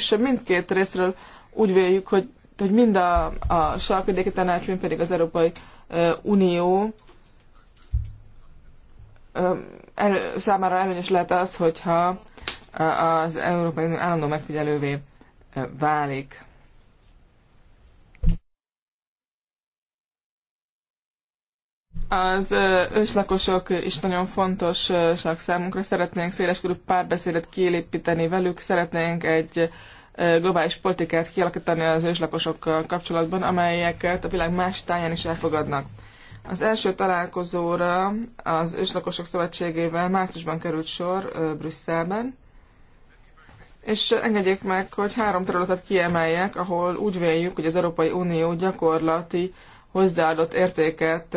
és mindkét részről úgy véljük, hogy, hogy mind a, a sarkvidéki tanács, mind pedig az Európai Unió erő, számára előnyös lehet az, hogyha az Európai Unió állandó megfigyelővé válik. Az őslakosok is nagyon fontosak számunkra. Szeretnénk széleskörű párbeszédet kiépíteni velük, szeretnénk egy globális politikát kialakítani az őslakosokkal kapcsolatban, amelyeket a világ más táján is elfogadnak. Az első találkozóra az őslakosok szövetségével márciusban került sor Brüsszelben, és engedjék meg, hogy három területet kiemeljek, ahol úgy véljük, hogy az Európai Unió gyakorlati hozzáadott értéket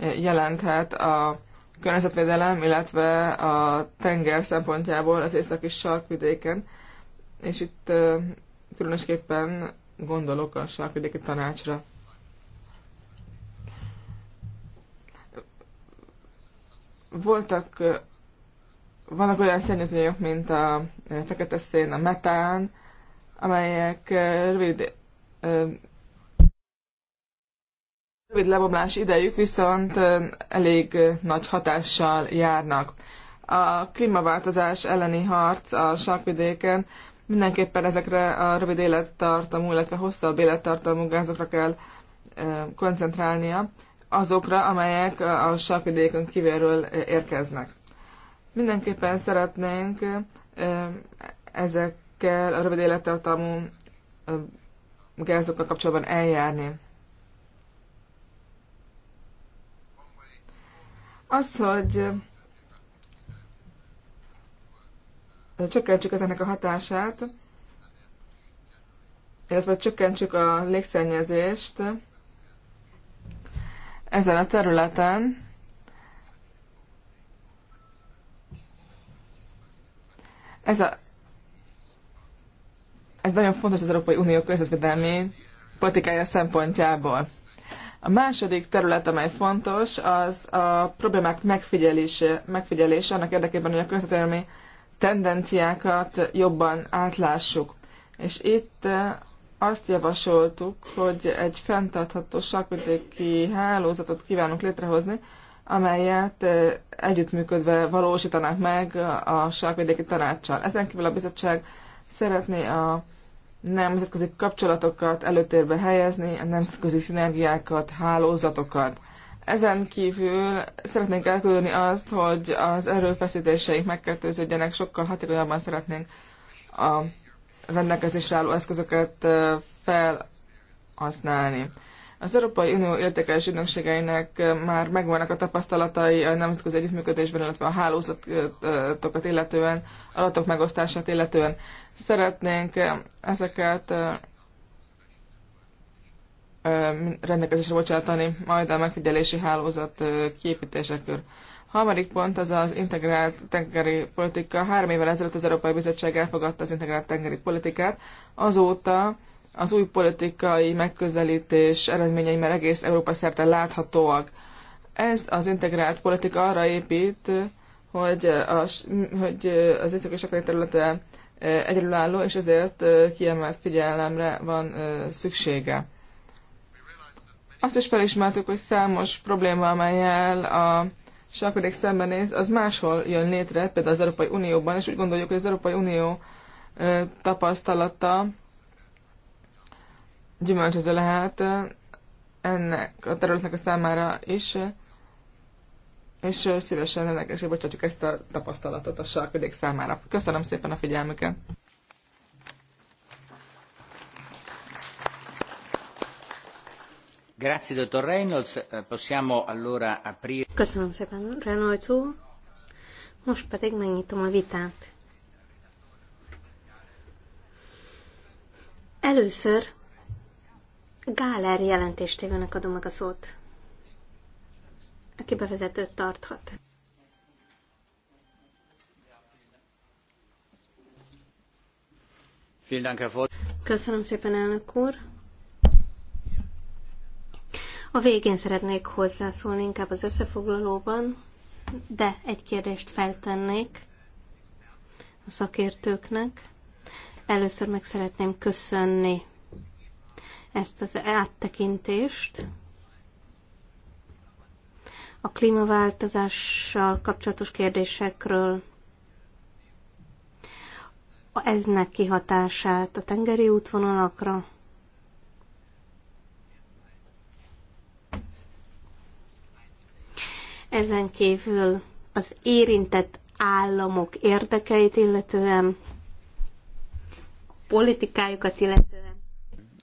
jelenthet a környezetvédelem, illetve a tenger szempontjából az északi sarkvidéken, és itt különösképpen gondolok a sarkvidéki tanácsra. Voltak, vannak olyan szennyezőanyagok, mint a fekete szén, a metán, amelyek rövid rövid lebomlás idejük viszont elég nagy hatással járnak. A klímaváltozás elleni harc a sarkvidéken mindenképpen ezekre a rövid élettartamú, illetve hosszabb élettartamú gázokra kell koncentrálnia, azokra, amelyek a sarkvidékön kívülről érkeznek. Mindenképpen szeretnénk ezekkel a rövid élettartamú gázokkal kapcsolatban eljárni. Az, hogy csökkentsük ezenek a hatását, illetve csökkentsük a légszennyezést ezen a területen, ez a ez nagyon fontos az Európai Unió közvetvédelmi politikája szempontjából. A második terület, amely fontos, az a problémák megfigyelése, megfigyelése annak érdekében, hogy a közvetelmi tendenciákat jobban átlássuk. És itt eh, azt javasoltuk, hogy egy fenntartható sakvidéki hálózatot kívánunk létrehozni, amelyet eh, együttműködve valósítanak meg a sakvidéki tanácssal. Ezen kívül a bizottság szeretné a nemzetközi kapcsolatokat előtérbe helyezni, a nemzetközi szinergiákat, hálózatokat. Ezen kívül szeretnénk elkülönni azt, hogy az erőfeszítéseik megkettőződjenek, sokkal hatékonyabban szeretnénk a rendelkezésre álló eszközöket felhasználni. Az Európai Unió értékelési ügynökségeinek már megvannak a tapasztalatai a nemzetközi együttműködésben, illetve a hálózatokat illetően, adatok megosztását illetően. Szeretnénk ezeket rendelkezésre bocsátani, majd a megfigyelési hálózat kiépítésekor. Harmadik pont az az integrált tengeri politika. Három évvel ezelőtt az Európai Bizottság elfogadta az integrált tengeri politikát. Azóta az új politikai megközelítés eredményei már egész Európa szerte láthatóak. Ez az integrált politika arra épít, hogy, a, hogy az északi sakrai területe e, egyedülálló, és ezért e, kiemelt figyelemre van e, szüksége. Azt is felismertük, hogy számos probléma, amelyel a sarkvidék szembenéz, az máshol jön létre, például az Európai Unióban, és úgy gondoljuk, hogy az Európai Unió tapasztalata gyümölcsöző lehet ennek a területnek a számára is, és szívesen rendelkezésre bocsátjuk ezt a tapasztalatot a sarkvidék számára. Köszönöm szépen a figyelmüket! Grazie, dottor Reynolds. Eh, possiamo allora aprire... Köszönöm szépen, Reynolds úr. Most pedig megnyitom a vitát. Először Gáler jelentéstévőnek adom meg a szót, aki bevezetőt tarthat. Köszönöm szépen, elnök úr. A végén szeretnék hozzászólni inkább az összefoglalóban, de egy kérdést feltennék a szakértőknek. Először meg szeretném köszönni ezt az áttekintést a klímaváltozással kapcsolatos kérdésekről, eznek kihatását a tengeri útvonalakra, ezen kívül az érintett államok érdekeit illetően, a politikájukat illetően,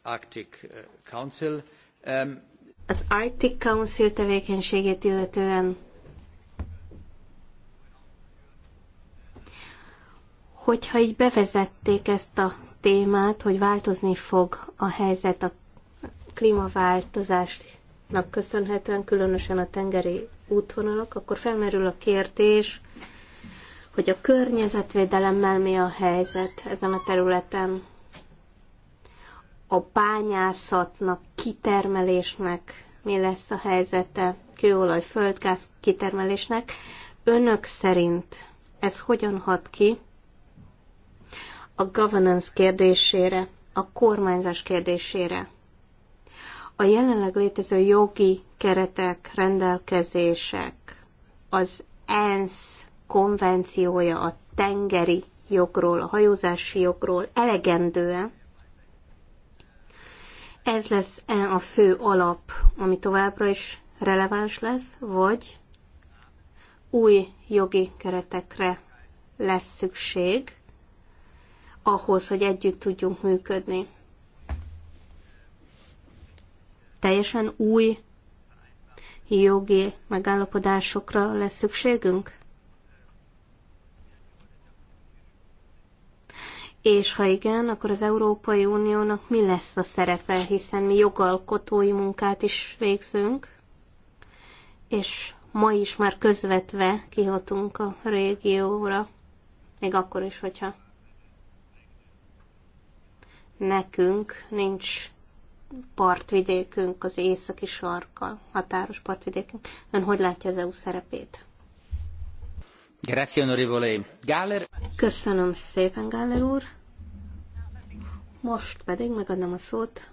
Arctic uh, Council. Um, az Arctic Council tevékenységét illetően hogyha így bevezették ezt a témát, hogy változni fog a helyzet a klímaváltozásnak köszönhetően, különösen a tengeri útvonalak, akkor felmerül a kérdés, hogy a környezetvédelemmel mi a helyzet ezen a területen a bányászatnak, kitermelésnek mi lesz a helyzete, kőolaj, földgáz kitermelésnek. Önök szerint ez hogyan hat ki a governance kérdésére, a kormányzás kérdésére? A jelenleg létező jogi keretek, rendelkezések, az ENSZ konvenciója a tengeri jogról, a hajózási jogról elegendően ez lesz -e a fő alap, ami továbbra is releváns lesz, vagy új jogi keretekre lesz szükség ahhoz, hogy együtt tudjunk működni. Teljesen új jogi megállapodásokra lesz szükségünk? És ha igen, akkor az Európai Uniónak mi lesz a szerepe, hiszen mi jogalkotói munkát is végzünk, és ma is már közvetve kihatunk a régióra, még akkor is, hogyha nekünk nincs partvidékünk az északi sarkkal, határos partvidékünk. Ön hogy látja az EU szerepét? Köszönöm szépen, Gáler úr. Most pedig megadom a szót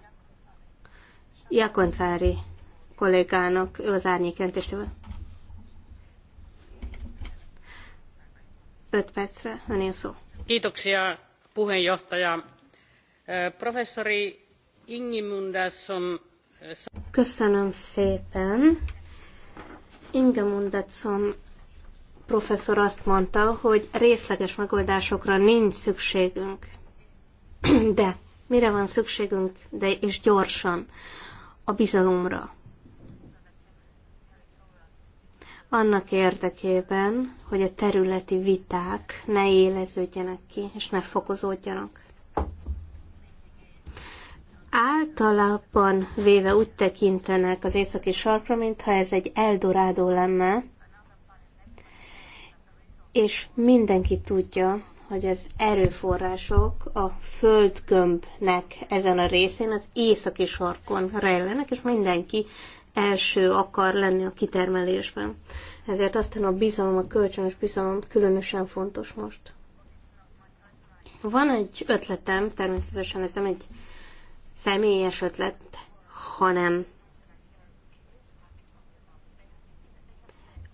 Jakoncári kollégának, ő az árnyékentéstől. Öt percre, önél szó. Kiitoksia, puheenjohtaja. Professzori Ingimundasson... Köszönöm szépen. Ingemundatszon professzor azt mondta, hogy részleges megoldásokra nincs szükségünk. De mire van szükségünk, de és gyorsan? A bizalomra. Annak érdekében, hogy a területi viták ne éleződjenek ki, és ne fokozódjanak általában véve úgy tekintenek az északi sarkra, mintha ez egy Eldorádó lenne, és mindenki tudja, hogy az erőforrások a földgömbnek ezen a részén, az északi sarkon rejlenek, és mindenki első akar lenni a kitermelésben. Ezért aztán a bizalom, a kölcsönös bizalom különösen fontos most. Van egy ötletem, természetesen ez nem egy személyes ötlet, hanem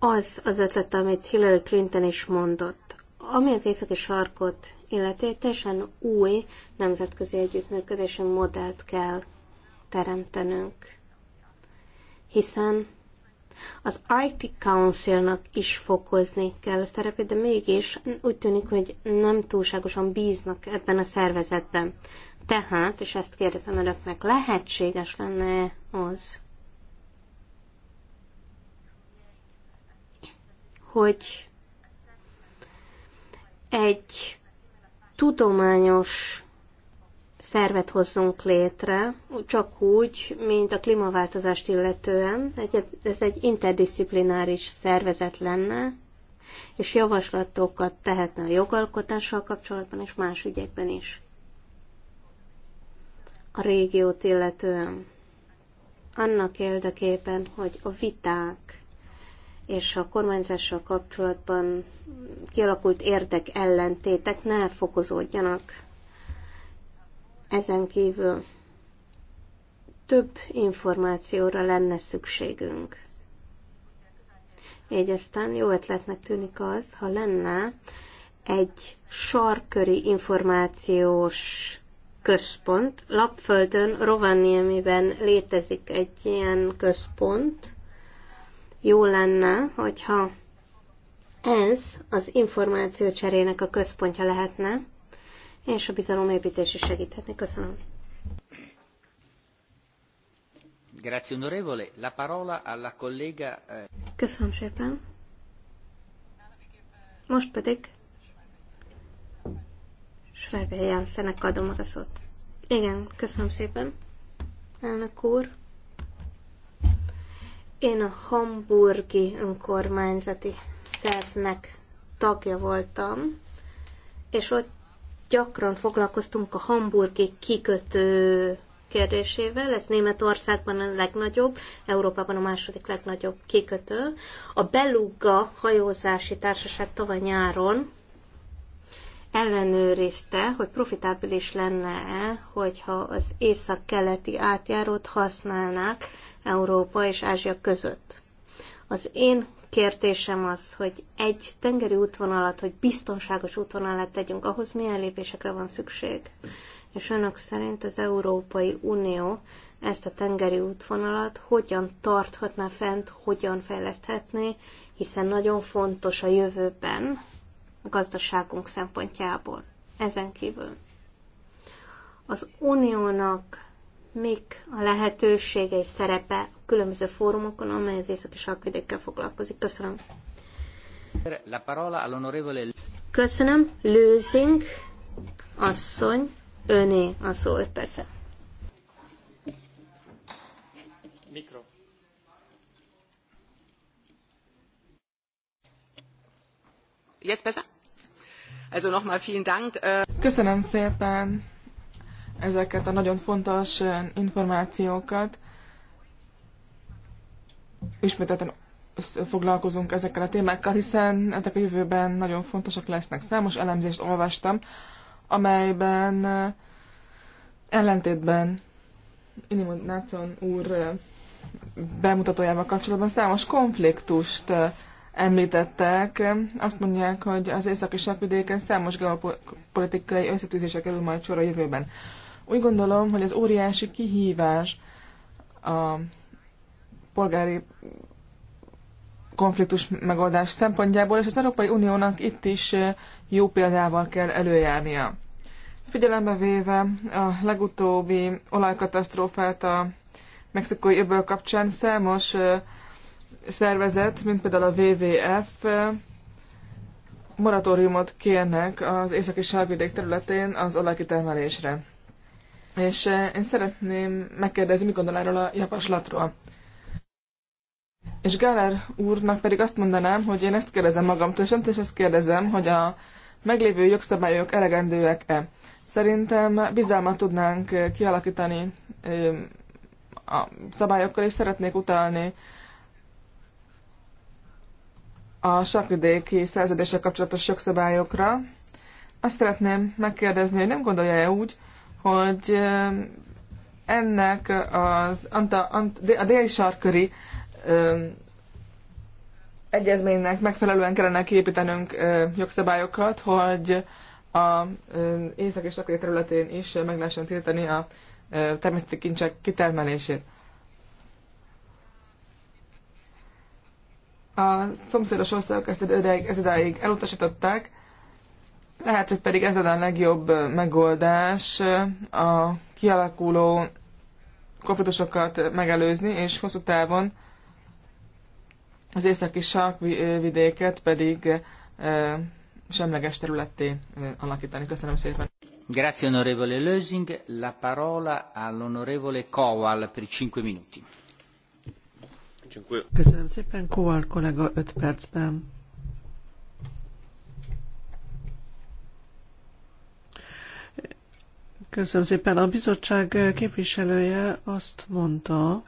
az az ötlet, amit Hillary Clinton is mondott. Ami az északi sarkot illeti, teljesen új nemzetközi együttműködési modellt kell teremtenünk. Hiszen az Arctic Council-nak is fokozni kell a szerepét, de mégis úgy tűnik, hogy nem túlságosan bíznak ebben a szervezetben. Tehát, és ezt kérdezem önöknek, lehetséges lenne az, hogy egy tudományos szervet hozzunk létre, csak úgy, mint a klímaváltozást illetően. Ez egy interdisziplináris szervezet lenne, és javaslatokat tehetne a jogalkotással kapcsolatban és más ügyekben is. A régiót illetően. Annak érdekében, hogy a vitát és a kormányzással kapcsolatban kialakult érdek ellentétek ne fokozódjanak. Ezen kívül több információra lenne szükségünk. Így aztán jó ötletnek tűnik az, ha lenne egy sarköri információs központ. Lapföldön, Rovaniemiben létezik egy ilyen központ, jó lenne, hogyha ez az információ cserének a központja lehetne, és a bizalomépítés is segíthetni. Köszönöm. Grazie onorevole. La parola alla collega... Eh, köszönöm szépen. Most pedig Schreiber Jensennek adom a szót. Igen, köszönöm szépen, elnök úr. Én a hamburgi önkormányzati szervnek tagja voltam, és ott gyakran foglalkoztunk a hamburgi kikötő kérdésével. Ez Németországban a legnagyobb, Európában a második legnagyobb kikötő. A Beluga hajózási társaság tavaly nyáron ellenőrizte, hogy profitábilis lenne-e, hogyha az észak-keleti átjárót használnák Európa és Ázsia között. Az én kérdésem az, hogy egy tengeri útvonalat, hogy biztonságos útvonalat tegyünk, ahhoz milyen lépésekre van szükség? És önök szerint az Európai Unió ezt a tengeri útvonalat hogyan tarthatná fent, hogyan fejleszthetné, hiszen nagyon fontos a jövőben a gazdaságunk szempontjából. Ezen kívül az uniónak mik a lehetősége és szerepe a különböző fórumokon, amely az északi sarkvidékkel foglalkozik. Köszönöm. La parola all'onorevole... Köszönöm. Lőzing, asszony, öné a szó, persze. Mikro. Jetzt besser? Also nochmal vielen Dank. Äh Köszönöm szépen ezeket a nagyon fontos információkat. Ismételten foglalkozunk ezekkel a témákkal, hiszen ezek a jövőben nagyon fontosak lesznek. Számos elemzést olvastam, amelyben ellentétben Inimon Nácon úr bemutatójával kapcsolatban számos konfliktust említettek. Azt mondják, hogy az északi sarkvidéken számos geopolitikai összetűzésre kerül majd sor a jövőben. Úgy gondolom, hogy az óriási kihívás a polgári konfliktus megoldás szempontjából, és az Európai Uniónak itt is jó példával kell előjárnia. Figyelembe véve a legutóbbi olajkatasztrófát a mexikói öböl kapcsán számos szervezet, mint például a WWF, moratóriumot kérnek az északi sarkvidék területén az olajkitermelésre és eh, én szeretném megkérdezni, mit gondol erről a javaslatról. És Gáler úrnak pedig azt mondanám, hogy én ezt kérdezem magamtól, és ezt kérdezem, hogy a meglévő jogszabályok elegendőek-e. Szerintem bizalmat tudnánk eh, kialakítani eh, a szabályokkal, és szeretnék utalni a sakvidéki szerződéssel kapcsolatos jogszabályokra. Azt szeretném megkérdezni, hogy nem gondolja-e úgy, hogy ennek az anta, ant, a déli sarköri egyezménynek megfelelően kellene kiépítenünk jogszabályokat, hogy a észak és akkori területén is meg lehessen tiltani a természeti kincsek kitermelését. A szomszédos országok ezt, idáig, ezt idáig elutasították, lehet, hogy pedig ez a legjobb megoldás a kialakuló konfliktusokat megelőzni, és hosszú távon az északi sarkvidéket pedig semleges területté alakítani. Köszönöm szépen. Grazie onorevole Lösing. La parola all'onorevole Kowal per 5 minuti. Köszönöm szépen, Kowal kollega 5 percben. Köszönöm szépen. A bizottság eh, képviselője azt mondta,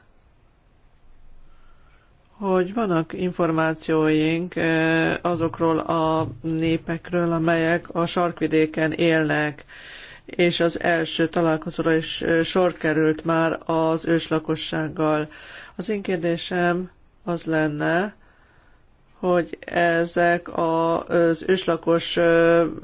hogy vannak információink eh, azokról a népekről, amelyek a sarkvidéken élnek, és az első találkozóra is eh, sor került már az őslakossággal. Az én kérdésem az lenne, hogy ezek az őslakos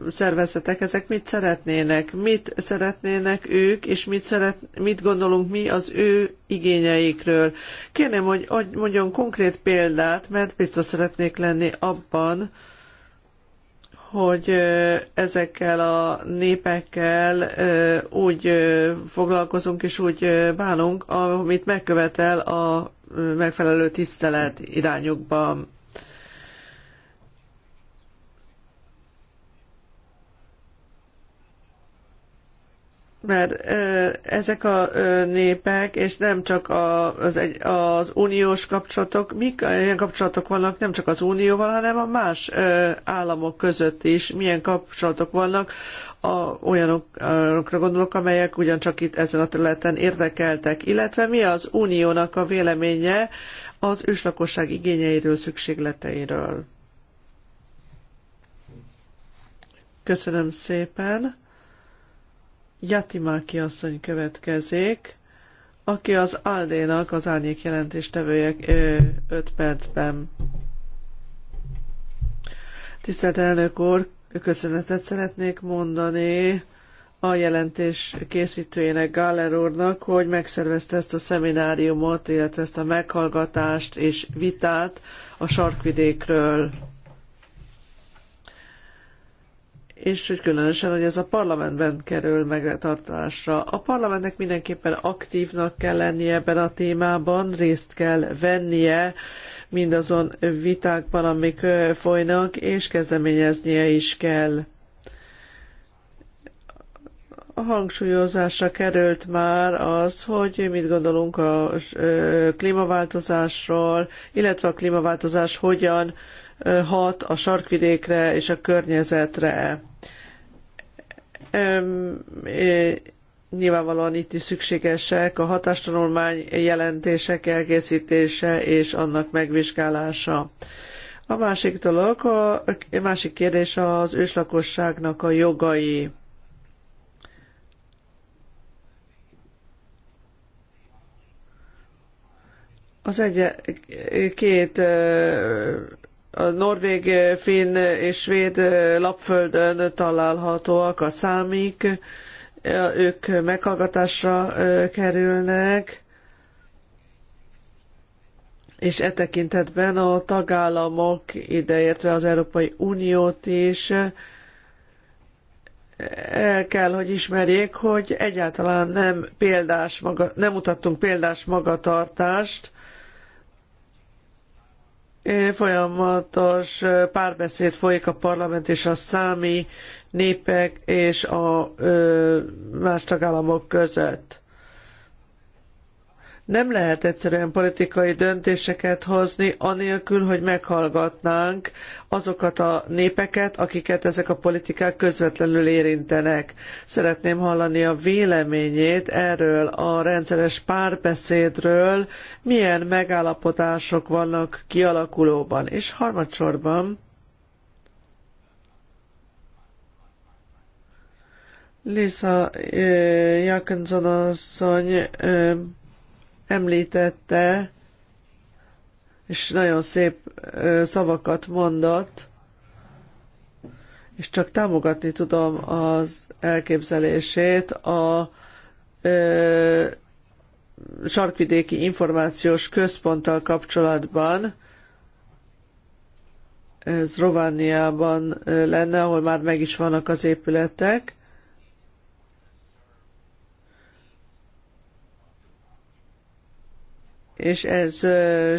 szervezetek, ezek mit szeretnének, mit szeretnének ők, és mit, szeret, mit gondolunk mi az ő igényeikről. Kérném, hogy mondjon konkrét példát, mert biztos szeretnék lenni abban, hogy ezekkel a népekkel úgy foglalkozunk és úgy bánunk, amit megkövetel a megfelelő tisztelet irányukban. mert ezek a népek, és nem csak az, az uniós kapcsolatok, mik, milyen kapcsolatok vannak nem csak az unióval, hanem a más államok között is, milyen kapcsolatok vannak, a, olyanokra gondolok, amelyek ugyancsak itt ezen a területen érdekeltek, illetve mi az uniónak a véleménye az őslakosság igényeiről, szükségleteiről. Köszönöm szépen! Jatimáki asszony következik, aki az Aldénak az árnyék jelentéstevője 5 percben. Tisztelt elnök úr, köszönetet szeretnék mondani a jelentés készítőjének, Gáler úrnak, hogy megszervezte ezt a szemináriumot, illetve ezt a meghallgatást és vitát a sarkvidékről. és hogy különösen, hogy ez a parlamentben kerül megtartásra. A parlamentnek mindenképpen aktívnak kell lennie ebben a témában, részt kell vennie mindazon vitákban, amik folynak, és kezdeményeznie is kell. A hangsúlyozásra került már az, hogy mit gondolunk a klímaváltozásról, illetve a klímaváltozás hogyan hat a sarkvidékre és a környezetre. Nyilvánvalóan itt is szükségesek a hatástanulmány jelentések elkészítése és annak megvizsgálása. A másik dolog, a, a másik kérdés az őslakosságnak a jogai. Az egy, két a norvég, eh, finn és svéd eh, lapföldön találhatóak a számik, eh, ők meghallgatásra kerülnek, és e tekintetben a tagállamok, ideértve az Európai Uniót is, el kell, hogy ismerjék, hogy egyáltalán nem példás maga, nem mutattunk példás magatartást, Folyamatos párbeszéd folyik a parlament és a számi népek és a más tagállamok között. Nem lehet egyszerűen politikai döntéseket hozni, anélkül, hogy meghallgatnánk azokat a népeket, akiket ezek a politikák közvetlenül érintenek. Szeretném hallani a véleményét erről a rendszeres párbeszédről, milyen megállapodások vannak kialakulóban. És harmadsorban Lisa eh, Jakensson asszony eh, említette, és nagyon szép szavakat mondott, és csak támogatni tudom az elképzelését a ö, sarkvidéki információs központtal kapcsolatban. Ez Rovániában lenne, ahol már meg is vannak az épületek. és ez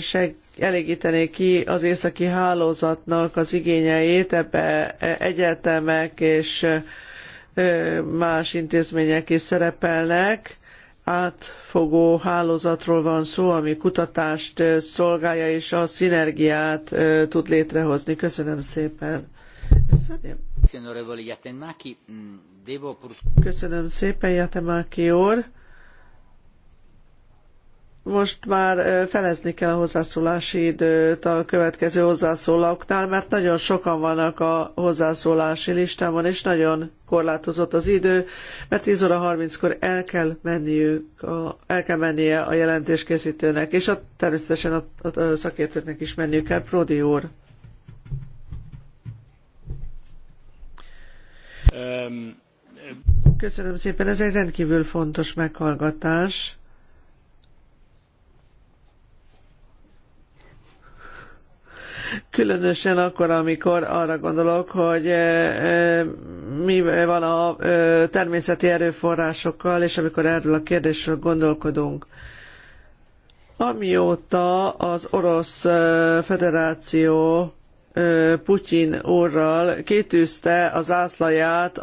seg elégítené ki az északi hálózatnak az igényeit, ebbe e, egyetemek és más intézmények is szerepelnek. Átfogó hálózatról van szó, ami kutatást szolgálja és a szinergiát tud létrehozni. Köszönöm szépen. Köszönöm szépen, Jatemáki úr most már felezni kell a hozzászólási időt a következő hozzászólóknál, mert nagyon sokan vannak a hozzászólási listámon, és nagyon korlátozott az idő, mert 10 óra 30-kor el kell, menniük a, el kell mennie a jelentéskészítőnek, és a, természetesen a, a, a szakértőknek is menniük kell. Prodi úr. Köszönöm szépen, ez egy rendkívül fontos meghallgatás Különösen akkor, amikor arra gondolok, hogy e, e, mi van a e, természeti erőforrásokkal, és amikor erről a kérdésről gondolkodunk. Amióta az Orosz Federáció Putyin orral kétűzte az ászlaját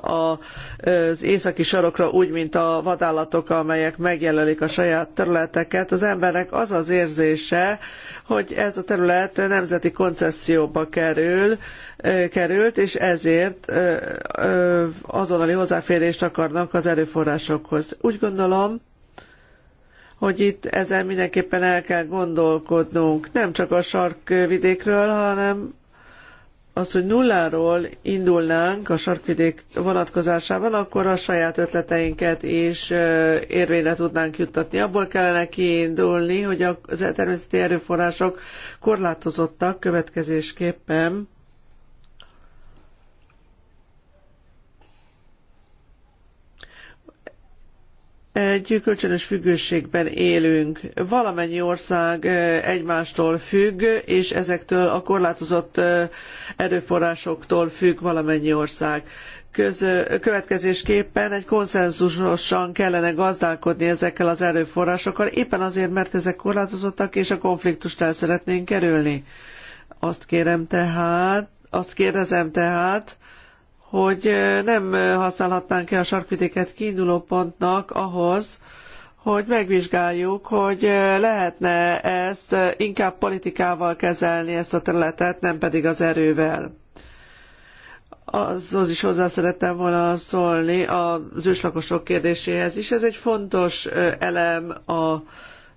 az északi sarokra úgy, mint a vadállatok, amelyek megjelölik a saját területeket. Az embernek az az érzése, hogy ez a terület nemzeti koncesszióba kerül, került, és ezért azonnali hozzáférést akarnak az erőforrásokhoz. Úgy gondolom, hogy itt ezen mindenképpen el kell gondolkodnunk, nem csak a sarkvidékről, hanem az, hogy nulláról indulnánk a sarkvidék vonatkozásában, akkor a saját ötleteinket is érvényre tudnánk juttatni. Abból kellene kiindulni, hogy a természeti erőforrások korlátozottak következésképpen egy kölcsönös függőségben élünk. Valamennyi ország egymástól függ, és ezektől a korlátozott erőforrásoktól függ valamennyi ország. Köz, következésképpen egy konszenzusosan kellene gazdálkodni ezekkel az erőforrásokkal, éppen azért, mert ezek korlátozottak, és a konfliktust el szeretnénk kerülni. Azt kérem tehát, azt kérdezem tehát, hogy nem használhatnánk ki a sarkvidéket kiinduló pontnak ahhoz, hogy megvizsgáljuk, hogy lehetne ezt inkább politikával kezelni ezt a területet, nem pedig az erővel. Azhoz is hozzá szerettem volna szólni az őslakosok kérdéséhez is. Ez egy fontos elem a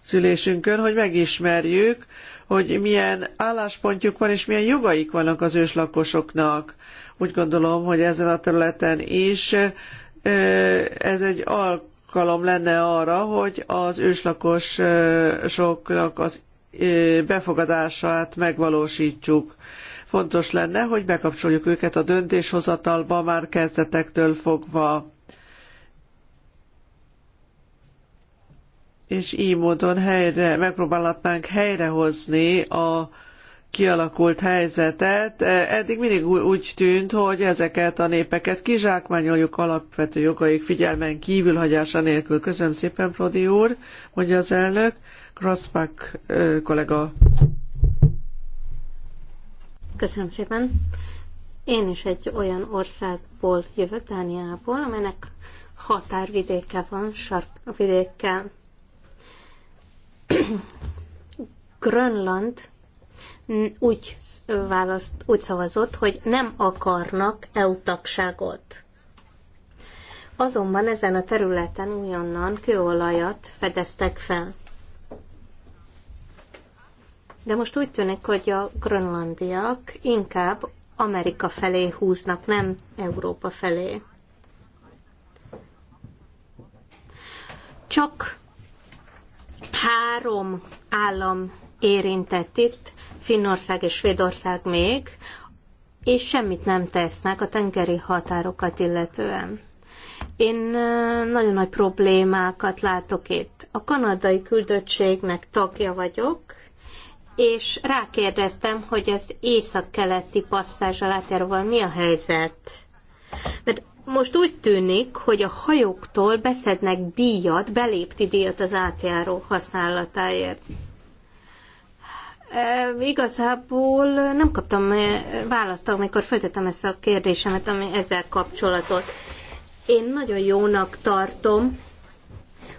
szülésünkön, hogy megismerjük, hogy milyen álláspontjuk van és milyen jogaik vannak az őslakosoknak úgy gondolom, hogy ezen a területen is ez egy alkalom lenne arra, hogy az őslakosoknak az befogadását megvalósítsuk. Fontos lenne, hogy bekapcsoljuk őket a döntéshozatalba már kezdetektől fogva. És így módon helyre, megpróbálhatnánk helyrehozni a kialakult helyzetet. E, eddig mindig úgy tűnt, hogy ezeket a népeket kizsákmányoljuk alapvető jogaik figyelmen kívül hagyása nélkül. Köszönöm szépen, Prodi úr, mondja az elnök. Kraszpak e, kollega. Köszönöm szépen. Én is egy olyan országból jövök, Dániából, amelynek határvidéke van, sarkvidékkel. Grönland úgy, választ, úgy szavazott, hogy nem akarnak EU tagságot. Azonban ezen a területen újonnan kőolajat fedeztek fel. De most úgy tűnik, hogy a grönlandiak inkább Amerika felé húznak, nem Európa felé. Csak három állam érintett itt, Finnország és Svédország még, és semmit nem tesznek a tengeri határokat illetően. Én nagyon nagy problémákat látok itt. A kanadai küldöttségnek tagja vagyok, és rákérdeztem, hogy az észak-keleti passzázsal átjáróval mi a helyzet. Mert most úgy tűnik, hogy a hajóktól beszednek díjat, belépti díjat az átjáró használatáért. Igazából nem kaptam választ, amikor föltettem ezt a kérdésemet, ami ezzel kapcsolatot. Én nagyon jónak tartom,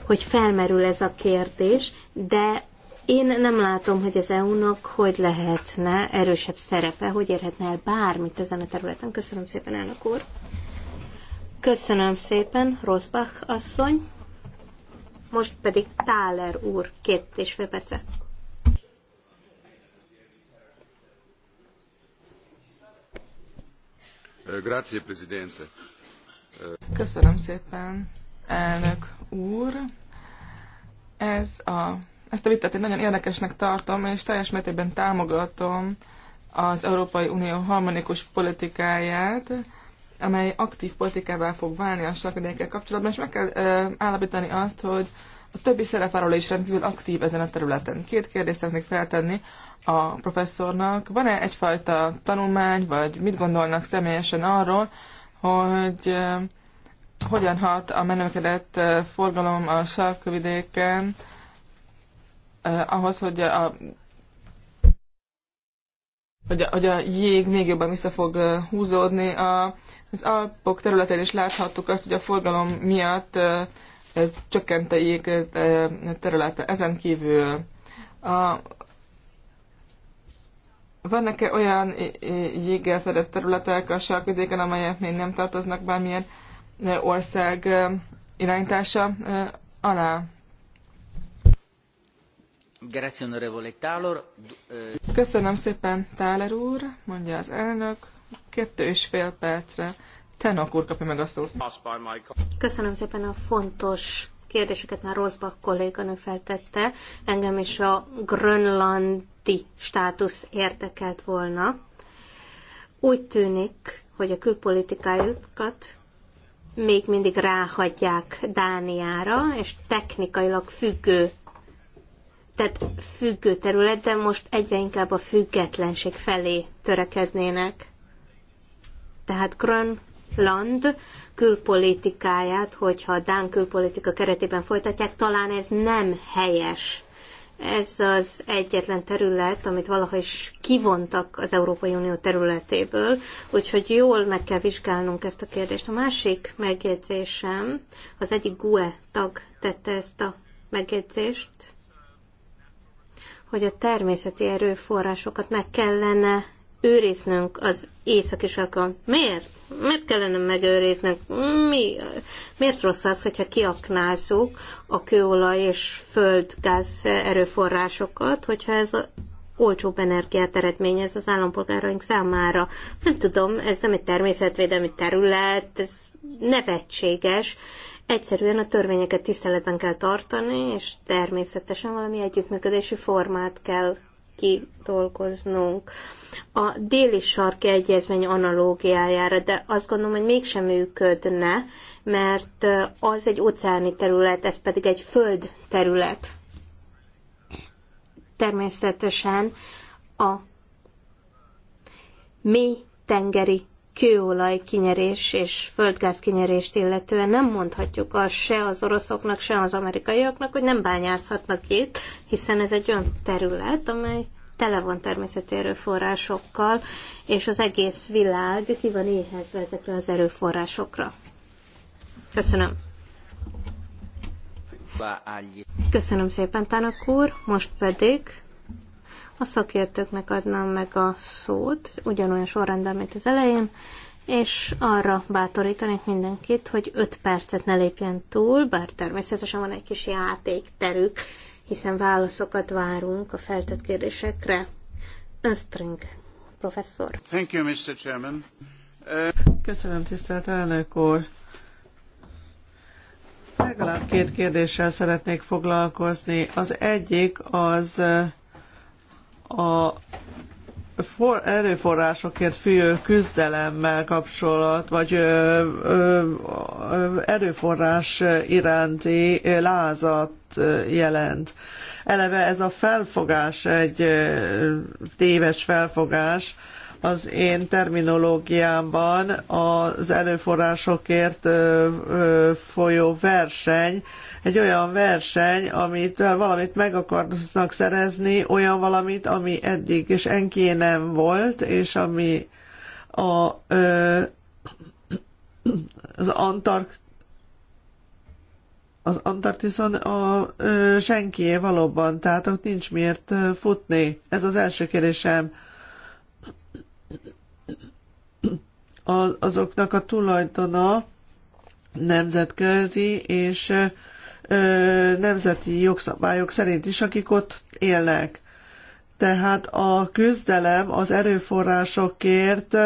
hogy felmerül ez a kérdés, de én nem látom, hogy az EU-nak hogy lehetne erősebb szerepe, hogy érhetne el bármit ezen a területen. Köszönöm szépen, elnök úr. Köszönöm szépen, Rosbach asszony. Most pedig Táler úr, két és fél percet. Eh, Köszönöm szépen, elnök úr. Ez a, ezt a vitát én nagyon érdekesnek tartom, és teljes mértékben támogatom az Európai Unió harmonikus politikáját, amely aktív politikává fog válni a sarkadékkel kapcsolatban, és meg kell ö, eh, állapítani azt, hogy a többi szerepáról is rendkívül aktív ezen a területen. Két kérdést szeretnék feltenni a professzornak. Van-e egyfajta tanulmány, vagy mit gondolnak személyesen arról, hogy eh, hogyan hat a menőkedett eh, forgalom a sarkvidéken eh, ahhoz, hogy a hogy a, hogy a jég még jobban vissza fog húzódni. A, az Alpok területén is láthattuk azt, hogy a forgalom miatt csökkentőjék területe. Ezen kívül a, vannak-e olyan jéggel fedett területek a sarkvidéken, amelyek még nem tartoznak bármilyen ország irányítása alá? Köszönöm szépen, Táler úr, mondja az elnök. Kettő és fél percre Tenok úr kapja meg a szót. Köszönöm szépen a fontos kérdéseket már Rosbach kolléganő feltette. Engem is a grönlandi státusz érdekelt volna. Úgy tűnik, hogy a külpolitikájukat még mindig ráhagyják Dániára, és technikailag függő, tehát függő terület, de most egyre inkább a függetlenség felé törekednének. Tehát Grön Land külpolitikáját, hogyha a Dán külpolitika keretében folytatják, talán ez nem helyes. Ez az egyetlen terület, amit valaha is kivontak az Európai Unió területéből, úgyhogy jól meg kell vizsgálnunk ezt a kérdést. A másik megjegyzésem, az egyik GUE tag tette ezt a megjegyzést, hogy a természeti erőforrásokat meg kellene őriznünk az északi sarkon. Miért? Miért kellene megőriznünk? Mi? Miért rossz az, hogyha kiaknázzuk a kőolaj és földgáz erőforrásokat, hogyha ez a olcsóbb energiát eredményez az állampolgáraink számára. Nem tudom, ez nem egy természetvédelmi terület, ez nevetséges. Egyszerűen a törvényeket tiszteletben kell tartani, és természetesen valami együttműködési formát kell kidolgoznunk a déli sarki egyezmény analógiájára, de azt gondolom, hogy mégsem működne, mert az egy óceáni terület, ez pedig egy föld terület. Természetesen a mély tengeri kőolaj kinyerés és földgáz kinyerést illetően nem mondhatjuk azt se az oroszoknak, se az amerikaiaknak, hogy nem bányászhatnak itt, hiszen ez egy olyan terület, amely tele van természeti erőforrásokkal, és az egész világ ki van éhezve ezekre az erőforrásokra. Köszönöm. Köszönöm szépen, Tának úr. Most pedig a szakértőknek adnám meg a szót, ugyanolyan sorrendben, mint az elején, és arra bátorítanék mindenkit, hogy 5 percet ne lépjen túl, bár természetesen van egy kis játékterük, hiszen válaszokat várunk a feltett kérdésekre. Önstring professzor. Thank you, Mr. Chairman. Uh... Köszönöm, tisztelt elnök úr. Legalább két kérdéssel szeretnék foglalkozni. Az egyik az a for, erőforrásokért fő küzdelemmel kapcsolat, vagy ö, ö, erőforrás iránti lázat jelent. Eleve ez a felfogás egy téves felfogás, az én terminológiámban az erőforrásokért folyó verseny egy olyan verseny, amit valamit meg akarnak szerezni, olyan valamit, ami eddig és enkié nem volt, és ami a, ö, az Antark az Antarktiszon a ö, senkié valóban, tehát ott nincs miért futni. Ez az első kérdésem. A, azoknak a tulajdona nemzetközi, és nemzeti jogszabályok szerint is, akik ott élnek. Tehát a küzdelem az erőforrásokért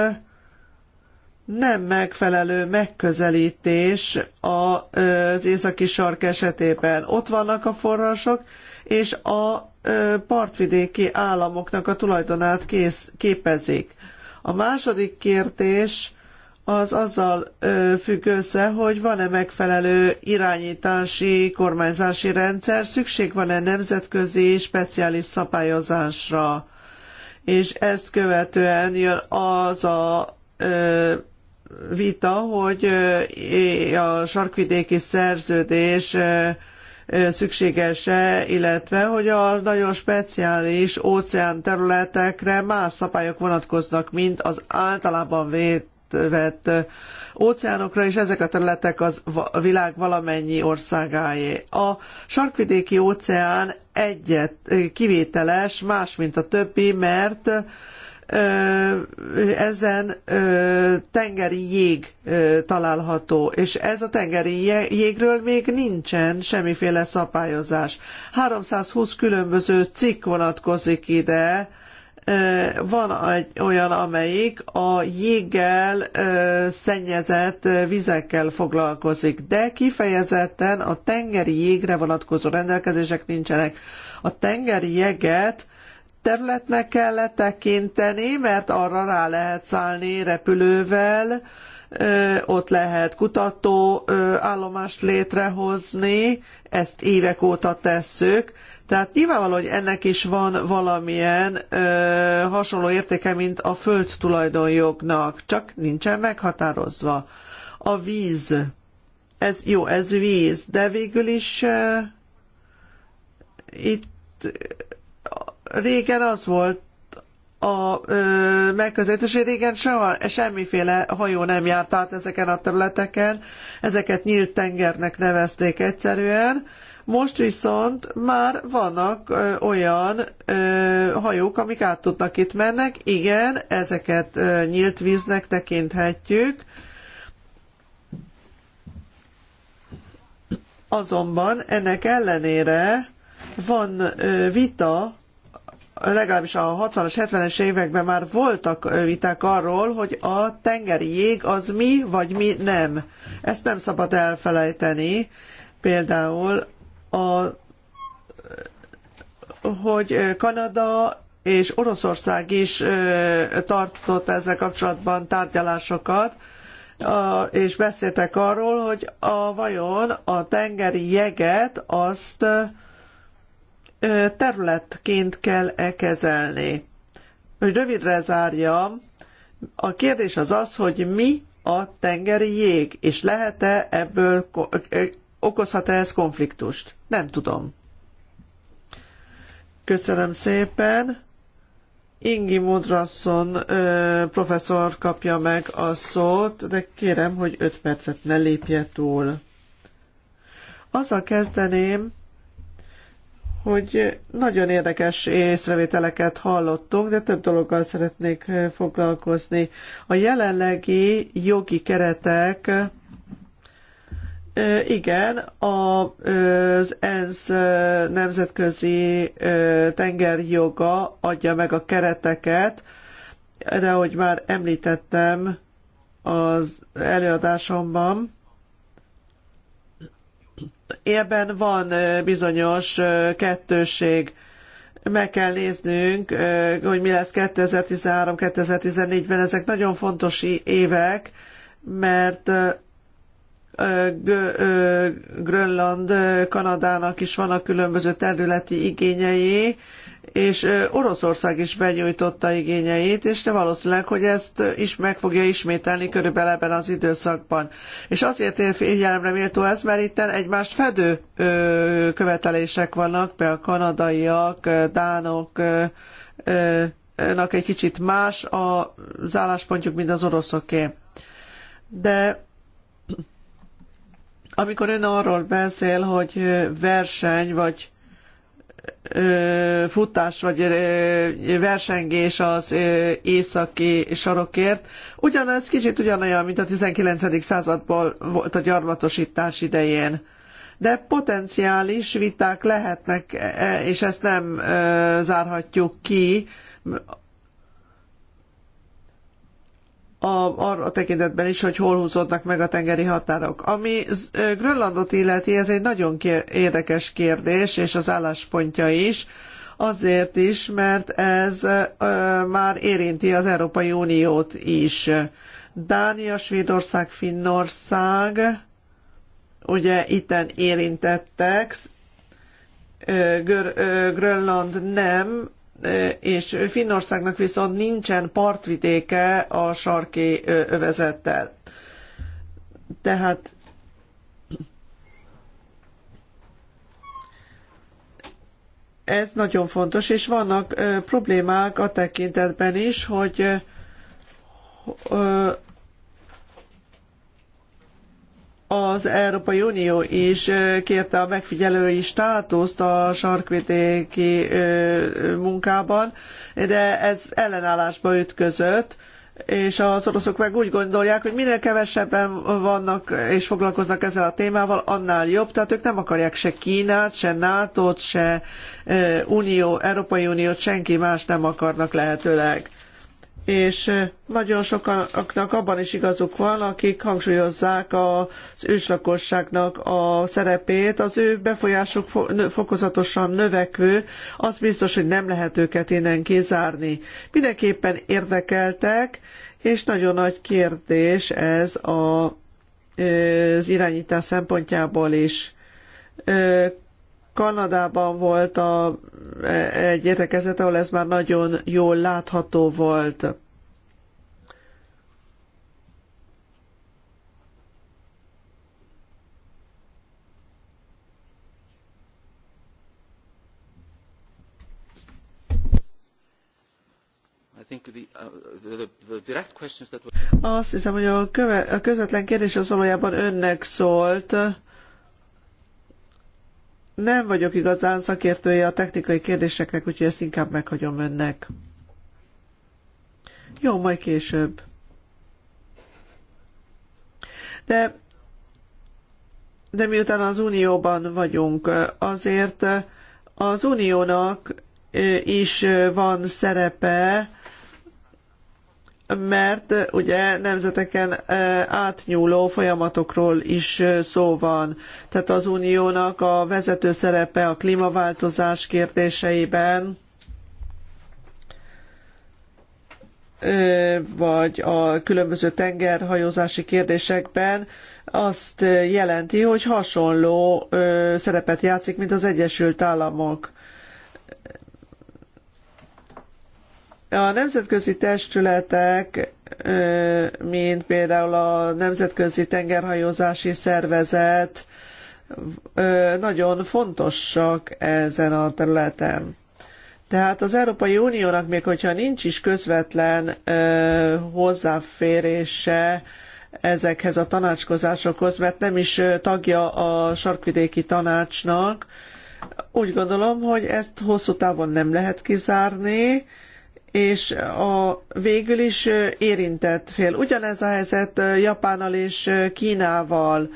nem megfelelő megközelítés az északi sark esetében. Ott vannak a források, és a partvidéki államoknak a tulajdonát kész, képezik. A második kérdés az azzal függ össze, hogy van-e megfelelő irányítási, kormányzási rendszer, szükség van-e nemzetközi speciális szabályozásra. És ezt követően jön az a vita, hogy a sarkvidéki szerződés szükséges-e, illetve hogy a nagyon speciális óceán területekre más szabályok vonatkoznak, mint az általában vélt átvett óceánokra, és ezek a területek az a világ valamennyi országáé. A sarkvidéki óceán egyet kivételes, más, mint a többi, mert ezen tengeri jég található, és ez a tengeri jégről még nincsen semmiféle szabályozás. 320 különböző cikk vonatkozik ide, van egy olyan, amelyik a jéggel szennyezett vizekkel foglalkozik, de kifejezetten a tengeri jégre vonatkozó rendelkezések nincsenek. A tengeri jeget területnek kell tekinteni, mert arra rá lehet szállni repülővel, ott lehet kutató állomást létrehozni, ezt évek óta tesszük, tehát nyilvánvaló, hogy ennek is van valamilyen ö, hasonló értéke, mint a föld tulajdonjognak, csak nincsen meghatározva. A víz, ez jó, ez víz, de végül is ö, itt ö, régen az volt a ö, megközelítés, régen soha, semmiféle hajó nem járt át ezeken a területeken, ezeket nyílt tengernek nevezték egyszerűen, ö, most viszont már vannak olyan hajók, amik át tudnak itt mennek. Igen, ezeket nyílt víznek tekinthetjük. Azonban ennek ellenére van vita, legalábbis a 60-as, 70-es években már voltak viták arról, hogy a tengeri jég az mi, vagy mi nem. Ezt nem szabad elfelejteni. Például a, hogy Kanada és Oroszország is tartott ezzel kapcsolatban tárgyalásokat, és beszéltek arról, hogy a, vajon a tengeri jeget azt területként kell-e kezelni. Hogy rövidre zárjam, a kérdés az az, hogy mi a tengeri jég, és lehet-e ebből Okozhat-e ez konfliktust? Nem tudom. Köszönöm szépen. Ingi Mudrasson professzor kapja meg a szót, de kérem, hogy 5 percet ne lépje túl. Azzal kezdeném, hogy nagyon érdekes észrevételeket hallottunk, de több dologgal szeretnék foglalkozni. A jelenlegi jogi keretek igen, az ENSZ nemzetközi tengerjoga adja meg a kereteket, de ahogy már említettem az előadásomban, ebben van bizonyos kettősség. Meg kell néznünk, hogy mi lesz 2013-2014-ben. Ezek nagyon fontos évek, mert Grönland, Kanadának is vannak különböző területi igényei, és Oroszország is benyújtotta igényeit, és de valószínűleg, hogy ezt is meg fogja ismételni körülbelül ebben az időszakban. És azért ér figyelemre méltó ez, mert itt egymást fedő követelések vannak, a kanadaiak, dánok, egy kicsit más az álláspontjuk, mint az oroszoké. De amikor ön arról beszél, hogy verseny vagy futás vagy versengés az északi sarokért. Ugyanez kicsit ugyanolyan, mint a 19. században volt a gyarmatosítás idején. De potenciális viták lehetnek, e, és ezt nem zárhatjuk ki, a, arra tekintetben is, hogy hol húzódnak meg a tengeri határok. Ami Grönlandot illeti, ez egy nagyon kér, érdekes kérdés, és az álláspontja is, azért is, mert ez ö, már érinti az Európai Uniót is. Dánia, Svédország, Finnország, ugye itten érintettek, Grönland nem, és Finnországnak viszont nincsen partvidéke a sarki övezettel. Tehát ez nagyon fontos, és vannak problémák a tekintetben is, hogy az Európai Unió is kérte a megfigyelői státuszt a sarkvidéki munkában, de ez ellenállásba ütközött, és az oroszok meg úgy gondolják, hogy minél kevesebben vannak és foglalkoznak ezzel a témával, annál jobb. Tehát ők nem akarják se Kínát, se NATO-t, se Unió, Európai Uniót, senki más nem akarnak lehetőleg és nagyon sokaknak abban is igazuk van, akik hangsúlyozzák az őslakosságnak a szerepét. Az ő befolyásuk fokozatosan növekvő, az biztos, hogy nem lehet őket innen kizárni. Mindenképpen érdekeltek, és nagyon nagy kérdés ez a, az irányítás szempontjából is Kanadában volt a, e, egy értekezet, ahol ez már nagyon jól látható volt. Uh, Azt hiszem, hogy a, köve, a közvetlen kérdés az valójában önnek szólt nem vagyok igazán szakértője a technikai kérdéseknek, úgyhogy ezt inkább meghagyom önnek. Jó, majd később. De, de miután az Unióban vagyunk, azért az Uniónak is van szerepe, mert ugye nemzeteken átnyúló folyamatokról is szó van. Tehát az uniónak a vezető szerepe a klímaváltozás kérdéseiben, vagy a különböző tengerhajózási kérdésekben azt jelenti, hogy hasonló szerepet játszik, mint az Egyesült Államok. A nemzetközi testületek, mint például a Nemzetközi Tengerhajózási Szervezet, nagyon fontosak ezen a területen. Tehát az Európai Uniónak, még hogyha nincs is közvetlen hozzáférése ezekhez a tanácskozásokhoz, mert nem is tagja a sarkvidéki tanácsnak, úgy gondolom, hogy ezt hosszú távon nem lehet kizárni, és a végül is érintett fél. Ugyanez a helyzet Japánnal és Kínával.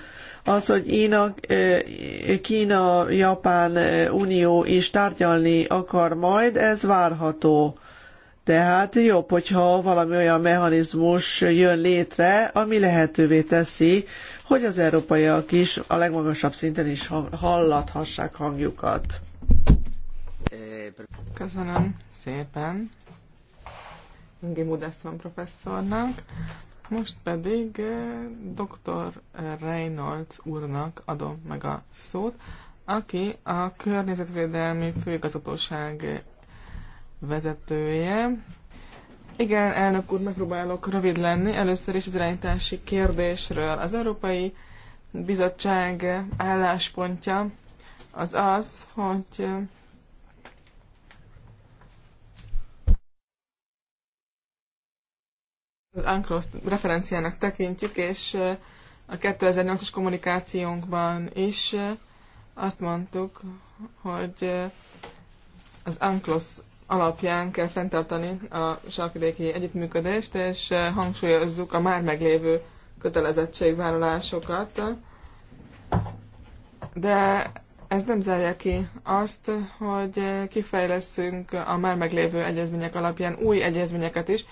Az, hogy Ína, Kína, Japán unió is tárgyalni akar majd, ez várható. Tehát jobb, hogyha valami olyan mechanizmus jön létre, ami lehetővé teszi, hogy az európaiak is a legmagasabb szinten is hallathassák hangjukat. Köszönöm szépen. Ingi professzornak. Most pedig eh, dr. Reynolds úrnak adom meg a szót, aki a Környezetvédelmi Főigazgatóság vezetője. Igen, elnök úr, megpróbálok rövid lenni. Először is az irányítási kérdésről. Az Európai Bizottság álláspontja az az, hogy az UNCLOS referenciának tekintjük, és a 2008-as kommunikációnkban is azt mondtuk, hogy az UNCLOS alapján kell fenntartani a sarkvidéki együttműködést, és hangsúlyozzuk a már meglévő kötelezettségvállalásokat. De ez nem zárja ki azt, hogy kifejleszünk a már meglévő egyezmények alapján új egyezményeket is,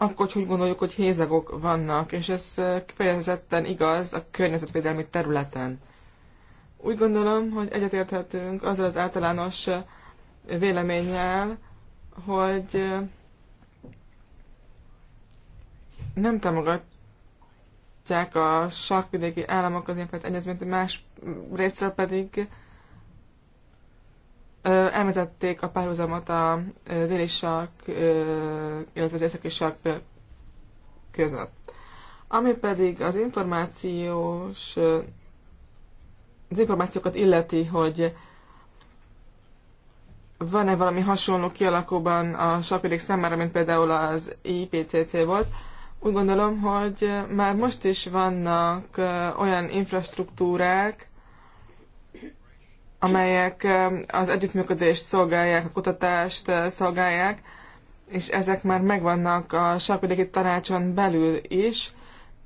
akkor hogy gondoljuk, hogy hézagok vannak, és ez kifejezetten igaz a környezetvédelmi területen. Úgy gondolom, hogy egyetérthetünk azzal az általános véleménnyel, hogy nem támogatják a sarkvidéki államok az ilyenfajta egyezményt, más részről pedig Említették a párhuzamot a déli sark, illetve az északi sark között. Ami pedig az információs az információkat illeti, hogy van-e valami hasonló kialakóban a sarkvidék számára, mint például az IPCC volt, úgy gondolom, hogy már most is vannak olyan infrastruktúrák, amelyek az együttműködést szolgálják, a kutatást szolgálják, és ezek már megvannak a sarkvidéki tanácson belül is,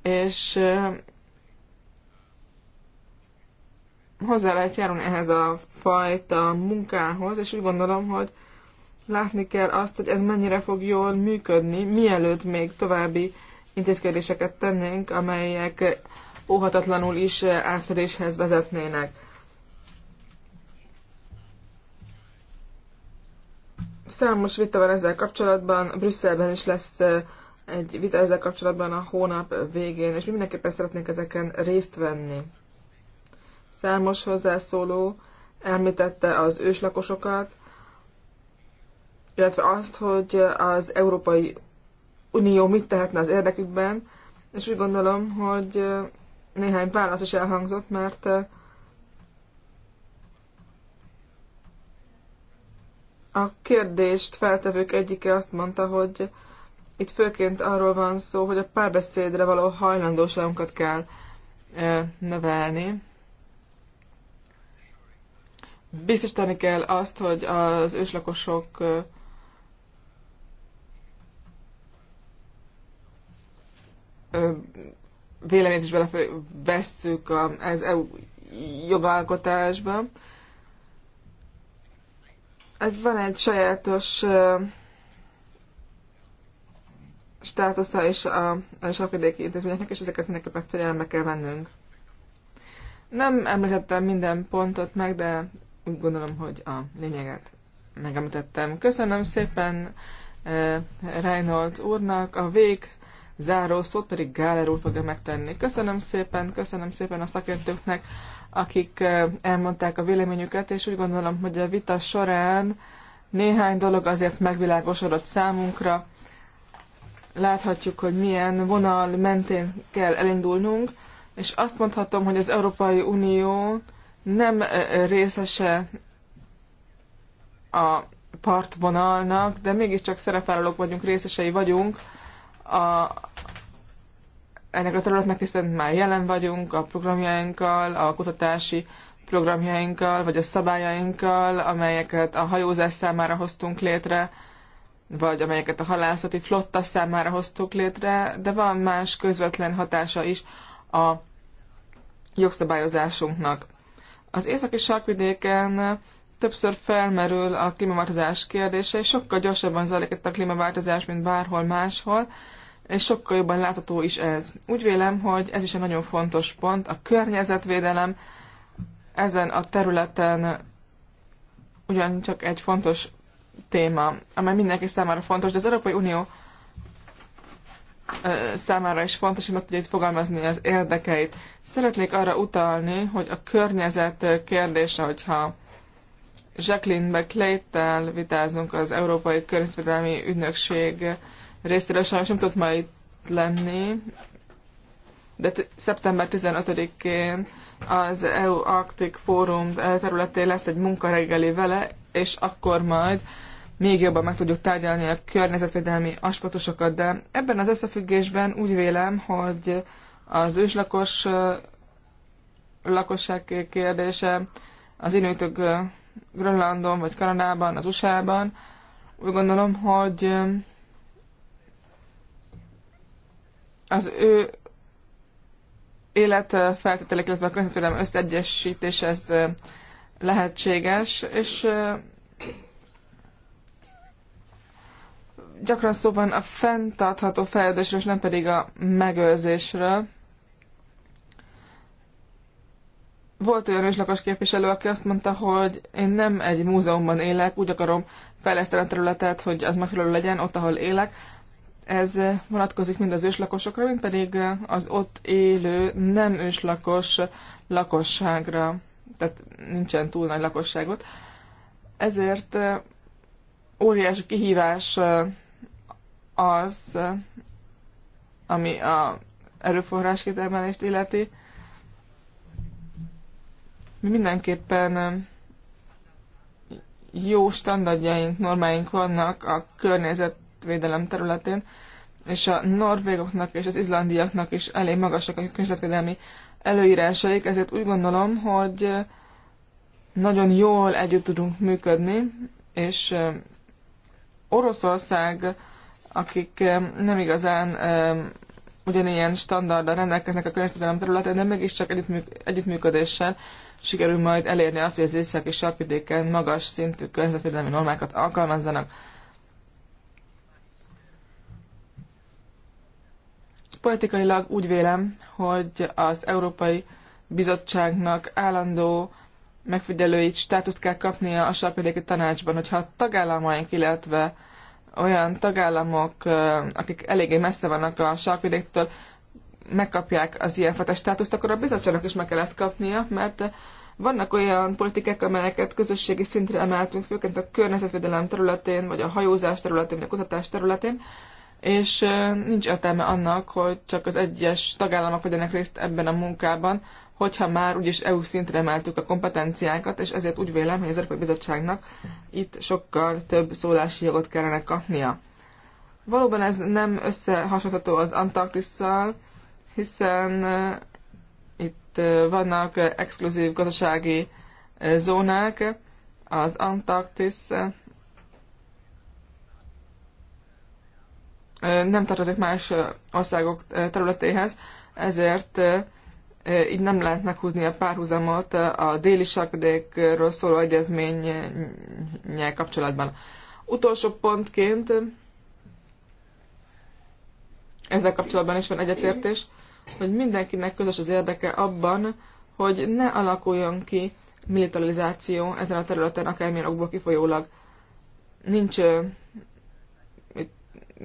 és hozzá lehet járulni ehhez a fajta munkához, és úgy gondolom, hogy látni kell azt, hogy ez mennyire fog jól működni, mielőtt még további intézkedéseket tennénk, amelyek óhatatlanul is átfedéshez vezetnének. Számos vita van ezzel kapcsolatban, Brüsszelben is lesz egy vita ezzel kapcsolatban a hónap végén, és mi mindenképpen szeretnénk ezeken részt venni. Számos hozzászóló említette az őslakosokat, illetve azt, hogy az Európai Unió mit tehetne az érdekükben, és úgy gondolom, hogy néhány válasz is elhangzott, mert A kérdést feltevők egyike azt mondta, hogy itt főként arról van szó, hogy a párbeszédre való hajlandóságunkat kell e, növelni. Biztosítani kell azt, hogy az őslakosok e, e, véleményt is belevesszük az EU jogalkotásba egy, hát van egy sajátos uh, státusza is a, a sarkvidéki intézményeknek, és ezeket mindenképpen figyelembe kell vennünk. Nem említettem minden pontot meg, de úgy gondolom, hogy a lényeget megemlítettem. Köszönöm szépen uh, Reinhold úrnak. A vég záró szót pedig Gáler úr fogja megtenni. Köszönöm szépen, köszönöm szépen a szakértőknek akik elmondták a véleményüket, és úgy gondolom, hogy a vita során néhány dolog azért megvilágosodott számunkra. Láthatjuk, hogy milyen vonal mentén kell elindulnunk, és azt mondhatom, hogy az Európai Unió nem részese a partvonalnak, de mégiscsak szerepvállalók vagyunk, részesei vagyunk a, ennek a területnek, hiszen már jelen vagyunk a programjainkkal, a kutatási programjainkkal, vagy a szabályainkkal, amelyeket a hajózás számára hoztunk létre, vagy amelyeket a halászati flotta számára hoztuk létre, de van más közvetlen hatása is a jogszabályozásunknak. Az északi sarkvidéken többször felmerül a klímaváltozás kérdése, és sokkal gyorsabban zajlik itt a klímaváltozás, mint bárhol máshol, és sokkal jobban látható is ez. Úgy vélem, hogy ez is egy nagyon fontos pont, a környezetvédelem ezen a területen ugyancsak egy fontos téma, amely mindenki számára fontos, de az Európai Unió számára is fontos, hogy meg tudja itt fogalmazni az érdekeit. Szeretnék arra utalni, hogy a környezet kérdése, hogyha Jacqueline mcclay tel vitázunk az Európai Környezetvédelmi Ügynökség részéről sajnos nem tudott ma itt lenni, de szeptember 15-én az EU Arctic Forum területén lesz egy munkareggeli vele, és akkor majd még jobban meg tudjuk tárgyalni a környezetvédelmi aspektusokat, de ebben az összefüggésben úgy vélem, hogy az őslakos lakosság kérdése az inuitok Grönlandon vagy Kanadában, az USA-ban, úgy gondolom, hogy az ő életfeltételek, illetve a környezetvédelem összeegyesítés ez lehetséges, és gyakran szó van a fenntartható fejlődésről, és nem pedig a megőrzésről. Volt olyan őslakos képviselő, aki azt mondta, hogy én nem egy múzeumban élek, úgy akarom fejleszteni a területet, hogy az megfelelő legyen ott, ahol élek, ez vonatkozik mind az őslakosokra, mind pedig az ott élő nem őslakos lakosságra, tehát nincsen túl nagy lakosságot. Ezért eh, óriási kihívás eh, az, eh, ami a erőforrás kitermelést illeti. Mi mindenképpen jó standardjaink, normáink vannak a környezet környezetvédelem területén, és a norvégoknak és az izlandiaknak is elég magasak a környezetvédelmi előírásaik, ezért úgy gondolom, hogy nagyon jól együtt tudunk működni, és eh, Oroszország, akik eh, nem igazán eh, ugyanilyen standarddal rendelkeznek a környezetvédelem területén, de mégiscsak együttműk, együttműködéssel sikerül majd elérni azt, hogy az északi sarkvidéken magas szintű környezetvédelmi normákat alkalmazzanak. politikailag úgy vélem, hogy az Európai Bizottságnak állandó megfigyelői státuszt kell kapnia a sarkvidéki tanácsban, hogyha a tagállamaink, illetve olyan tagállamok, akik eléggé messze vannak a sarkvidéktől, megkapják az ilyenfajta státuszt, akkor a bizottságnak is meg kell ezt kapnia, mert vannak olyan politikák, amelyeket közösségi szintre emeltünk, főként a környezetvédelem területén, vagy a hajózás területén, vagy a kutatás területén, és nincs értelme annak, hogy csak az egyes tagállamok vegyenek részt ebben a munkában, hogyha már úgyis EU szintre emeltük a kompetenciákat, és ezért úgy vélem, hogy az Európai Bizottságnak itt sokkal több szólási jogot kellene kapnia. Valóban ez nem összehasonlítható az Antarktisszal, hiszen itt vannak exkluzív gazdasági zónák, az Antarktisz nem tartozik más országok területéhez, ezért így nem lehet húzni a párhuzamot a déli sarkadékről szóló egyezménnyel kapcsolatban. Utolsó pontként ezzel kapcsolatban is van egyetértés, hogy mindenkinek közös az érdeke abban, hogy ne alakuljon ki militarizáció ezen a területen, akármilyen okból kifolyólag. Nincs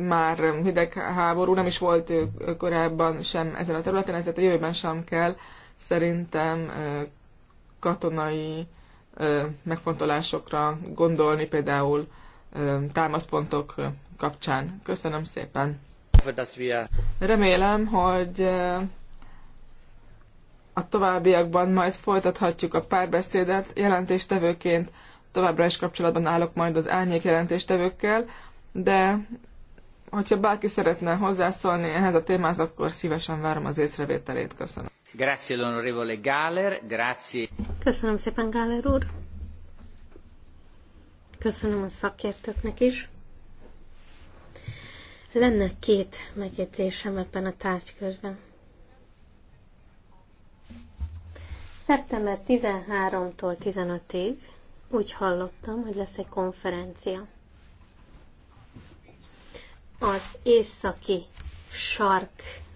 már hidegháború, nem is volt korábban sem ezen a területen, ezért a jövőben sem kell szerintem katonai megfontolásokra gondolni, például támaszpontok kapcsán. Köszönöm szépen! Remélem, hogy a továbbiakban majd folytathatjuk a párbeszédet. Jelentéstevőként továbbra is kapcsolatban állok majd az árnyék jelentéstevőkkel, de hogyha bárki szeretne hozzászólni ehhez a témához, akkor szívesen várom az észrevételét. Köszönöm. Grazie, l'onorevole Galler. Grazie. Köszönöm szépen, Gáler úr. Köszönöm a szakértőknek is. Lenne két megjegyzésem ebben a tárgykörben. Szeptember 13-tól 15-ig úgy hallottam, hogy lesz egy konferencia az északi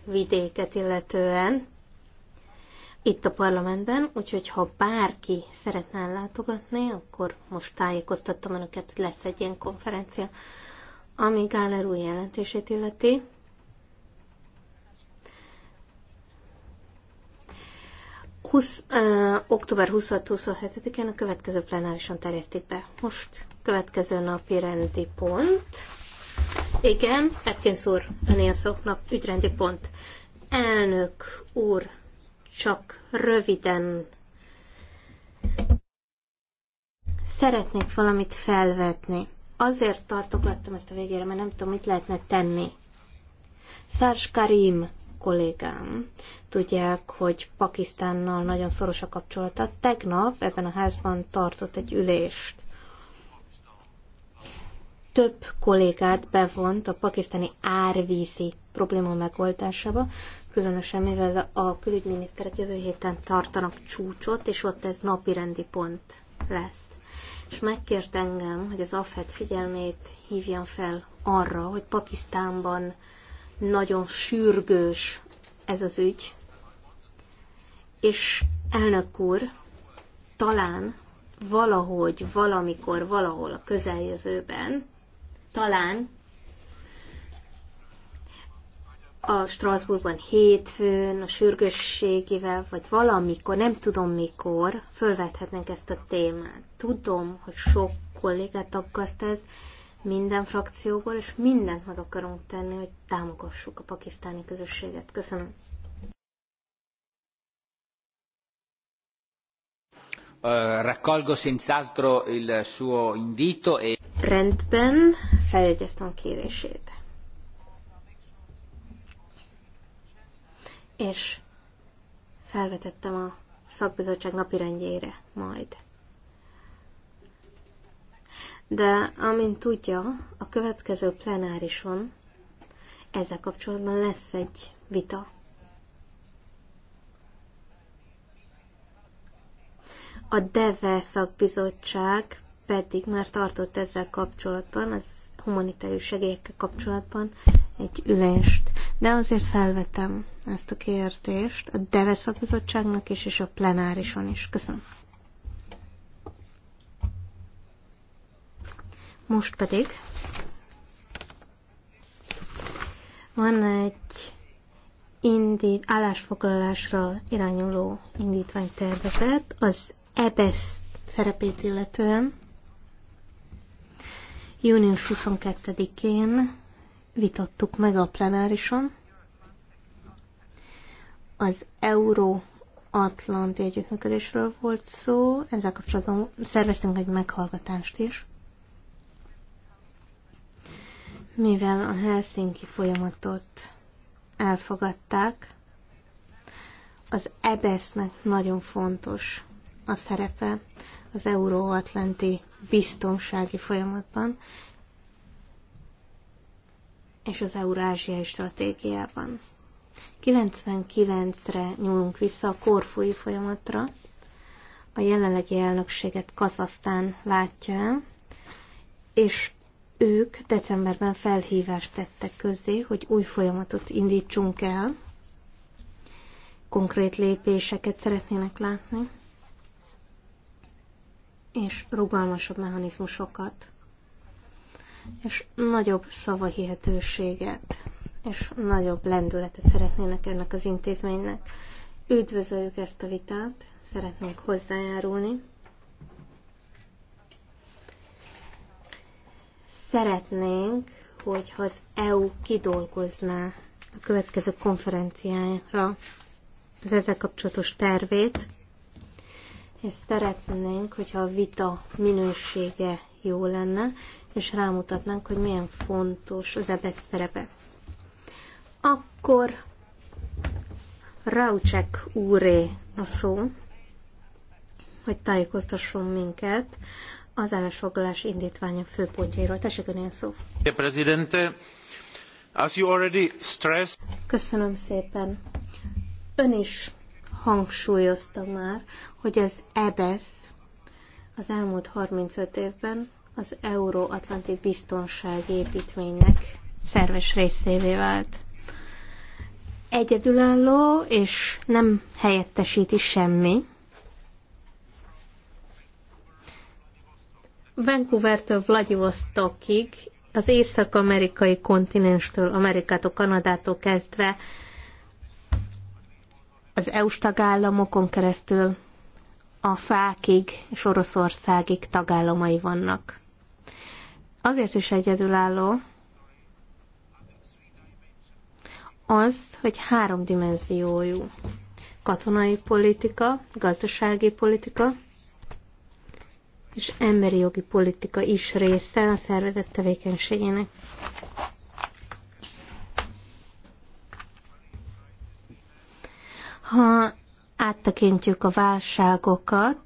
vidéket illetően itt a parlamentben, úgyhogy ha bárki szeretne látogatni, akkor most tájékoztattam önöket, hogy lesz egy ilyen konferencia, ami Gáler új jelentését illeti. Husz, ö, október 26-27-én a következő plenárison terjesztik be. Most következő napi rendi pont. Igen, Atkins úr, önél szoknak, ügyrendi pont. Elnök úr, csak röviden szeretnék valamit felvetni. Azért tartogattam ezt a végére, mert nem tudom, mit lehetne tenni. Szárs Karim kollégám, tudják, hogy Pakisztánnal nagyon szoros a kapcsolata. Tegnap ebben a házban tartott egy ülést több kollégát bevont a pakisztáni árvízi probléma megoldásába, különösen mivel a külügyminiszterek jövő héten tartanak csúcsot, és ott ez napi rendi pont lesz. És megkért engem, hogy az AFED figyelmét hívjam fel arra, hogy Pakisztánban nagyon sürgős ez az ügy, és elnök úr, talán valahogy, valamikor, valahol a közeljövőben talán a Strasbourgban hétfőn, a sürgősségével, vagy valamikor, nem tudom mikor, fölvethetnek ezt a témát. Tudom, hogy sok kollégát aggaszt ez, minden frakcióból, és mindent meg akarunk tenni, hogy támogassuk a pakisztáni közösséget. Köszönöm. Eh, raccolgo senz'altro il suo invito e... Rendben, feljegyeztem a kérését. És felvetettem a szakbizottság napirendjére majd. De amint tudja, a következő plenárison ezzel kapcsolatban lesz egy vita. A DEVE szakbizottság pedig már tartott ezzel kapcsolatban, az humanitárius segélyekkel kapcsolatban egy ülést. De azért felvetem ezt a kérdést a DEVE szakbizottságnak is, és a plenárison is. Köszönöm. Most pedig van egy indít, állásfoglalásra irányuló indítványtervezet az EBESZ szerepét illetően június 22-én vitattuk meg a plenárison az euró Atlanti együttműködésről volt szó, ezzel kapcsolatban szerveztünk egy meghallgatást is. Mivel a Helsinki folyamatot elfogadták, az EBESZ-nek nagyon fontos a szerepe az euróatlanti biztonsági folyamatban és az eurázsiai stratégiában. 99-re nyúlunk vissza a korfúi folyamatra. A jelenlegi elnökséget Kazasztán látja el, és ők decemberben felhívást tettek közé, hogy új folyamatot indítsunk el. Konkrét lépéseket szeretnének látni és rugalmasabb mechanizmusokat, és nagyobb szavahihetőséget, és nagyobb lendületet szeretnének ennek az intézménynek. Üdvözöljük ezt a vitát, szeretnénk hozzájárulni. Szeretnénk, hogyha az EU kidolgozná a következő konferenciára az ezzel kapcsolatos tervét, és szeretnénk, hogyha a vita minősége jó lenne, és rámutatnánk, hogy milyen fontos az ebes szerepe. Akkor Raucsek úré a szó, hogy tájékoztasson minket az állásfoglalás indítványa főpontjairól. Tessék önél szó. Köszönöm szépen. Ön is hangsúlyozta már, hogy az EBESZ az elmúlt 35 évben az Euróatlanti Biztonsági Építménynek szerves részévé vált. Egyedülálló, és nem helyettesíti semmi. Vancouvertől Vladivostokig, az észak-amerikai kontinenstől, Amerikától, Kanadától kezdve az EU-s tagállamokon keresztül a fákig és Oroszországig tagállamai vannak. Azért is egyedülálló az, hogy háromdimenziójú katonai politika, gazdasági politika és emberi jogi politika is része a szervezet tevékenységének. Ha áttekintjük a válságokat,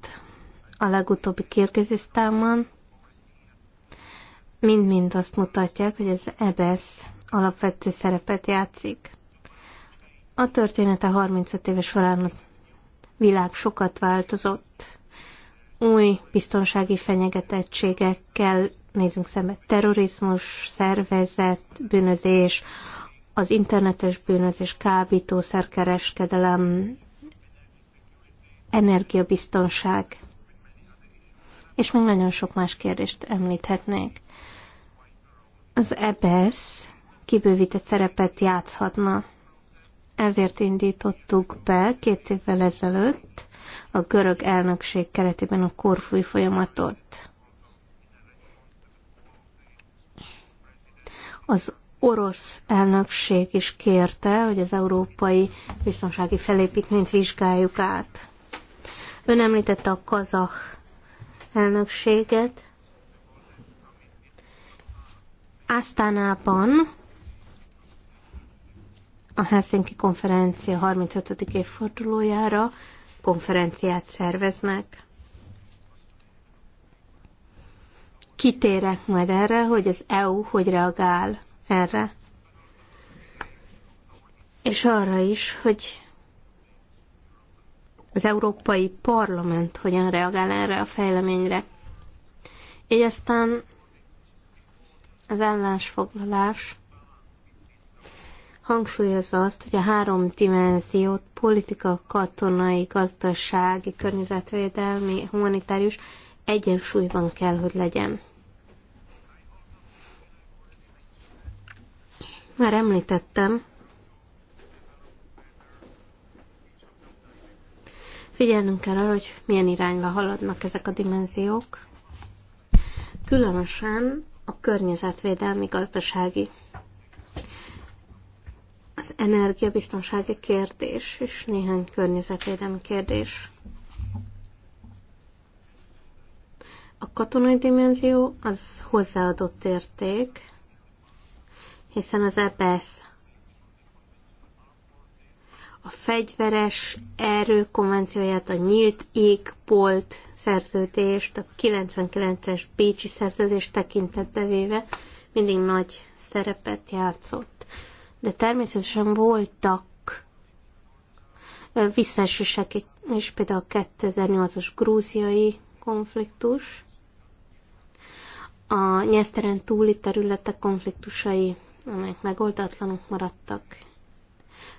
a legutóbbi Kirgizisztánban, mind-mind azt mutatják, hogy az EBSZ alapvető szerepet játszik. A története 35 éves során a világ sokat változott. Új biztonsági fenyegetettségekkel nézünk szembe. Terrorizmus, szervezet, bűnözés, az internetes bűnözés, kábítószerkereskedelem, energiabiztonság, és még nagyon sok más kérdést említhetnék. Az EBS e kibővített szerepet játszhatna. Ezért indítottuk be két évvel ezelőtt a görög elnökség keretében a korfúj folyamatot. Az orosz elnökség is kérte, hogy az európai biztonsági felépítményt vizsgáljuk át. Ön említette a kazah elnökséget. Aztánában a Helsinki konferencia 35. évfordulójára konferenciát szerveznek. Kitérek majd erre, hogy az EU hogy reagál erre, és arra is, hogy az Európai Parlament hogyan reagál erre a fejleményre. Így aztán az állásfoglalás hangsúlyozza azt, hogy a három dimenziót politika, katonai, gazdasági, környezetvédelmi, humanitárius egyensúlyban kell, hogy legyen. Már említettem, figyelnünk kell arra, hogy milyen irányba haladnak ezek a dimenziók, különösen a környezetvédelmi gazdasági. Az energiabiztonsági kérdés és néhány környezetvédelmi kérdés. A katonai dimenzió az hozzáadott érték, hiszen az EPS a fegyveres erő konvencióját, a nyílt égbolt szerződést, a 99-es Bécsi szerződést tekintetbe véve mindig nagy szerepet játszott. De természetesen voltak visszaesések, és például a 2008-as grúziai konfliktus, a nyeszteren túli területek konfliktusai amelyek megoldatlanok maradtak.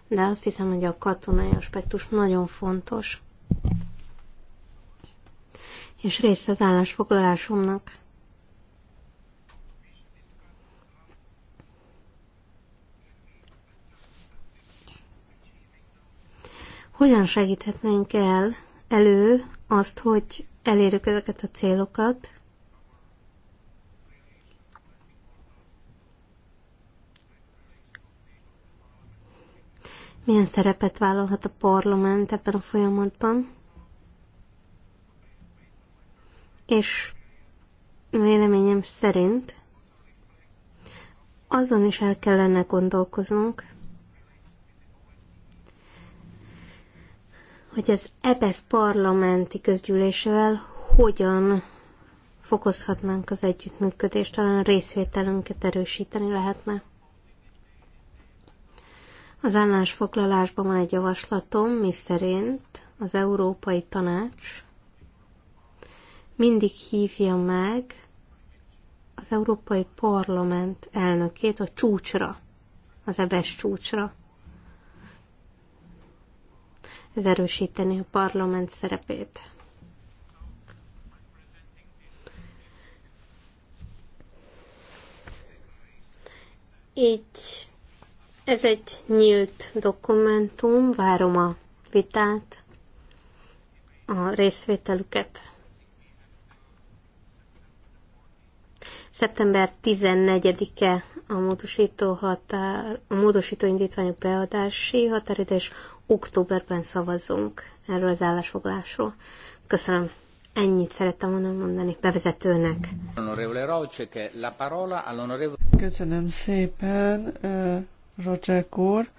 De azt hiszem, hogy a katonai aspektus nagyon fontos, és részt az állásfoglalásomnak. Hogyan segíthetnénk el elő azt, hogy elérjük ezeket a célokat, Milyen szerepet vállalhat a parlament ebben a folyamatban? És véleményem szerint azon is el kellene gondolkoznunk, hogy az EBSZ parlamenti közgyűlésével hogyan fokozhatnánk az együttműködést, talán részvételünket erősíteni lehetne. Az állásfoglalásban van egy javaslatom, miszerint az Európai Tanács mindig hívja meg az Európai Parlament elnökét a csúcsra, az ebes csúcsra. Ez erősíteni a parlament szerepét. Így ez egy nyílt dokumentum, várom a vitát, a részvételüket. Szeptember 14-e a módosító, határ, a módosító indítványok beadási határidő, és októberben szavazunk erről az állásfoglásról. Köszönöm. Ennyit szerettem volna mondani bevezetőnek. Köszönöm szépen. Roger Kór,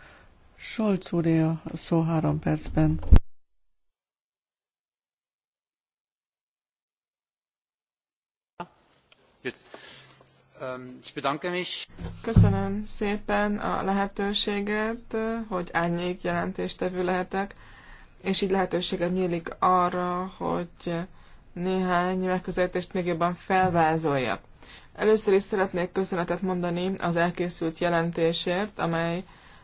Solc a szó három percben. Ähm, Köszönöm szépen a lehetőséget, hogy árnyék jelentéstevő lehetek, és így lehetőségem nyílik arra, hogy néhány megközelítést még jobban felvázoljak. Először is szeretnék köszönetet mondani az elkészült jelentésért, amely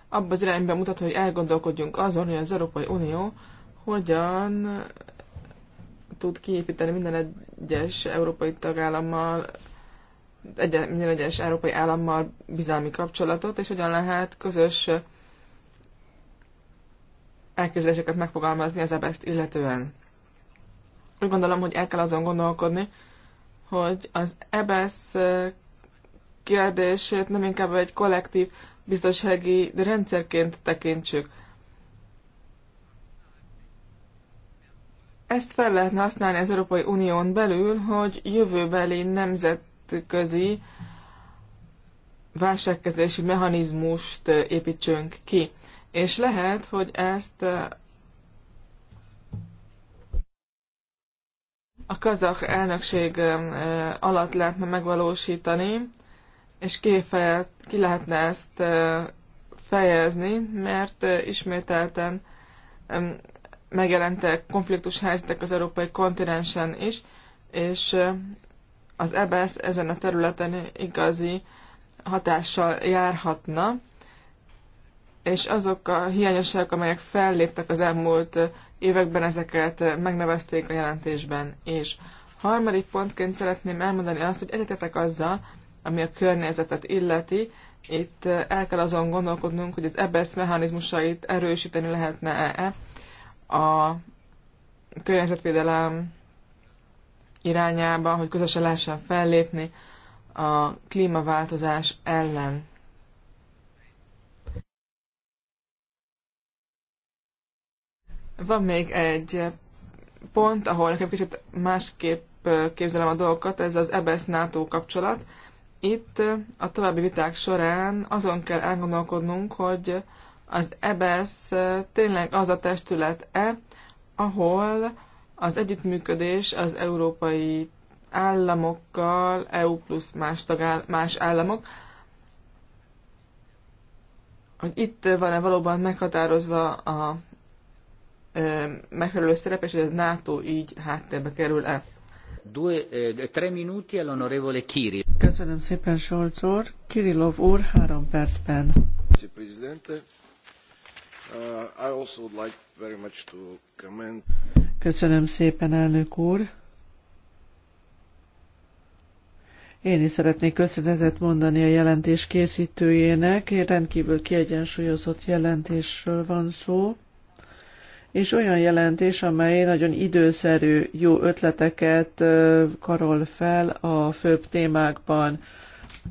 abba az irányba mutat, hogy elgondolkodjunk azon, hogy az Európai Unió hogyan tud kiépíteni minden egyes európai tagállammal, egy, minden egyes európai állammal bizalmi kapcsolatot, és hogyan lehet közös elképzeléseket megfogalmazni az ebeszt illetően. Úgy gondolom, hogy el kell azon gondolkodni, hogy az EBSZ e eh, kérdését nem inkább egy kollektív biztonsági rendszerként tekintsük. Ezt fel lehetne használni az Európai Unión belül, hogy jövőbeli nemzetközi válságkezelési mechanizmust eh, építsünk ki. És lehet, hogy ezt eh, a kazak elnökség alatt lehetne megvalósítani, és ki, ki lehetne ezt fejezni, mert ismételten megjelentek konfliktus helyzetek az európai kontinensen is, és az EBS e ezen a területen igazi hatással járhatna, és azok a hiányosságok, amelyek felléptek az elmúlt években ezeket megnevezték a jelentésben. És harmadik pontként szeretném elmondani azt, hogy egyetetek azzal, ami a környezetet illeti, itt el kell azon gondolkodnunk, hogy az EBS e mechanizmusait erősíteni lehetne-e a környezetvédelem irányába, hogy közösen lehessen fellépni a klímaváltozás ellen. Van még egy pont, ahol nekem kicsit másképp képzelem a dolgokat, ez az EBS-NATO kapcsolat. Itt a további viták során azon kell elgondolkodnunk, hogy az EBS tényleg az a testület-e, ahol az együttműködés az európai államokkal, EU plusz más, tagáll- más államok, hogy itt van-e valóban meghatározva a megfelelő szerepe, és hogy az NATO így háttérbe kerül-e. Köszönöm szépen, Scholz úr. Kirillov úr, három percben. Uh, Köszönöm szépen, elnök úr. Én is szeretnék köszönetet mondani a jelentés készítőjének. rendkívül kiegyensúlyozott jelentésről van szó és olyan jelentés, amely nagyon időszerű, jó ötleteket karol fel a főbb témákban.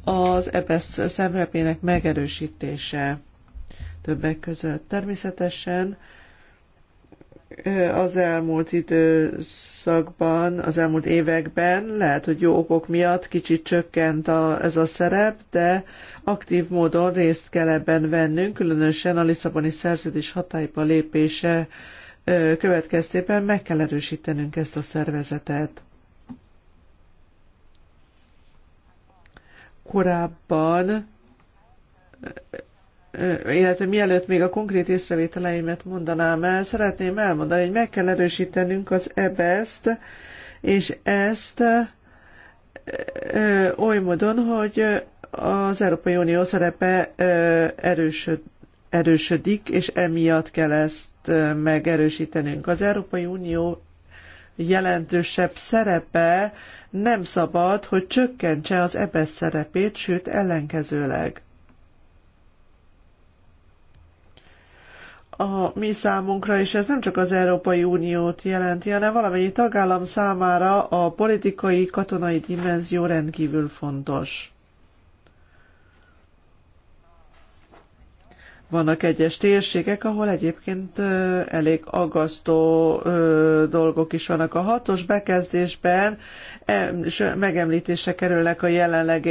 Az EBSZ szemrepének megerősítése többek között. Természetesen az elmúlt időszakban, az elmúlt években, lehet, hogy jó okok miatt kicsit csökkent a, ez a szerep, de aktív módon részt kell ebben vennünk, különösen a Lisszaboni szerződés hatályba lépése következtében meg kell erősítenünk ezt a szervezetet. Korábban illetve mielőtt még a konkrét észrevételeimet mondanám el, szeretném elmondani, hogy meg kell erősítenünk az EBESZ-t, és ezt oly módon, hogy az Európai Unió szerepe erősöd, erősödik, és emiatt kell ezt megerősítenünk. Az Európai Unió jelentősebb szerepe nem szabad, hogy csökkentse az EBESZ szerepét, sőt ellenkezőleg. a mi számunkra, és ez nem csak az Európai Uniót jelenti, hanem valamennyi tagállam számára a politikai, katonai dimenzió rendkívül fontos. Vannak egyes térségek, ahol egyébként elég aggasztó dolgok is vannak. A hatos bekezdésben e, megemlítése kerülnek a jelenleg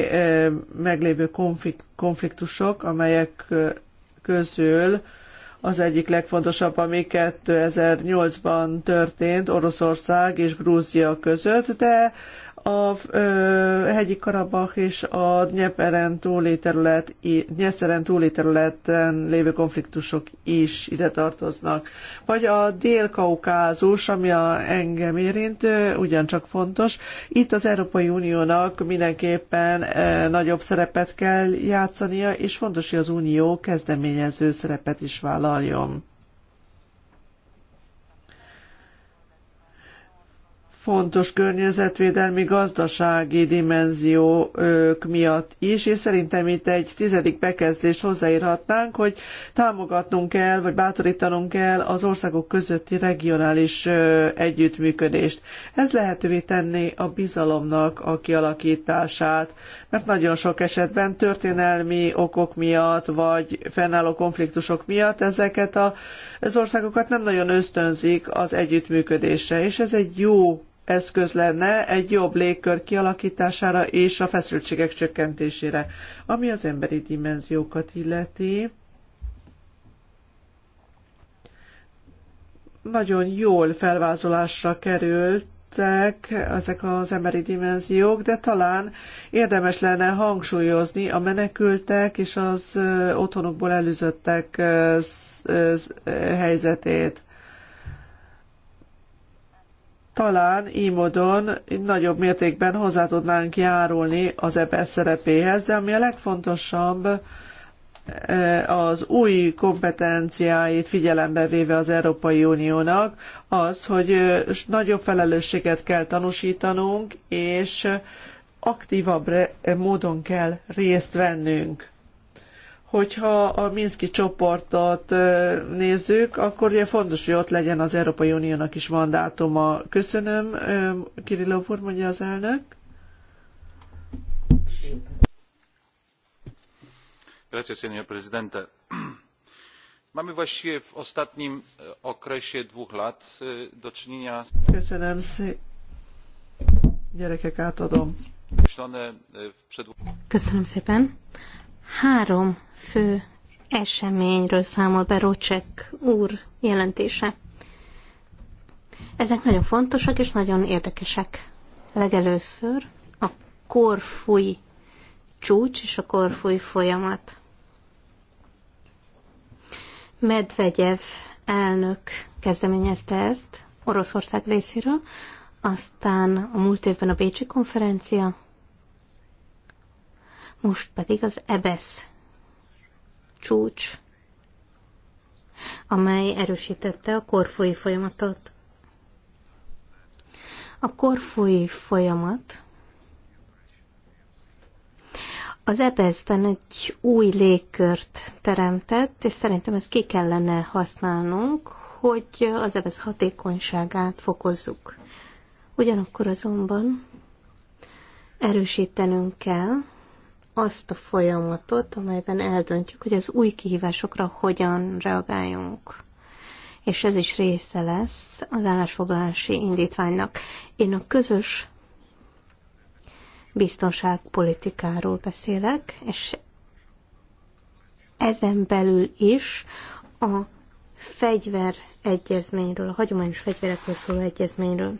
meglévő konfliktusok, amelyek közül az egyik legfontosabb, ami 2008-ban történt Oroszország és Grúzia között, de a ö, hegyi Karabach és a Nyeperen túli terület, Nyeszeren túli területen lévő konfliktusok is ide tartoznak. Vagy a Dél-Kaukázus, ami a engem érint, ugyancsak fontos. Itt az Európai Uniónak mindenképpen ö, nagyobb szerepet kell játszania, és fontos, hogy az Unió kezdeményező szerepet is vállaljon. fontos környezetvédelmi, gazdasági dimenziók miatt is, és szerintem itt egy tizedik bekezdést hozzáírhatnánk, hogy támogatnunk kell, vagy bátorítanunk kell az országok közötti regionális együttműködést. Ez lehetővé tenni a bizalomnak a kialakítását, mert nagyon sok esetben történelmi okok miatt, vagy fennálló konfliktusok miatt ezeket a, az országokat nem nagyon ösztönzik az együttműködésre, és ez egy jó eszköz lenne egy jobb légkör kialakítására és a feszültségek csökkentésére, ami az emberi dimenziókat illeti. Nagyon jól felvázolásra került ezek az emberi dimenziók, de talán érdemes lenne hangsúlyozni a menekültek és az otthonukból előzöttek helyzetét talán így módon nagyobb mértékben hozzá tudnánk járulni az EBS szerepéhez, de ami a legfontosabb, e, az új kompetenciáit figyelembe véve az Európai Uniónak, az, hogy nagyobb felelősséget kell tanúsítanunk, és aktívabb módon kell részt vennünk hogyha a Minszki csoportot nézzük, akkor ugye fontos, hogy ott legyen az Európai Uniónak is mandátuma. Köszönöm, Kirillov úr, mondja az elnök. Grazie, signor Presidente. Mamy właściwie w ostatnim e, okresie dwóch lat e, do czynienia z... Köszönöm szépen. Gyerekek, átadom. E, Köszönöm szépen. Három fő eseményről számol be Rocsek úr jelentése. Ezek nagyon fontosak és nagyon érdekesek. Legelőször a korfúj csúcs és a korfúj folyamat. Medvegyev elnök kezdeményezte ezt Oroszország részéről, aztán a múlt évben a Bécsi konferencia, most pedig az EBESZ csúcs, amely erősítette a korfói folyamatot. A korfói folyamat az ebsz egy új légkört teremtett, és szerintem ezt ki kellene használnunk, hogy az ebesz hatékonyságát fokozzuk. Ugyanakkor azonban erősítenünk kell azt a folyamatot, amelyben eldöntjük, hogy az új kihívásokra hogyan reagáljunk. És ez is része lesz az állásfoglalási indítványnak. Én a közös biztonságpolitikáról beszélek, és ezen belül is a fegyveregyezményről, a hagyományos fegyverekről szóló egyezményről.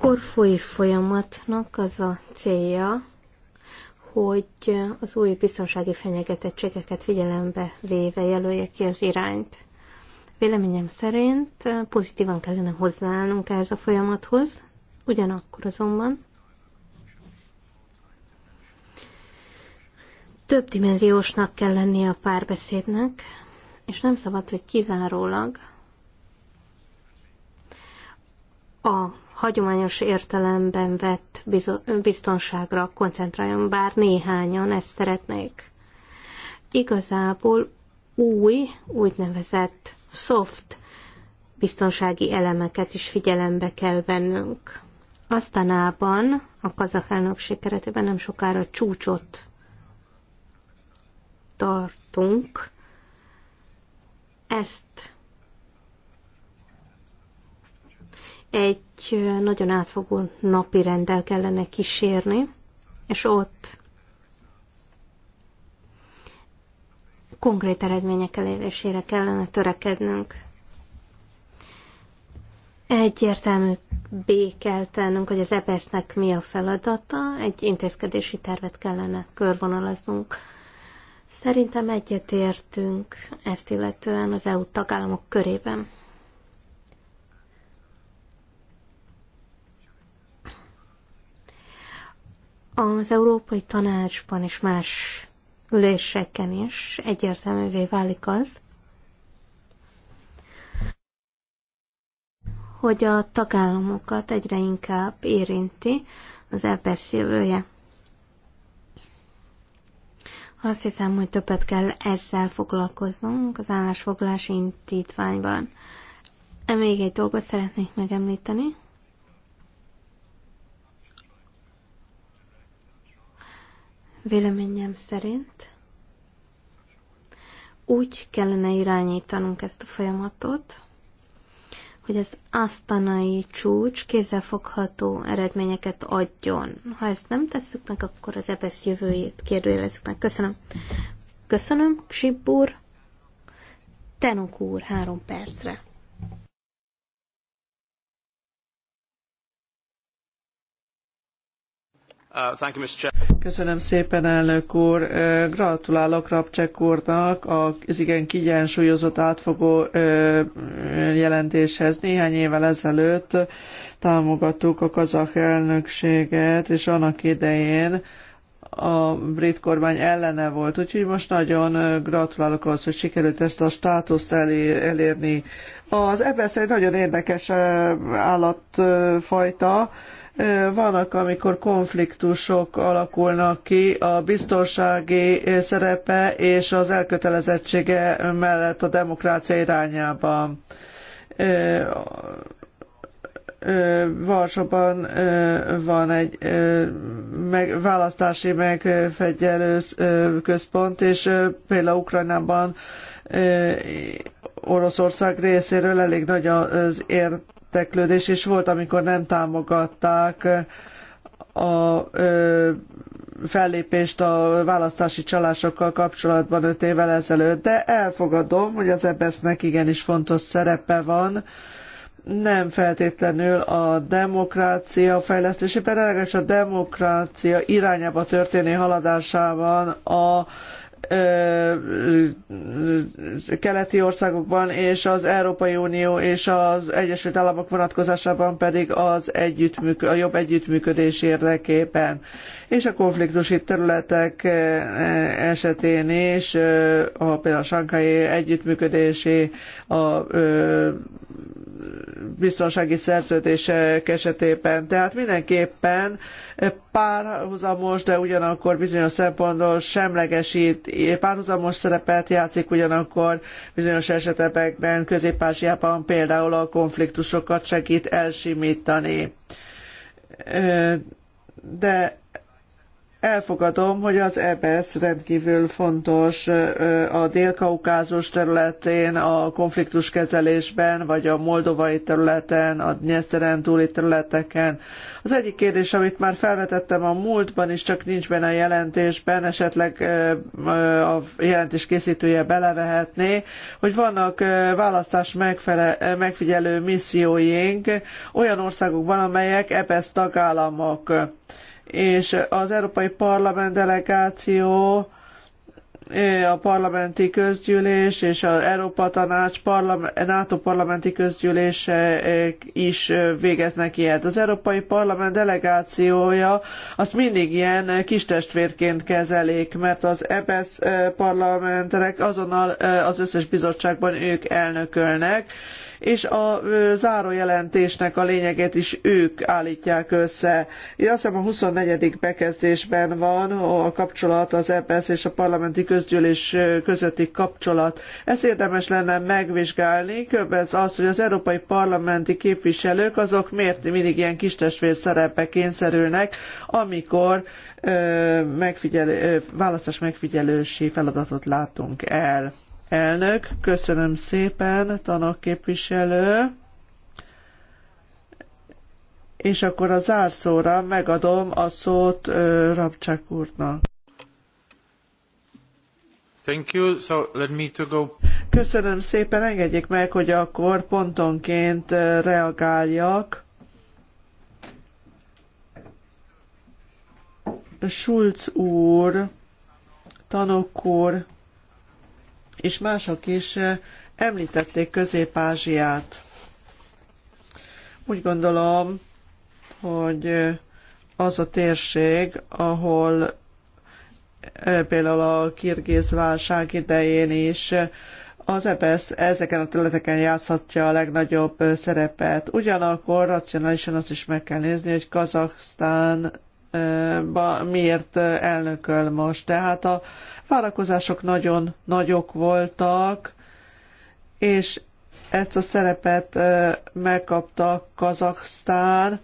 korfói folyamatnak az a célja, hogy az új biztonsági fenyegetettségeket figyelembe véve jelölje ki az irányt. Véleményem szerint pozitívan kellene hozzáállnunk ehhez a folyamathoz, ugyanakkor azonban több dimenziósnak kell lennie a párbeszédnek, és nem szabad, hogy kizárólag a hagyományos értelemben vett biztonságra koncentráljon, bár néhányan ezt szeretnék. Igazából új, úgynevezett soft biztonsági elemeket is figyelembe kell vennünk. Aztánában a kazak elnökség keretében nem sokára csúcsot tartunk. Ezt egy nagyon átfogó napi rendel kellene kísérni, és ott konkrét eredmények elérésére kellene törekednünk. Egyértelmű B kell tennünk, hogy az EBSZ-nek e mi a feladata, egy intézkedési tervet kellene körvonalaznunk. Szerintem egyetértünk ezt illetően az EU tagállamok körében. Az Európai Tanácsban és más üléseken is egyértelművé válik az, hogy a tagállamokat egyre inkább érinti az elpersz jövője. Azt hiszem, hogy többet kell ezzel foglalkoznunk az állásfoglalási intítványban. Még egy dolgot szeretnék megemlíteni. Véleményem szerint úgy kellene irányítanunk ezt a folyamatot, hogy az asztanai csúcs kézzelfogható eredményeket adjon. Ha ezt nem tesszük meg, akkor az ebesz jövőjét kérdőjelezzük meg. Köszönöm. Köszönöm, Ksip Tenok úr, három percre. Uh, Köszönöm szépen, elnök úr. Uh, gratulálok Rabcsek úrnak az igen kiegyensúlyozott átfogó uh, jelentéshez. Néhány évvel ezelőtt támogattuk a kazak elnökséget, és annak idején a brit kormány ellene volt, úgyhogy most nagyon gratulálok ahhoz, hogy sikerült ezt a státuszt elérni. Az ebesz egy nagyon érdekes állatfajta, vannak, amikor konfliktusok alakulnak ki a biztonsági szerepe és az elkötelezettsége mellett a demokrácia irányába. Varsóban van egy választási megfegyelő központ, és például Ukrajnában Oroszország részéről elég nagy az ért érdeklődés, és volt, amikor nem támogatták a ö, fellépést a választási csalásokkal kapcsolatban öt évvel ezelőtt, de elfogadom, hogy az EBSZ-nek igenis fontos szerepe van, nem feltétlenül a demokrácia fejlesztésében, legalábbis a demokrácia irányába történő haladásában a keleti országokban és az Európai Unió és az Egyesült Államok vonatkozásában pedig az együttműk, a jobb együttműködés érdekében. És a konfliktusi területek esetén is, a például a sankai együttműködési, a biztonsági szerződések esetében. Tehát mindenképpen párhuzamos, de ugyanakkor bizonyos szempontból semlegesít, párhuzamos szerepet játszik, ugyanakkor bizonyos esetekben Közép-Ázsiában például a konfliktusokat segít elsimítani. De Elfogadom, hogy az EBS e rendkívül fontos a dél-kaukázus területén, a konfliktuskezelésben, vagy a moldovai területen, a Dnyeszteren túli területeken. Az egyik kérdés, amit már felvetettem a múltban is, csak nincs benne a jelentésben, esetleg a jelentés készítője belevehetné, hogy vannak választás megfele- megfigyelő misszióink olyan országokban, amelyek EBS e tagállamok és az Európai Parlament delegáció a parlamenti közgyűlés és az Európa Tanács parlament, NATO parlamenti közgyűlése is végeznek ilyet. Az Európai Parlament delegációja azt mindig ilyen kistestvérként kezelik, mert az EBS parlamenterek azonnal az összes bizottságban ők elnökölnek, és a zárójelentésnek a lényegét is ők állítják össze. Én azt hiszem a 24. bekezdésben van a kapcsolat az EPSZ e és a parlamenti közgyűlés közötti kapcsolat. Ezt érdemes lenne megvizsgálni, köbez az, hogy az európai parlamenti képviselők azok miért mindig ilyen kistestvér szerepbe kényszerülnek, amikor megfigyelő, választás feladatot látunk el. Elnök, köszönöm szépen, tanok képviselő. És akkor a zárszóra megadom a szót uh, Rabcsák úrnak. Thank you. So let me to go. Köszönöm szépen, engedjék meg, hogy akkor pontonként reagáljak. Schulz úr, tanok úr, és mások is eh, említették Közép-Ázsiát. Úgy gondolom, hogy eh, az a térség, ahol eh, például a kirgéz válság idején is az EBSZ ezeken a területeken játszhatja a legnagyobb szerepet. Ugyanakkor racionálisan azt is meg kell nézni, hogy Kazaksztán miért elnököl most. Tehát a várakozások nagyon nagyok voltak, és ezt a szerepet megkapta Kazaksztán,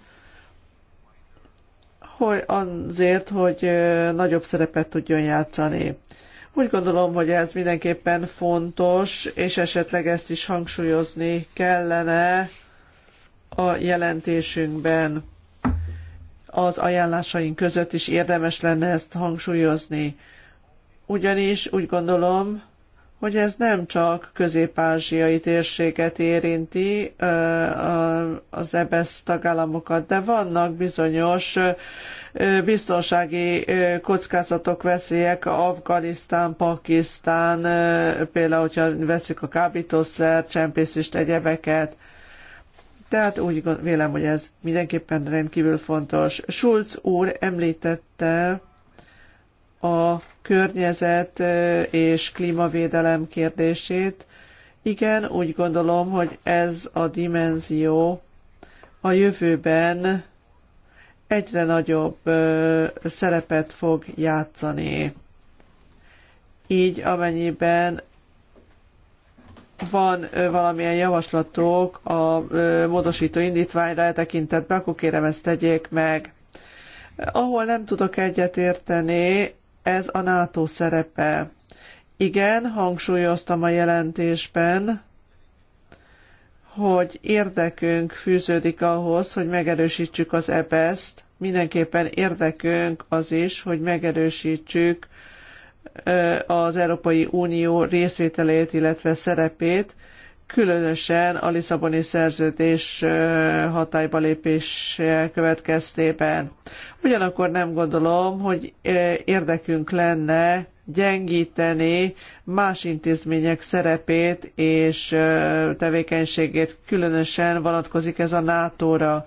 hogy azért, hogy nagyobb szerepet tudjon játszani. Úgy gondolom, hogy ez mindenképpen fontos, és esetleg ezt is hangsúlyozni kellene a jelentésünkben az ajánlásaink között is érdemes lenne ezt hangsúlyozni. Ugyanis úgy gondolom, hogy ez nem csak közép-ázsiai térséget érinti az EBSZ e tagállamokat, de vannak bizonyos biztonsági kockázatok, veszélyek, Afganisztán, Pakisztán, például, hogyha veszik a kábítószer, csempészist, egyebeket. Tehát úgy vélem, hogy ez mindenképpen rendkívül fontos. Schulz úr említette a környezet és klímavédelem kérdését. Igen, úgy gondolom, hogy ez a dimenzió a jövőben egyre nagyobb szerepet fog játszani. Így amennyiben van valamilyen javaslatok a módosító indítványra e tekintetben, akkor kérem ezt tegyék meg. Ahol nem tudok egyet érteni, ez a NATO szerepe. Igen, hangsúlyoztam a jelentésben, hogy érdekünk fűződik ahhoz, hogy megerősítsük az ebeszt. t mindenképpen érdekünk az is, hogy megerősítsük az Európai Unió részvételét, illetve szerepét, különösen a Lisszaboni szerződés hatályba lépés következtében. Ugyanakkor nem gondolom, hogy érdekünk lenne gyengíteni más intézmények szerepét és tevékenységét, különösen vonatkozik ez a NATO-ra.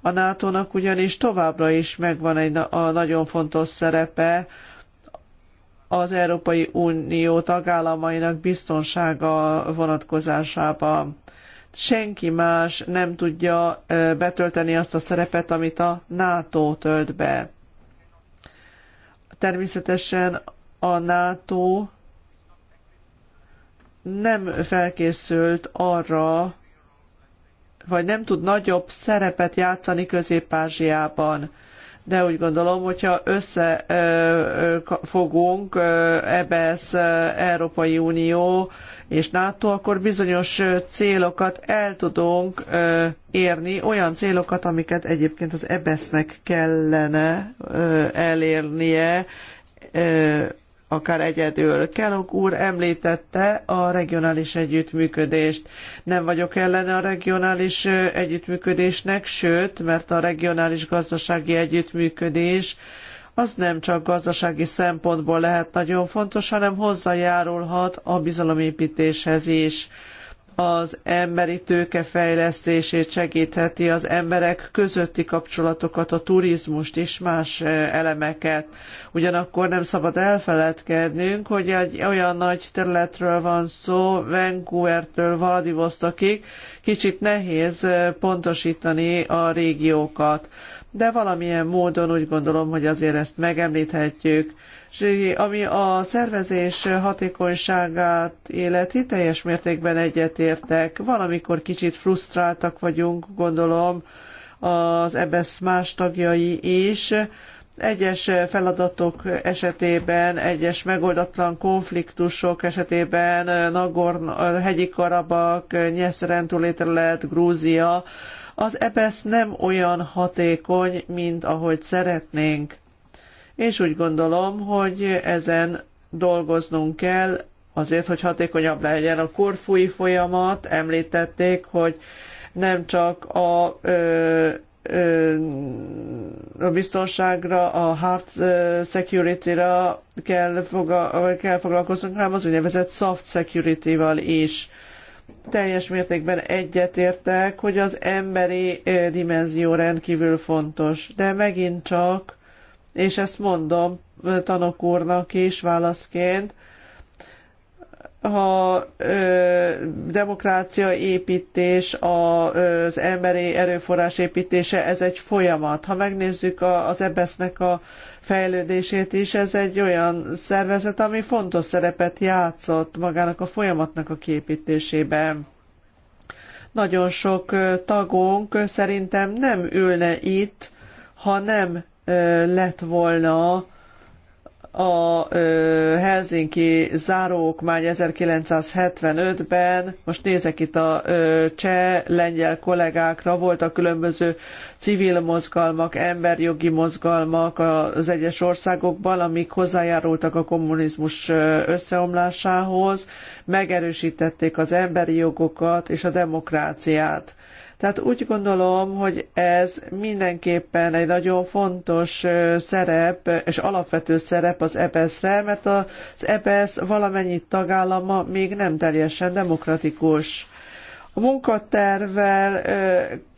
A NATO-nak ugyanis továbbra is megvan egy a nagyon fontos szerepe, az Európai Unió tagállamainak biztonsága vonatkozásában. Senki más nem tudja betölteni azt a szerepet, amit a NATO tölt be. Természetesen a NATO nem felkészült arra, vagy nem tud nagyobb szerepet játszani Közép-Ázsiában de úgy gondolom, hogyha összefogunk EBS, Európai Unió és NATO, akkor bizonyos célokat el tudunk érni, olyan célokat, amiket egyébként az EBS-nek kellene elérnie akár egyedül. Kellogg úr említette a regionális együttműködést. Nem vagyok ellene a regionális együttműködésnek, sőt, mert a regionális gazdasági együttműködés az nem csak gazdasági szempontból lehet nagyon fontos, hanem hozzájárulhat a bizalomépítéshez is az emberi tőke fejlesztését segítheti, az emberek közötti kapcsolatokat, a turizmust és más eh, elemeket. Ugyanakkor nem szabad elfeledkednünk, hogy egy olyan nagy területről van szó, Vancouvertől Vladivostokig, kicsit nehéz eh, pontosítani a régiókat. De valamilyen módon úgy gondolom, hogy azért ezt megemlíthetjük ami a szervezés hatékonyságát életi, teljes mértékben egyetértek. Valamikor kicsit frusztráltak vagyunk, gondolom, az EBSZ e más tagjai is. Egyes feladatok esetében, egyes megoldatlan konfliktusok esetében, Nagorn, hegyi Karabak, Nyeszeren túlételet, Grúzia, az EBSZ e nem olyan hatékony, mint ahogy szeretnénk és úgy gondolom, hogy ezen dolgoznunk kell, azért, hogy hatékonyabb legyen a korfúi folyamat, említették, hogy nem csak a, ö, ö, a biztonságra, a hard security-ra kell, foga, kell foglalkoznunk, hanem az úgynevezett soft security-val is. Teljes mértékben egyetértek, hogy az emberi dimenzió rendkívül fontos, de megint csak és ezt mondom tanok úrnak is válaszként, ha ö, demokrácia építés, a, az emberi erőforrás építése, ez egy folyamat. Ha megnézzük a, az EBESZ-nek a fejlődését is, ez egy olyan szervezet, ami fontos szerepet játszott magának a folyamatnak a képítésében Nagyon sok tagunk szerintem nem ülne itt, ha nem lett volna a Helsinki záróokmány 1975-ben, most nézek itt a cseh, lengyel kollégákra, voltak különböző civil mozgalmak, emberjogi mozgalmak az egyes országokban, amik hozzájárultak a kommunizmus összeomlásához, megerősítették az emberi jogokat és a demokráciát tehát úgy gondolom, hogy ez mindenképpen egy nagyon fontos szerep és alapvető szerep az ebsz e re mert az EBSZ e valamennyi tagállama még nem teljesen demokratikus. A munkatervvel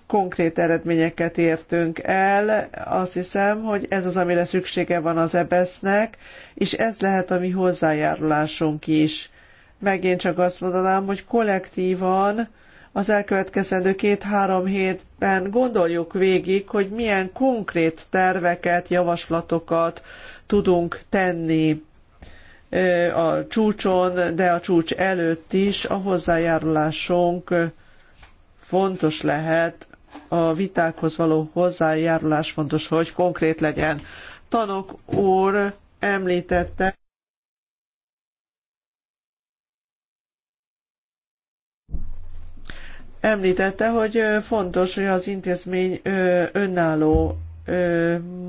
konkrét eredményeket értünk el. Azt hiszem, hogy ez az, amire szüksége van az ebsz e nek és ez lehet a mi hozzájárulásunk is. Megint csak azt mondanám, hogy kollektívan az elkövetkezendő két-három hétben gondoljuk végig, hogy milyen konkrét terveket, javaslatokat tudunk tenni a csúcson, de a csúcs előtt is a hozzájárulásunk fontos lehet, a vitákhoz való hozzájárulás fontos, hogy konkrét legyen. Tanok úr említette, említette, hogy fontos, hogy az intézmény önálló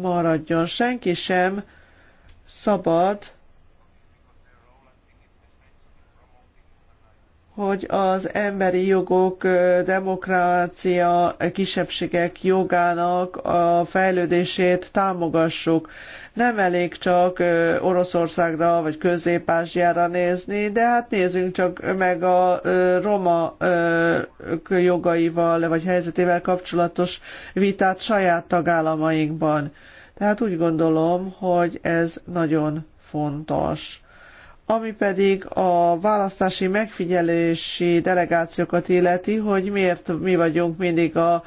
maradjon. Senki sem szabad hogy az emberi jogok, demokrácia, kisebbségek jogának a fejlődését támogassuk. Nem elég csak Oroszországra vagy közép nézni, de hát nézzünk csak meg a roma jogaival vagy helyzetével kapcsolatos vitát saját tagállamainkban. Tehát úgy gondolom, hogy ez nagyon fontos ami pedig a választási megfigyelési delegációkat illeti, hogy miért mi vagyunk mindig a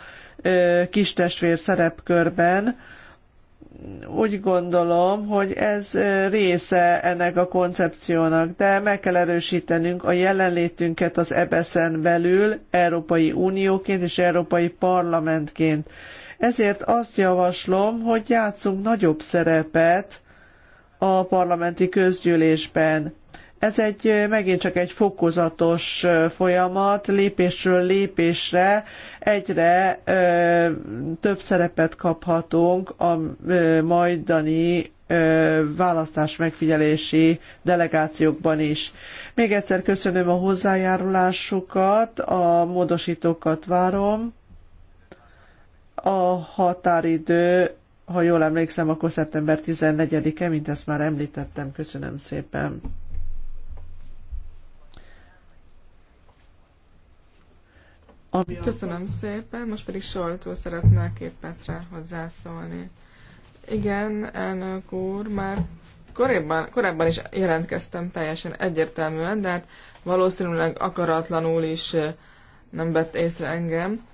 kistestvér szerepkörben, úgy gondolom, hogy ez része ennek a koncepciónak, de meg kell erősítenünk a jelenlétünket az EBSZ-en belül, Európai Unióként és Európai Parlamentként. Ezért azt javaslom, hogy játszunk nagyobb szerepet a parlamenti közgyűlésben. Ez egy megint csak egy fokozatos folyamat, lépésről lépésre egyre ö, több szerepet kaphatunk a ö, majdani választás megfigyelési delegációkban is. Még egyszer köszönöm a hozzájárulásukat, a módosítókat várom. A határidő ha jól emlékszem, akkor szeptember 14-e, mint ezt már említettem. Köszönöm szépen. Ami Köszönöm szépen, most pedig Soltó szeretne két percre hozzászólni. Igen, elnök úr, már korábban, korábban is jelentkeztem teljesen egyértelműen, de hát valószínűleg akaratlanul is nem vett észre engem.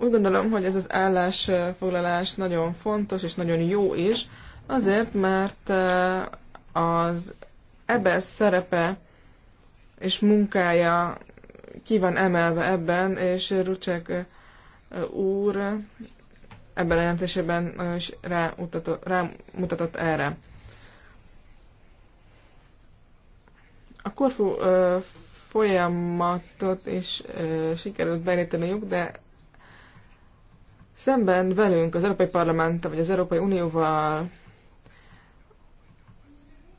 Úgy gondolom, hogy ez az állásfoglalás nagyon fontos és nagyon jó is, azért, mert eh, az ebben szerepe és munkája ki van emelve ebben, és Rucsek eh, úr ebben a jelentésében is rámutatott, erre. A Korfu eh, folyamatot is sikerült beléteniük, de Szemben velünk, az Európai Parlament, vagy az Európai Unióval,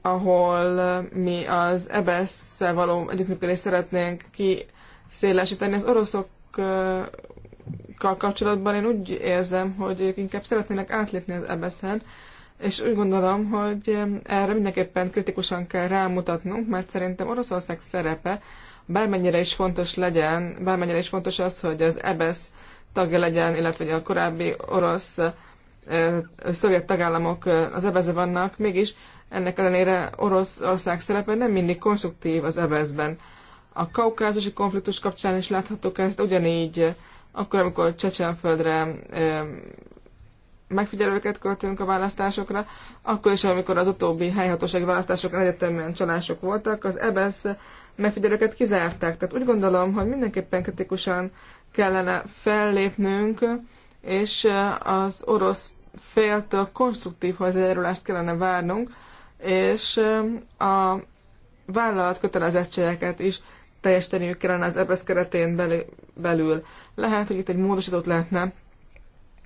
ahol mi az ebesz való együttműködést szeretnénk kiszélesíteni, az oroszokkal kapcsolatban én úgy érzem, hogy ők inkább szeretnének átlépni az ebesz és úgy gondolom, hogy erre mindenképpen kritikusan kell rámutatnunk, mert szerintem Oroszország szerepe, bármennyire is fontos legyen, bármennyire is fontos az, hogy az EBSZ tagja legyen, illetve hogy a korábbi orosz szovjet tagállamok az ebezben vannak, mégis ennek ellenére Oroszország szerepe nem mindig konstruktív az ebezben. A kaukázusi konfliktus kapcsán is láthatók ezt, ugyanígy akkor, amikor Csecsenföldre megfigyelőket költünk a választásokra, akkor is, amikor az utóbbi helyhatósági választásokon egyetemben csalások voltak, az EBSZ megfigyelőket kizárták. Tehát úgy gondolom, hogy mindenképpen kritikusan kellene fellépnünk, és eh, az orosz féltől konstruktív hozzájárulást kellene várnunk, és eh, a vállalat kötelezettségeket is teljesíteniük kellene az EBSZ keretén belül. Lehet, hogy itt egy módosítót lehetne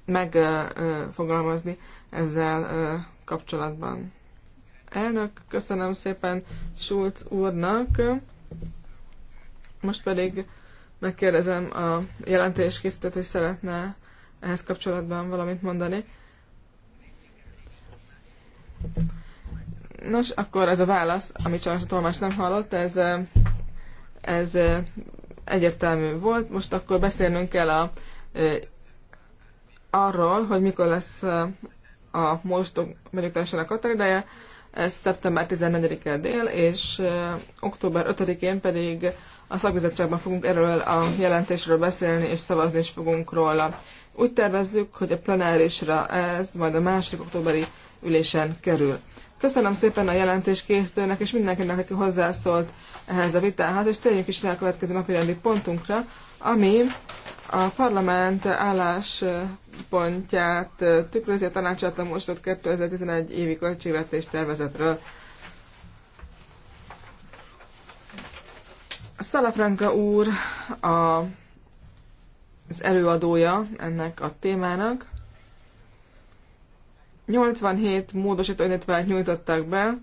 megfogalmazni eh, ezzel kapcsolatban. Elnök, köszönöm szépen Schulz úrnak. Most pedig megkérdezem a jelentéskészítőt, hogy szeretne ehhez kapcsolatban valamit mondani. Nos, akkor ez a válasz, amit csak a Tolmás nem hallott, ez, ez egyértelmű volt. Most akkor beszélnünk kell a, arról, hogy mikor lesz a most benyújtásának határideje. Ez szeptember 14-e dél, és október 5-én pedig a szakbizottságban fogunk erről a jelentésről beszélni, és szavazni is fogunk róla. Úgy tervezzük, hogy a plenárisra ez majd a második októberi ülésen kerül. Köszönöm szépen a jelentés készítőnek és mindenkinek, aki hozzászólt ehhez a vitához, és térjünk is rá a következő napi rendi pontunkra, ami a parlament álláspontját tükrözi a tanácsátlan mostott 2011 évi költségvetés tervezetről. Szalafranka úr a, az előadója ennek a témának. 87 módosító indítványt nyújtottak be,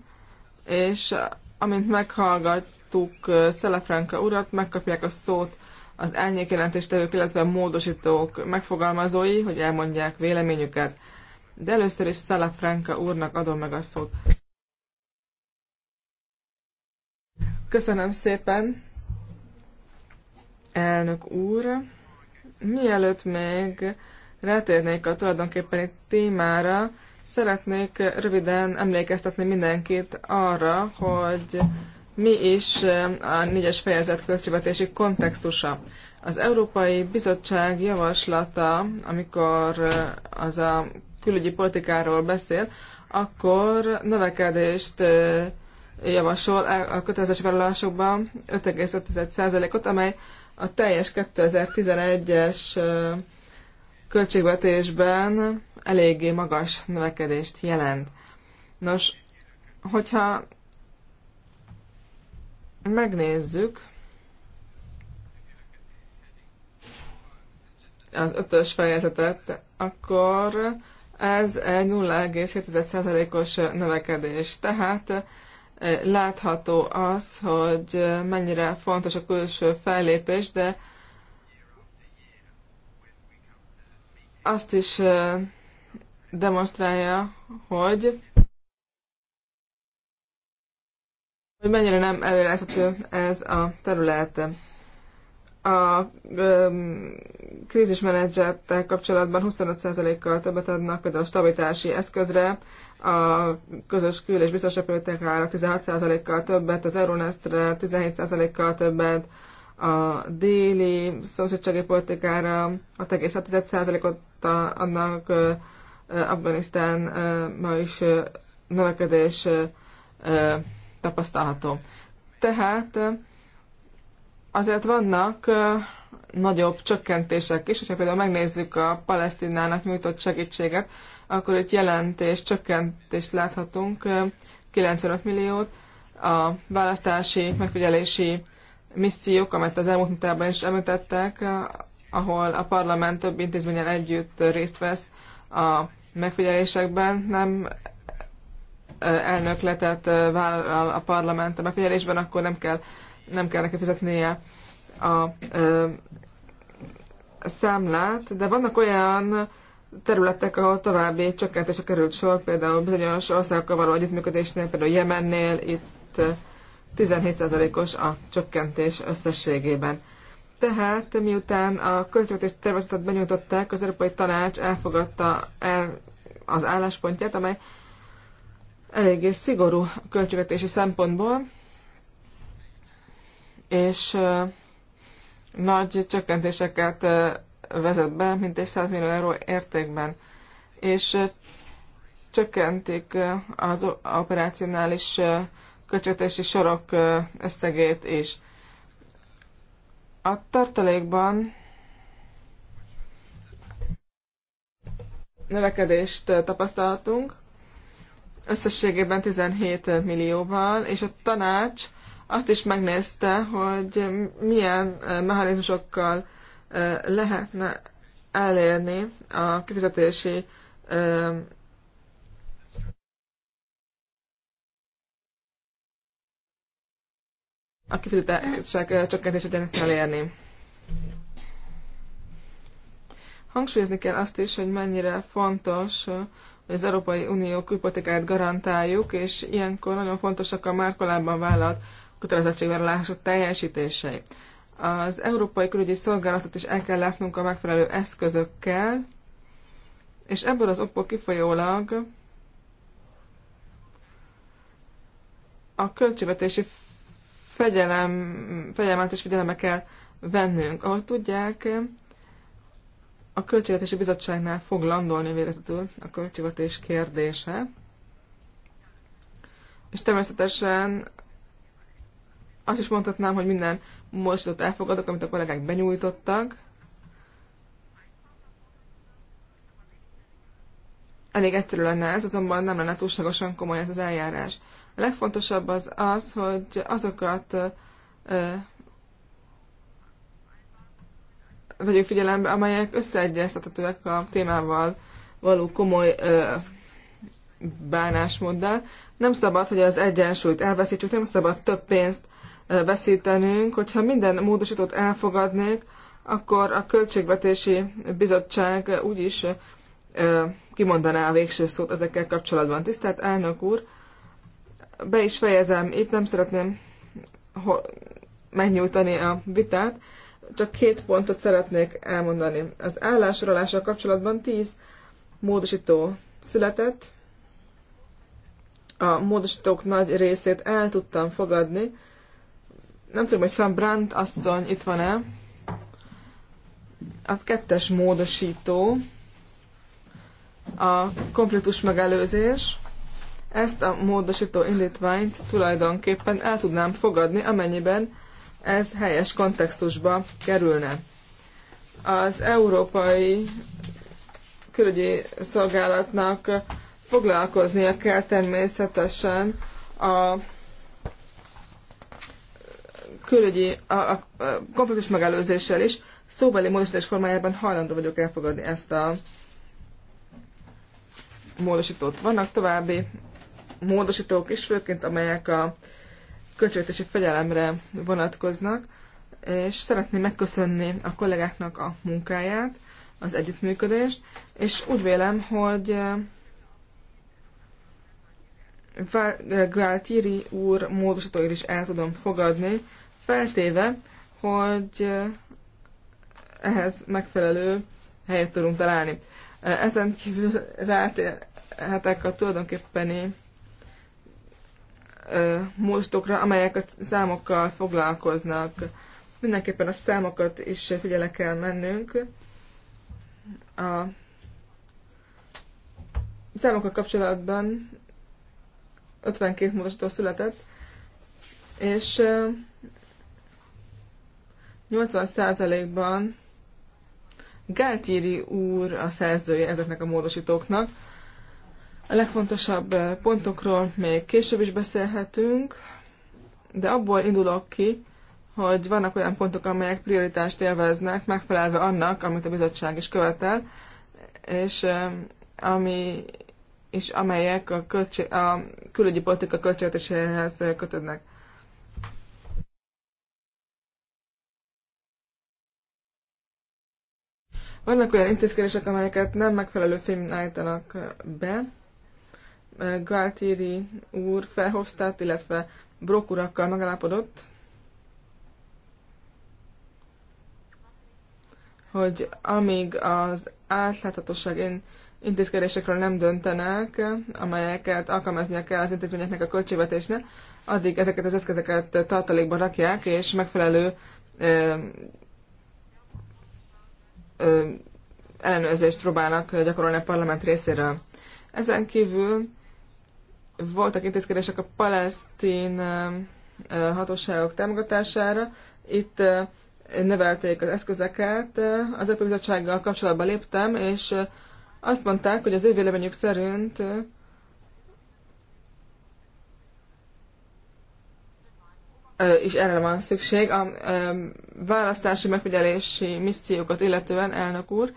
és amint meghallgattuk Szelefranka urat, megkapják a szót az elnyékjelentéstevők, illetve módosítók megfogalmazói, hogy elmondják véleményüket. De először is Szelefranka úrnak adom meg a szót. Köszönöm szépen! elnök úr. Mielőtt még rátérnék a tulajdonképpeni témára, szeretnék röviden emlékeztetni mindenkit arra, hogy mi is a négyes fejezet költségvetési kontextusa. Az Európai Bizottság javaslata, amikor az a külügyi politikáról beszél, akkor növekedést javasol a vállalásokban 5,5%-ot, amely a teljes 2011-es költségvetésben eléggé magas növekedést jelent. Nos, hogyha megnézzük az ötös fejezetet, akkor ez egy 0,7%-os növekedés. Tehát látható az, hogy mennyire fontos a külső fellépés, de azt is demonstrálja, hogy hogy mennyire nem előrezhető ez a terület. A krízismenedzsettel kapcsolatban 25%-kal többet adnak például a stabilitási eszközre, a közös kül- és biztonságpolitikára 16%-kal többet, az Euronestre 17%-kal többet, a déli szomszédsági politikára 6,6%-ot annak Afganisztán ma is növekedés tapasztalható. Tehát azért vannak nagyobb csökkentések is. Hogyha például megnézzük a Palesztinának nyújtott segítséget, akkor itt jelentés, csökkentést láthatunk, 95 milliót. A választási, megfigyelési missziók, amelyet az elmúlt mintában is említettek, ahol a parlament több intézményen együtt részt vesz a megfigyelésekben, nem elnökletet vállal a parlament a megfigyelésben, akkor nem kell, nem kell neki fizetnie a számlát, de vannak olyan területek, ahol további csökkentése került sor, például bizonyos országokkal való együttműködésnél, például Jemennél itt 17%-os a csökkentés összességében. Tehát miután a költségvetés tervezetet benyújtották, az Európai Tanács elfogadta el az álláspontját, amely eléggé szigorú költségvetési szempontból, és nagy csökkentéseket vezet be, mint egy 100 millió euró értékben, és csökkentik az operacionális költségvetési sorok összegét is. A tartalékban növekedést tapasztaltunk, összességében 17 millióval, és a tanács azt is megnézte, hogy milyen eh, mechanizmusokkal eh, lehetne elérni a kifizetési eh, a kifizetések csökkentését el kell érni. Hangsúlyozni kell azt is, hogy mennyire fontos, hogy az Európai Unió külpolitikáját garantáljuk, és ilyenkor nagyon fontosak a már korábban vállalt kötelezettségvállalások teljesítései. Az Európai Külügyi Szolgálatot is el kell látnunk a megfelelő eszközökkel, és ebből az okból kifolyólag a költségvetési fegyelem, fegyelmet és figyelembe kell vennünk. Ahogy tudják, a Költségvetési Bizottságnál fog landolni végezetül a költségvetés kérdése. És természetesen azt is mondhatnám, hogy minden mosdot elfogadok, amit a kollégák benyújtottak. Elég egyszerű lenne ez, azonban nem lenne túlságosan komoly ez az eljárás. A legfontosabb az az, hogy azokat ö, vegyük figyelembe, amelyek összeegyeztethetőek a témával való komoly ö, bánásmóddal. Nem szabad, hogy az egyensúlyt elveszítsük, nem szabad több pénzt veszítenünk, hogyha minden módosítót elfogadnék, akkor a Költségvetési Bizottság úgyis kimondaná a végső szót ezekkel kapcsolatban. Tisztelt elnök úr, be is fejezem, itt nem szeretném megnyújtani a vitát, csak két pontot szeretnék elmondani. Az állásorolással kapcsolatban tíz módosító született, a módosítók nagy részét el tudtam fogadni, nem tudom, hogy Van Brandt asszony itt van-e. A kettes módosító, a konfliktus megelőzés, ezt a módosító indítványt tulajdonképpen el tudnám fogadni, amennyiben ez helyes kontextusba kerülne. Az Európai Külügyi Szolgálatnak foglalkoznia kell természetesen a külügyi, a, a, a konfliktus megelőzéssel is szóbeli módosítás formájában hajlandó vagyok elfogadni ezt a módosítót. Vannak további módosítók is, főként amelyek a költségvetési fegyelemre vonatkoznak, és szeretném megköszönni a kollégáknak a munkáját, az együttműködést, és úgy vélem, hogy eh, eh, Gualtieri úr módosítóit is el tudom fogadni, feltéve, hogy eh, ehhez megfelelő helyet tudunk találni. Eh, ezen kívül rátérhetek a tulajdonképpeni eh, módokra, amelyek a számokkal foglalkoznak. Mindenképpen a számokat is figyele kell mennünk. A számokkal kapcsolatban 52 módosító született, és 80%-ban Gáltíri úr a szerzője ezeknek a módosítóknak. A legfontosabb eh, pontokról még később is beszélhetünk, de abból indulok ki, hogy vannak olyan pontok, amelyek prioritást élveznek, megfelelve annak, amit a bizottság is követel, és eh, ami és amelyek a, költség, a külügyi politika költségvetéséhez eh, kötődnek. Vannak olyan intézkedések, amelyeket nem megfelelő fémben állítanak be. Galtieri úr, felhoztát, illetve Brock urakkal megállapodott, hogy amíg az átláthatóság intézkedésekről nem döntenek, amelyeket alkalmaznia kell az intézményeknek a költségvetésnek, addig ezeket az eszközeket tartalékban rakják, és megfelelő ellenőrzést próbálnak gyakorolni a parlament részéről. Ezen kívül voltak intézkedések a palesztin hatóságok támogatására. Itt növelték az eszközeket. Az Európai Bizottsággal kapcsolatba léptem, és azt mondták, hogy az ő véleményük szerint is erre van szükség. A választási megfigyelési missziókat illetően, elnök úr,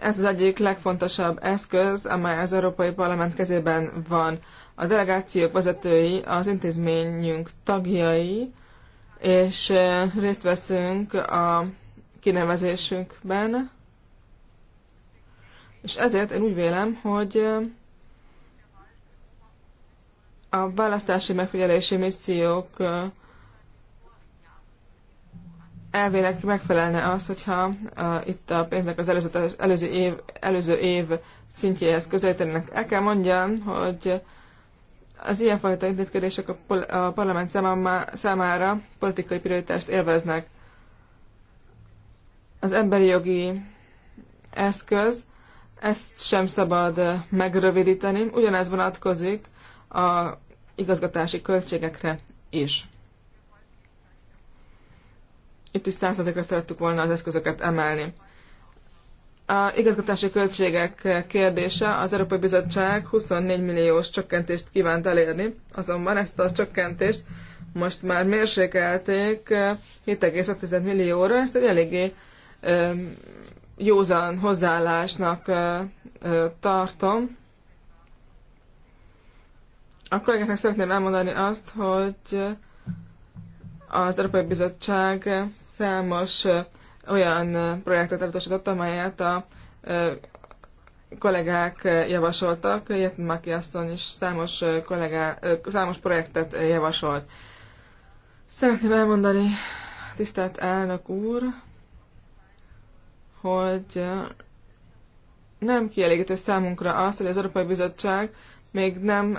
ez az egyik legfontosabb eszköz, amely az Európai Parlament kezében van. A delegációk vezetői, az intézményünk tagjai, és részt veszünk a kinevezésünkben. És ezért én úgy vélem, hogy a választási megfigyelési missziók elvileg megfelelne az, hogyha a, itt a pénznek az előző, előző, év, előző év szintjéhez közelítenek. El kell mondjam, hogy az ilyenfajta intézkedések a, pol, a parlament számára, számára politikai prioritást élveznek. Az emberi jogi eszköz, ezt sem szabad megrövidíteni, ugyanez vonatkozik a igazgatási költségekre is itt is százalékra szerettük volna az eszközöket emelni. A igazgatási költségek kérdése az Európai Bizottság 24 milliós csökkentést kívánt elérni, azonban ezt a csökkentést most már mérsékelték 7,6 millióra, ezt egy eléggé józan hozzáállásnak tartom. A kollégáknak szeretném elmondani azt, hogy az Európai Bizottság számos olyan projektet elutasított, amelyet a kollégák javasoltak, Maki asszony is számos, kollégá, számos projektet javasolt. Szeretném elmondani, tisztelt elnök úr, hogy nem kielégítő számunkra az, hogy az Európai Bizottság még nem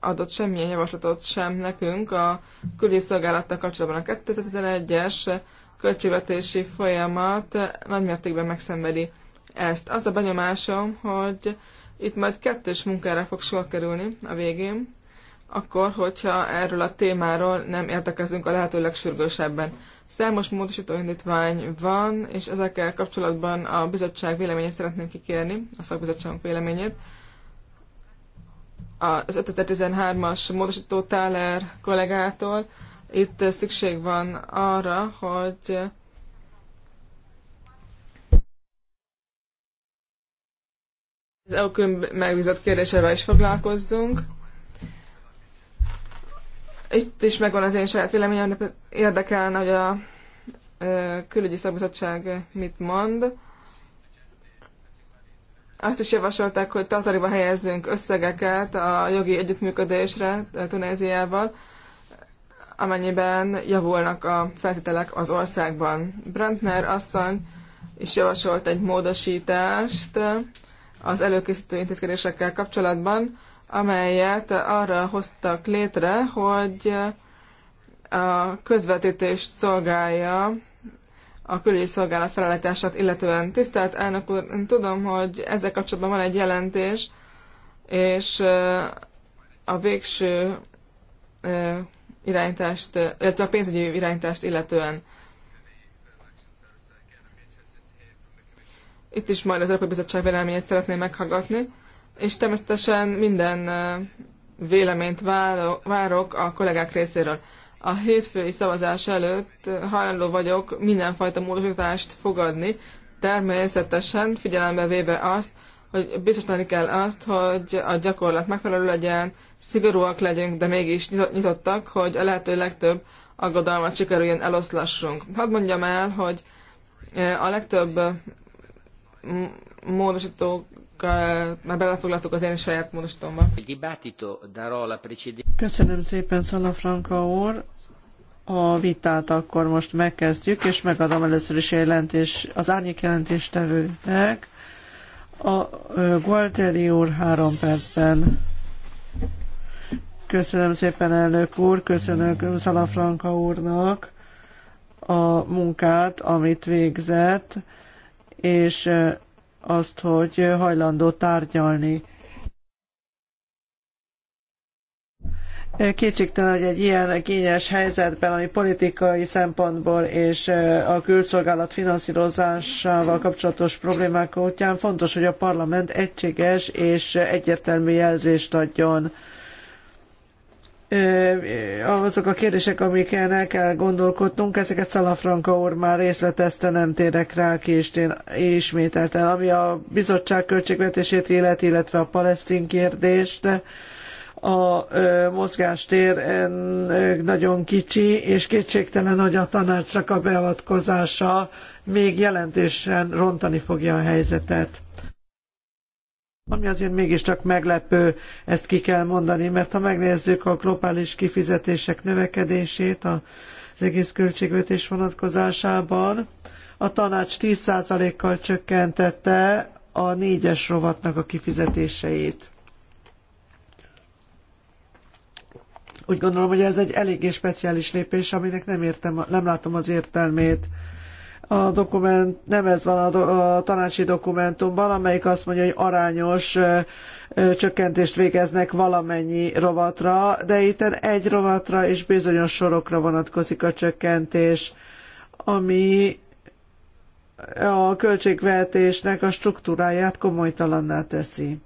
adott semmilyen javaslatot sem nekünk a külügyi szolgálattal kapcsolatban. A 2011-es költségvetési folyamat nagymértékben megszenvedi ezt. Az a benyomásom, hogy itt majd kettős munkára fog sor kerülni a végén, akkor, hogyha erről a témáról nem értekezünk a lehető legsürgősebben. Számos módosító indítvány van, és ezekkel kapcsolatban a bizottság véleményét szeretném kikérni, a szakbizottságunk véleményét az 5013 as módosító Táler kollégától. Itt szükség van arra, hogy az EU külön megbízott kérdésével is foglalkozzunk. Itt is megvan az én saját véleményem, érdekelne, hogy a külügyi szakbizottság mit mond. Azt is javasolták, hogy tartalékba helyezzünk összegeket a jogi együttműködésre eh, Tunéziával, amennyiben javulnak a feltételek az országban. Brandner asszony is javasolt egy módosítást az előkészítő intézkedésekkel kapcsolatban, amelyet arra hoztak létre, hogy a közvetítést szolgálja a külügyi szolgálat felállítását illetően. Tisztelt elnök úr, én tudom, hogy ezzel kapcsolatban van egy jelentés, és a végső irányítást, illetve a pénzügyi irányítást illetően. Itt is majd az Európai Bizottság véleményét szeretném meghallgatni, és természetesen minden véleményt várok a kollégák részéről a hétfői szavazás előtt hajlandó vagyok mindenfajta módosítást fogadni, természetesen figyelembe véve azt, hogy biztosítani kell azt, hogy a gyakorlat megfelelő legyen, szigorúak legyünk, de mégis nyitottak, hogy a lehető legtöbb aggodalmat sikerüljön eloszlassunk. Hadd mondjam el, hogy eh, a legtöbb mm, módosítók már belefoglaltuk az én saját módosítomba. Köszönöm szépen, Franka úr. A vitát akkor most megkezdjük, és megadom először is jelentés, az árnyék jelentéstevőnek. A Gualteri úr három percben. Köszönöm szépen, elnök úr, köszönöm Franka úrnak a munkát, amit végzett, és azt, hogy hajlandó tárgyalni. Kétségtelen, hogy egy ilyen kényes helyzetben, ami politikai szempontból és a külszolgálat finanszírozásával kapcsolatos problémák útján fontos, hogy a parlament egységes és egyértelmű jelzést adjon azok a kérdések, amiken el kell gondolkodnunk, ezeket Szalafranka úr már részletezte, nem térek rá ki, és én ismételten, ami a bizottság költségvetését illeti illetve a palesztin kérdést, a mozgástér nagyon kicsi, és kétségtelen, hogy a tanácsnak a beavatkozása még jelentősen rontani fogja a helyzetet ami azért mégiscsak meglepő, ezt ki kell mondani, mert ha megnézzük a globális kifizetések növekedését az egész költségvetés vonatkozásában, a tanács 10%-kal csökkentette a négyes rovatnak a kifizetéseit. Úgy gondolom, hogy ez egy eléggé speciális lépés, aminek nem, értem, nem látom az értelmét a dokument, nem ez van a, do, a tanácsi dokumentumban, amelyik azt mondja, hogy arányos ö, ö, csökkentést végeznek valamennyi rovatra, de itt egy rovatra és bizonyos sorokra vonatkozik a csökkentés, ami a költségvetésnek a struktúráját komolytalanná teszi.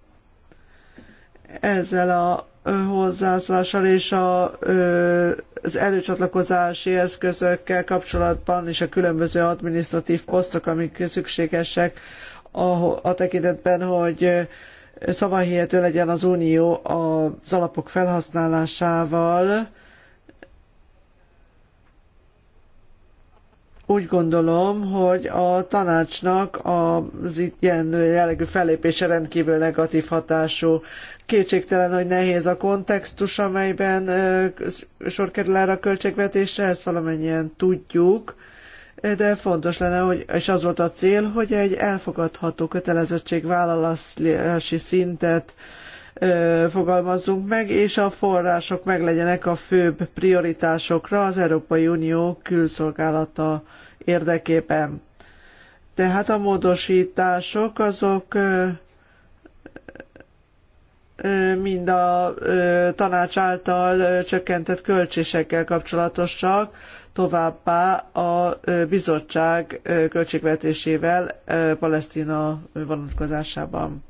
Ezzel a hozzászólással és a, az előcsatlakozási eszközökkel kapcsolatban és a különböző administratív posztok, amik szükségesek a, a tekintetben, hogy szavahihető legyen az Unió az alapok felhasználásával. Úgy gondolom, hogy a tanácsnak az ilyen jellegű fellépése rendkívül negatív hatású. Kétségtelen, hogy nehéz a kontextus, amelyben sor kerül erre a költségvetésre, ezt valamennyien tudjuk, de fontos lenne, hogy, és az volt a cél, hogy egy elfogadható kötelezettségvállalási szintet fogalmazzunk meg, és a források meglegyenek a főbb prioritásokra az Európai Unió külszolgálata érdekében. Tehát a módosítások azok mind a tanács által csökkentett költségekkel kapcsolatosak, továbbá a bizottság költségvetésével Palesztina vonatkozásában.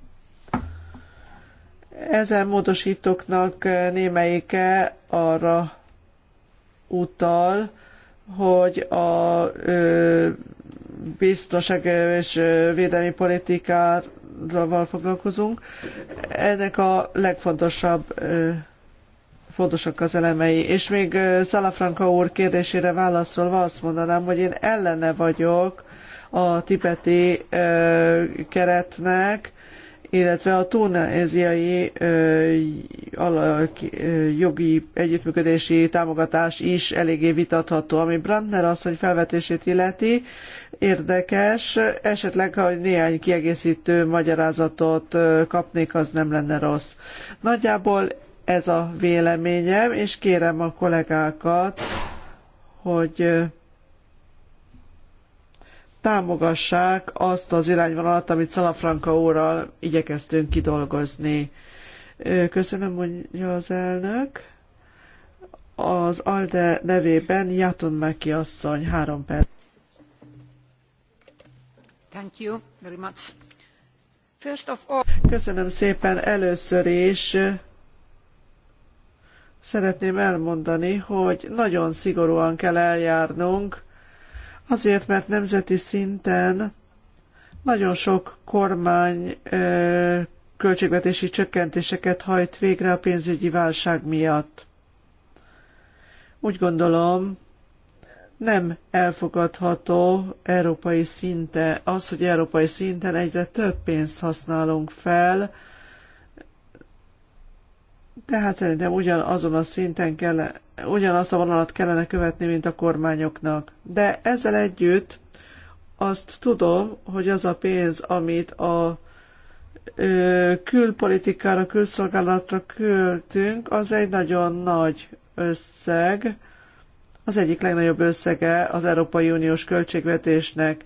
Ezen módosítóknak némelyike arra utal, hogy a biztonság és védelmi politikára val foglalkozunk. Ennek a legfontosabb fontosak az elemei. És még Szalafranka úr kérdésére válaszolva azt mondanám, hogy én ellene vagyok a tibeti keretnek, illetve a tunéziai jogi együttműködési támogatás is eléggé vitatható, ami Brandner az, hogy felvetését illeti. Érdekes, esetleg, ha néhány kiegészítő magyarázatot kapnék, az nem lenne rossz. Nagyjából ez a véleményem, és kérem a kollégákat, hogy támogassák azt az irányvonalat, amit Szalafranka úrral igyekeztünk kidolgozni. Köszönöm, mondja az elnök. Az ALDE nevében Jatun Meki asszony, három perc. Thank you very much. First of all... Köszönöm szépen először is. Szeretném elmondani, hogy nagyon szigorúan kell eljárnunk, Azért, mert nemzeti szinten nagyon sok kormány költségvetési csökkentéseket hajt végre a pénzügyi válság miatt. Úgy gondolom, nem elfogadható európai szinte az, hogy európai szinten egyre több pénzt használunk fel, tehát szerintem ugyanazon a szinten kell, ugyanazt a vonalat kellene követni, mint a kormányoknak. De ezzel együtt azt tudom, hogy az a pénz, amit a ö, külpolitikára, külszolgálatra költünk, az egy nagyon nagy összeg, az egyik legnagyobb összege az Európai Uniós költségvetésnek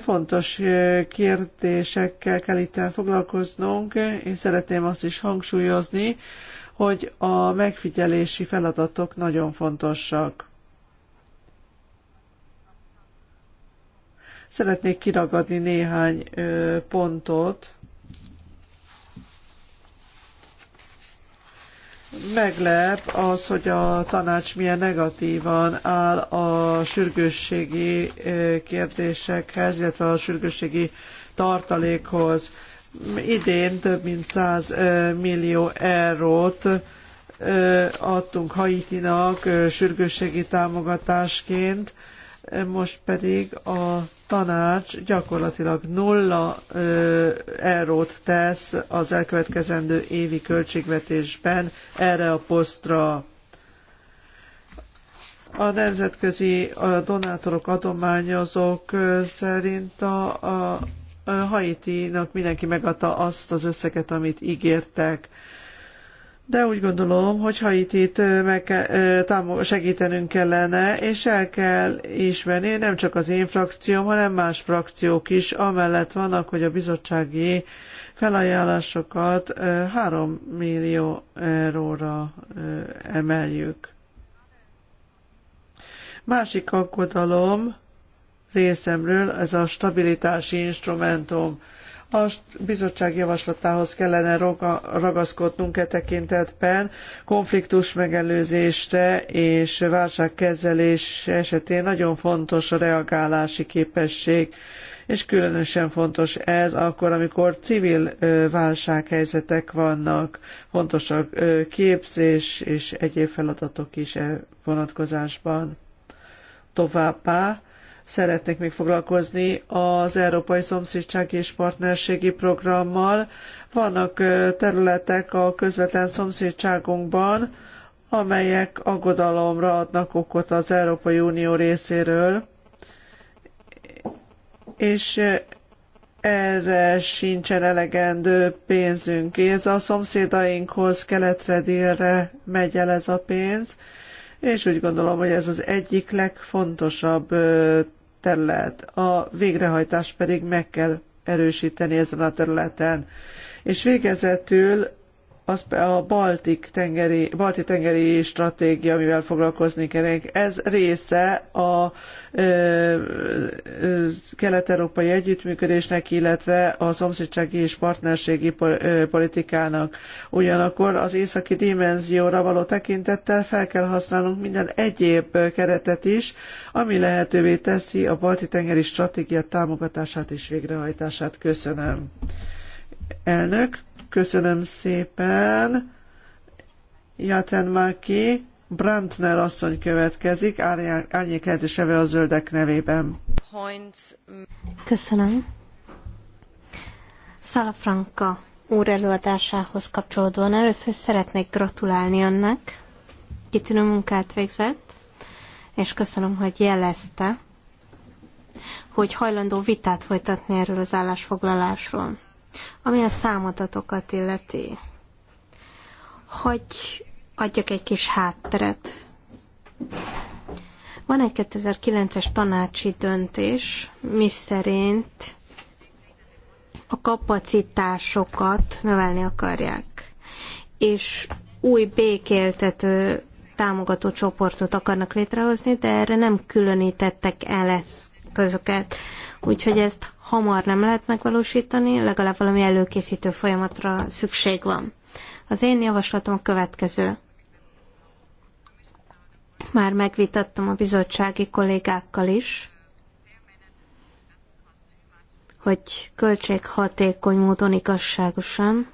Fontos kérdésekkel kell itt foglalkoznunk. Én szeretném azt is hangsúlyozni, hogy a megfigyelési feladatok nagyon fontosak. Szeretnék kiragadni néhány pontot, meglep az, hogy a tanács milyen negatívan áll a sürgősségi eh, kérdésekhez, illetve a sürgősségi tartalékhoz. Idén több mint 100 eh, millió eurót eh, adtunk Haitinak sürgősségi támogatásként, most pedig a tanács gyakorlatilag nulla ö, eurót tesz az elkövetkezendő évi költségvetésben erre a posztra. A nemzetközi a donátorok, adományozók szerint a, a, a Haitinak mindenki megadta azt az összeget, amit ígértek. Ö, de úgy gondolom, hogy Haitit meg támog, segítenünk kellene, és el kell ismerni, nem csak az én frakcióm, hanem más frakciók is, amellett vannak, hogy a bizottsági felajánlásokat 3 millió euróra emeljük. Másik aggodalom részemről ez a stabilitási instrumentum. A bizottság javaslatához kellene ragaszkodnunk e tekintetben konfliktus megelőzésre és válságkezelés esetén nagyon fontos a reagálási képesség, és különösen fontos ez akkor, amikor civil válsághelyzetek vannak, fontos a képzés és egyéb feladatok is e vonatkozásban. Továbbá szeretnék még foglalkozni az Európai Szomszédság és Partnerségi Programmal. Vannak területek a közvetlen szomszédságunkban, amelyek aggodalomra adnak okot az Európai Unió részéről, és erre sincsen elegendő pénzünk. Ez a szomszédainkhoz keletre délre megy el ez a pénz, és úgy gondolom, hogy ez az egyik legfontosabb terület, a végrehajtás pedig meg kell erősíteni ezen a területen. És végezetül az a Baltik tengeri, Balti tengeri stratégia, amivel foglalkozni kell. Ez része a kelet-európai együttműködésnek, illetve a szomszédsági és partnerségi politikának. Ugyanakkor az északi dimenzióra való tekintettel fel kell használnunk minden egyéb keretet is, ami lehetővé teszi a Balti tengeri stratégia támogatását és végrehajtását. Köszönöm. Elnök, köszönöm szépen. Jaten Maki, Brandner asszony következik, árnyék lehetőseve a zöldek nevében. Köszönöm. Salafranca úr előadásához kapcsolódóan először szeretnék gratulálni önnek. Kitűnő munkát végzett, és köszönöm, hogy jelezte, hogy hajlandó vitát folytatni erről az állásfoglalásról ami a számadatokat illeti. Hogy adjak egy kis hátteret. Van egy 2009-es tanácsi döntés, mi szerint a kapacitásokat növelni akarják, és új békéltető támogató csoportot akarnak létrehozni, de erre nem különítettek el eszközöket. Úgyhogy ezt hamar nem lehet megvalósítani, legalább valami előkészítő folyamatra szükség van. Az én javaslatom a következő. Már megvitattam a bizottsági kollégákkal is, hogy költséghatékony módon igazságosan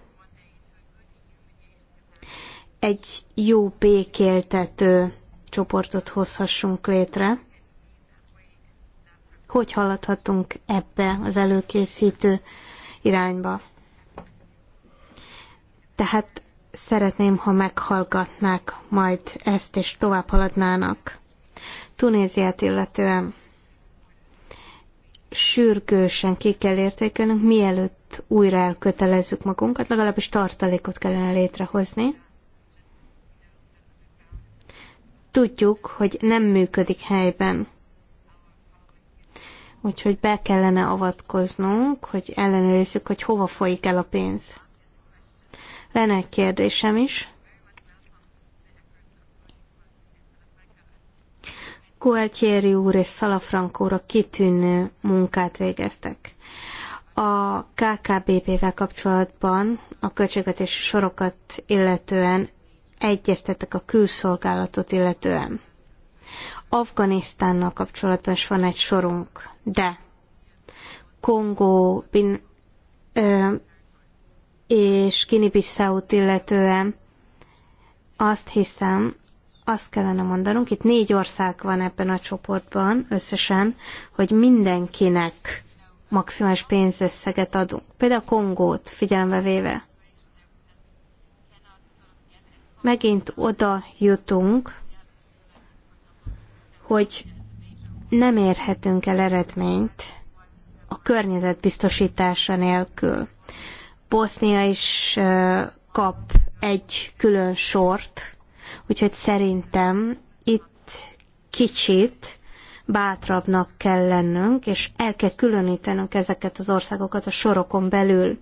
egy jó békéltető csoportot hozhassunk létre, hogy haladhatunk ebbe az előkészítő irányba. Tehát szeretném, ha meghallgatnák majd ezt, és tovább haladnának. Tunéziát illetően sürgősen ki kell értékelnünk, mielőtt újra elkötelezzük magunkat, legalábbis tartalékot kellene létrehozni. Tudjuk, hogy nem működik helyben Úgyhogy be kellene avatkoznunk, hogy ellenőrizzük, hogy hova folyik el a pénz. Lenne egy kérdésem is. Gualtieri úr és Salafranco úr kitűnő munkát végeztek. A KKBP-vel kapcsolatban a költségvetési sorokat illetően egyeztettek a külszolgálatot illetően. Afganisztánnal kapcsolatban is van egy sorunk, de Kongó bin, ö, és Kinibisszáut illetően azt hiszem, azt kellene mondanunk, itt négy ország van ebben a csoportban összesen, hogy mindenkinek maximális pénzösszeget adunk. Például Kongót figyelembe véve. Megint oda jutunk, hogy nem érhetünk el eredményt a környezet biztosítása nélkül. Bosznia is kap egy külön sort, úgyhogy szerintem itt kicsit bátrabbnak kell lennünk, és el kell különítenünk ezeket az országokat a sorokon belül.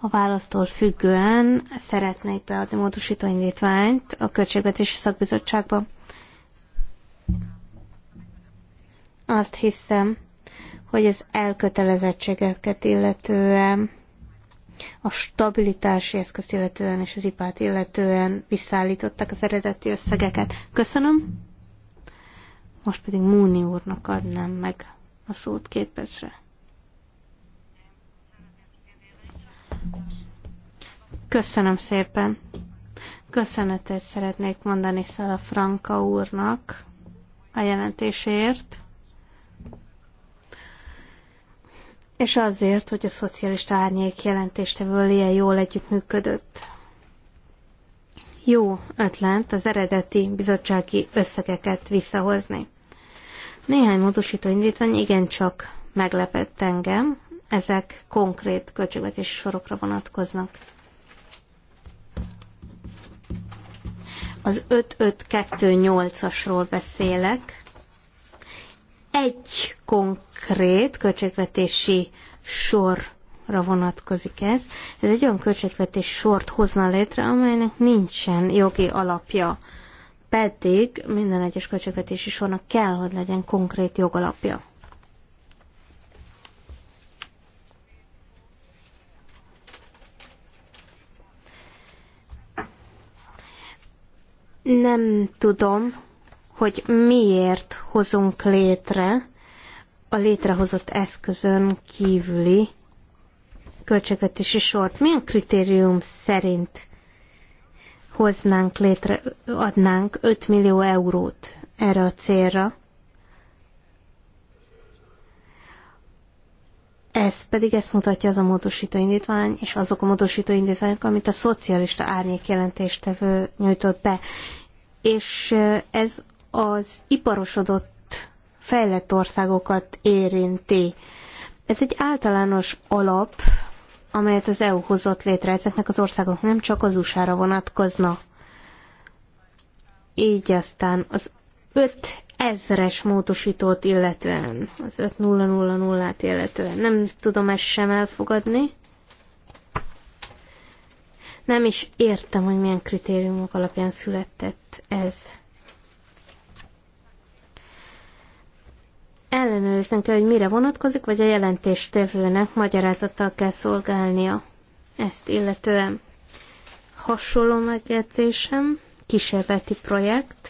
A választól függően szeretnék beadni módosító indítványt a Költségvetési Szakbizottságban. Azt hiszem, hogy az elkötelezettségeket illetően, a stabilitási eszközt illetően és az ipát illetően visszaállították az eredeti összegeket. Köszönöm. Most pedig Múni úrnak adnám meg a szót két percre. Köszönöm szépen. Köszönetet szeretnék mondani Szala Franka úrnak a jelentéséért. és azért, hogy a szocialista árnyék jelentéstevő ilyen jól együttműködött. Jó ötlet az eredeti bizottsági összegeket visszahozni. Néhány módosító indítvány igencsak meglepett engem, ezek konkrét költségvetési sorokra vonatkoznak. Az 5528-asról beszélek, egy konkrét költségvetési sorra vonatkozik ez. Ez egy olyan költségvetés sort hozna létre, amelynek nincsen jogi alapja. Pedig minden egyes költségvetési sornak kell, hogy legyen konkrét jogalapja. Nem tudom, hogy miért hozunk létre a létrehozott eszközön kívüli költségvetési sort. Milyen kritérium szerint hoznánk létre, adnánk 5 millió eurót erre a célra? Ez pedig ezt mutatja az a módosító indítvány, és azok a módosító indítványok, amit a szocialista árnyék jelentéstevő nyújtott be. És ez az iparosodott fejlett országokat érinti. Ez egy általános alap, amelyet az EU hozott létre. Ezeknek az országok nem csak az USA-ra vonatkozna. Így aztán az 5 ezres módosítót illetően, az 5000-át illetően. Nem tudom ezt sem elfogadni. Nem is értem, hogy milyen kritériumok alapján született ez. ellenőriznünk kell, hogy mire vonatkozik, vagy a jelentéstevőnek magyarázattal kell szolgálnia ezt illetően. Hasonló megjegyzésem, kísérleti projekt,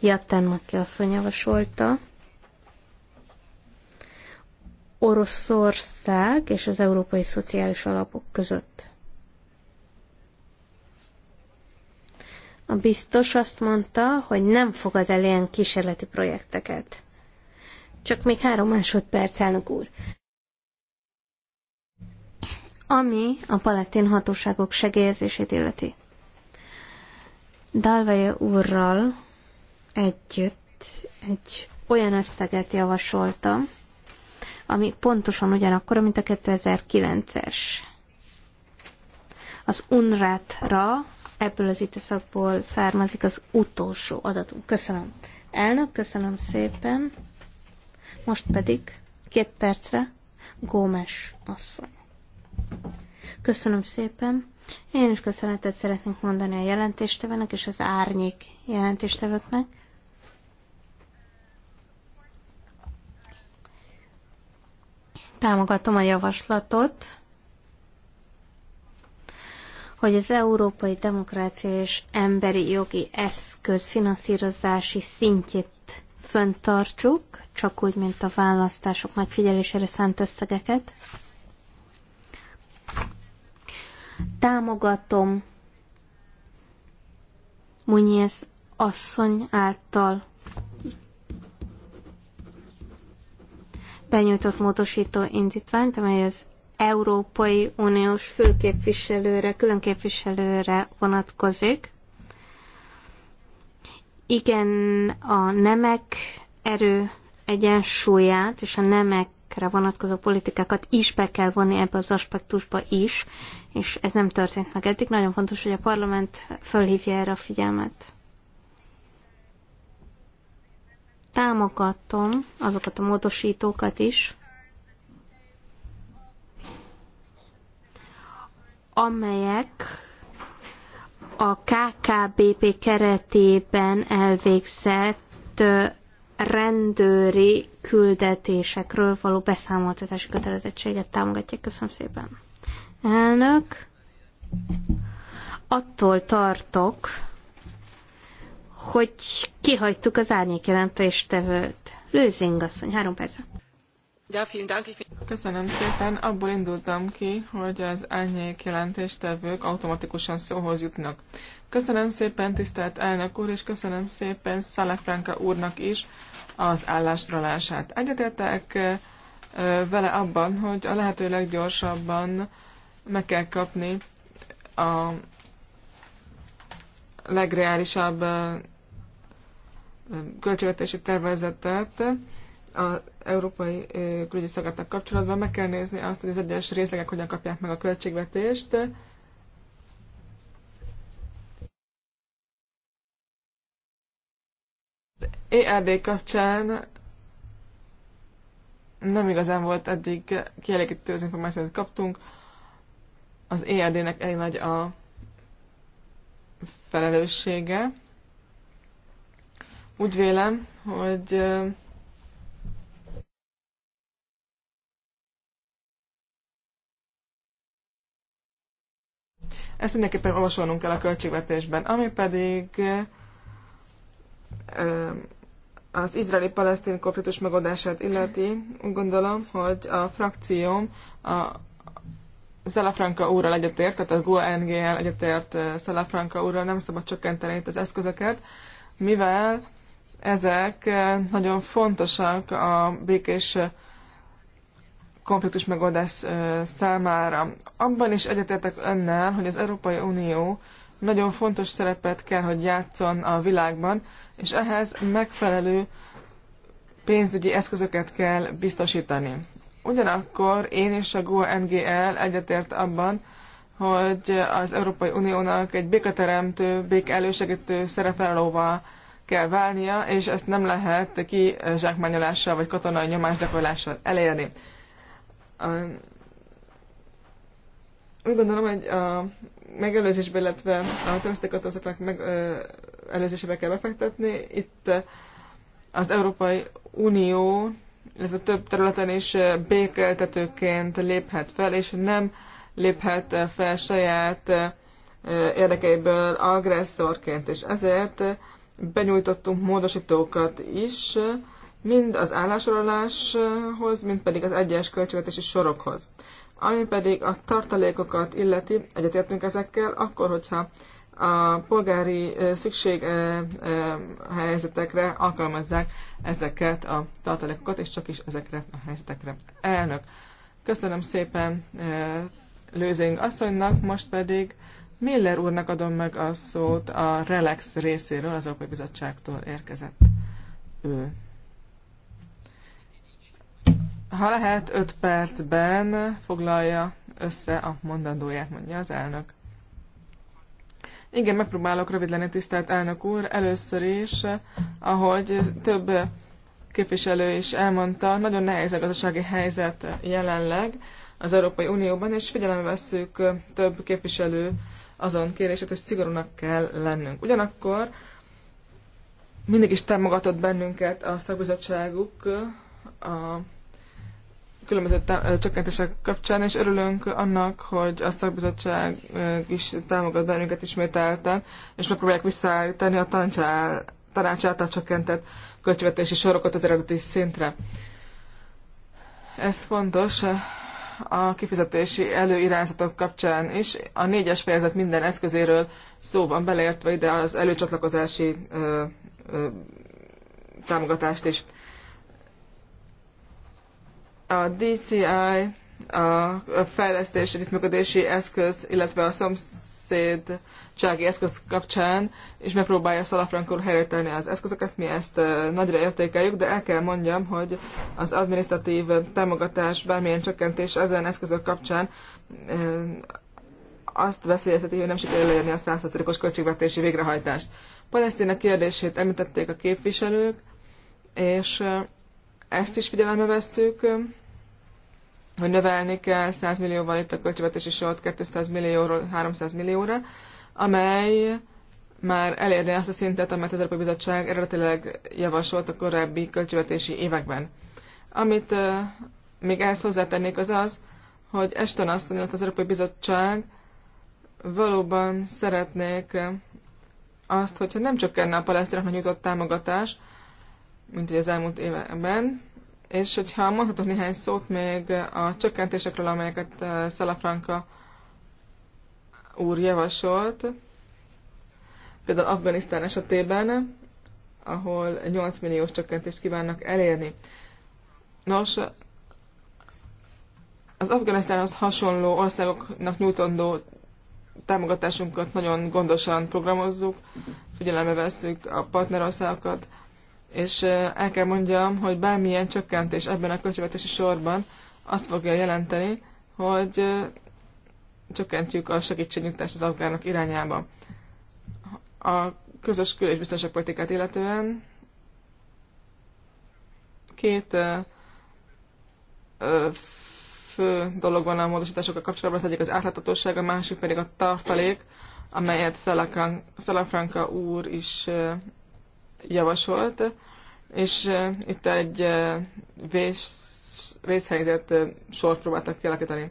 Jatán Maki asszony javasolta, Oroszország és az Európai Szociális Alapok között. A biztos azt mondta, hogy nem fogad el ilyen kísérleti projekteket. Csak még három másodperc, elnök úr. Ami a palesztin hatóságok segélyezését illeti. Dalvaja úrral együtt egy olyan összeget javasoltam, ami pontosan ugyanakkor, mint a 2009-es. Az UNRAT-ra ebből az időszakból származik az utolsó adatunk. Köszönöm. Elnök, köszönöm szépen. Most pedig két percre Gómez asszony. Köszönöm szépen. Én is köszönetet szeretnék mondani a jelentéstevőnek és az árnyék jelentéstevőknek. Támogatom a javaslatot, hogy az európai demokrácia és emberi jogi eszköz finanszírozási szintjét föntartsuk, csak úgy, mint a választások megfigyelésére szánt összegeket. Támogatom Munyéz asszony által benyújtott módosító indítványt, amely az Európai Uniós főképviselőre, különképviselőre vonatkozik. Igen, a nemek erő egyensúlyát és a nemekre vonatkozó politikákat is be kell vonni ebbe az aspektusba is, és ez nem történt meg eddig. Nagyon fontos, hogy a parlament fölhívja erre a figyelmet. Támogatom azokat a módosítókat is, amelyek a KKBP keretében elvégzett rendőri küldetésekről való beszámoltatási kötelezettséget támogatják. Köszönöm szépen. Elnök, attól tartok, hogy kihagytuk az árnyékjelentéstevőt. Lőzing asszony, három perc. Köszönöm szépen. Abból indultam ki, hogy az árnyék jelentéstevők automatikusan szóhoz jutnak. Köszönöm szépen, tisztelt elnök úr, és köszönöm szépen Szalafranka úrnak is az állásralását. Egyetértek vele abban, hogy a lehető leggyorsabban meg kell kapni a legreálisabb költségvetési tervezetet az Európai Külügyi Szolgálattal kapcsolatban. Meg kell nézni azt, hogy az egyes részlegek hogyan kapják meg a költségvetést, ERD kapcsán nem igazán volt eddig kielégítő az információt kaptunk. Az ERD-nek elég nagy a felelőssége. Úgy vélem, hogy Ezt mindenképpen olvasolnunk kell a költségvetésben, ami pedig az izraeli-palesztin konfliktus megoldását illeti, úgy gondolom, hogy a frakcióm a Szelafranka úrral egyetért, tehát a GUNGL egyetért Szelafranka úrral nem szabad csökkenteni itt az eszközöket, mivel ezek nagyon fontosak a békés konfliktus megoldás számára. Abban is egyetértek önnel, hogy az Európai Unió nagyon fontos szerepet kell, hogy játszon a világban, és ehhez megfelelő pénzügyi eszközöket kell biztosítani. Ugyanakkor én és a goa NGL egyetért abban, hogy az Európai Uniónak egy békateremtő, békelősegítő szerepelóval kell válnia, és ezt nem lehet ki zsákmányolással vagy katonai nyomásgyakorlással elérni. Úgy gondolom, hogy a megelőzésbe, illetve a természetkatonszaknak megelőzésébe kell befektetni. Itt eh, az Európai Unió, illetve több területen is eh, békeltetőként léphet fel, és nem léphet eh, fel saját érdekeiből agresszorként, és ezért benyújtottunk módosítókat is, mind az állásoláshoz, mind pedig az egyes költségvetési sorokhoz. Ami pedig a tartalékokat illeti, egyetértünk ezekkel, akkor, hogyha a polgári szükség helyzetekre alkalmazzák ezeket a tartalékokat, és csak is ezekre a helyzetekre. Elnök, köszönöm szépen Lőzénk asszonynak, most pedig Miller úrnak adom meg a szót a Relax részéről, az Európai Bizottságtól érkezett ő. Ha lehet, 5 percben foglalja össze a mondandóját, mondja az elnök. Igen, megpróbálok rövid lenni, tisztelt elnök úr. Először is, ahogy több képviselő is elmondta, nagyon nehéz a gazdasági helyzet jelenleg az Európai Unióban, és figyelembe vesszük több képviselő azon kérését, hogy szigorúnak kell lennünk. Ugyanakkor mindig is támogatott bennünket a szakbizottságuk a különböző csökkentések kapcsán, és örülünk annak, hogy a szakbizottság is támogat bennünket ismételten, és megpróbálják visszaállítani a tanács által csökkentett költségvetési sorokat az eredeti szintre. Ez fontos a kifizetési előirányzatok kapcsán is. A négyes fejezet minden eszközéről szó van beleértve ide az előcsatlakozási ö, ö, támogatást is. A DCI, a fejlesztési együttműködési eszköz, illetve a szomszédsági eszköz kapcsán is megpróbálja szalafrankul helyretelni az eszközöket. Mi ezt nagyra értékeljük, de el kell mondjam, hogy az administratív támogatás bármilyen csökkentés ezen eszközök kapcsán azt veszélyezteti, hogy nem sikerül elérni a 100%-os költségvetési végrehajtást. Palesztina kérdését említették a képviselők, és ezt is figyelembe vesszük hogy növelni kell 100 millióval itt a költségvetési sort 200 millióról 300 millióra, amely már elérni azt a szintet, amelyet az Európai Bizottság eredetileg javasolt a korábbi költségvetési években. Amit uh, még ehhez hozzátennék az az, hogy Eston azt mondja, az Európai Bizottság valóban szeretnék azt, hogyha nem csökkenne a palesztinoknak nyújtott támogatás, mint hogy az elmúlt években, és hogyha mondhatok néhány szót még a csökkentésekről, amelyeket eh, Szelafranka úr javasolt, például Afganisztán esetében, ahol 8 milliós csökkentést kívánnak elérni. Nos, az Afganisztánhoz hasonló országoknak nyújtandó támogatásunkat nagyon gondosan programozzuk, figyelembe vesszük a partnerországokat, és el kell mondjam, hogy bármilyen csökkentés ebben a költségvetési sorban azt fogja jelenteni, hogy csökkentjük a segítségnyújtást az afgánok irányába. A közös kül- és biztonságpolitikát illetően két fő dolog van a módosításokkal kapcsolatban, az egyik az átláthatóság, a másik pedig a tartalék, amelyet Szalafranka úr is javasolt, és itt egy vész, vészhelyzet sort próbáltak kialakítani.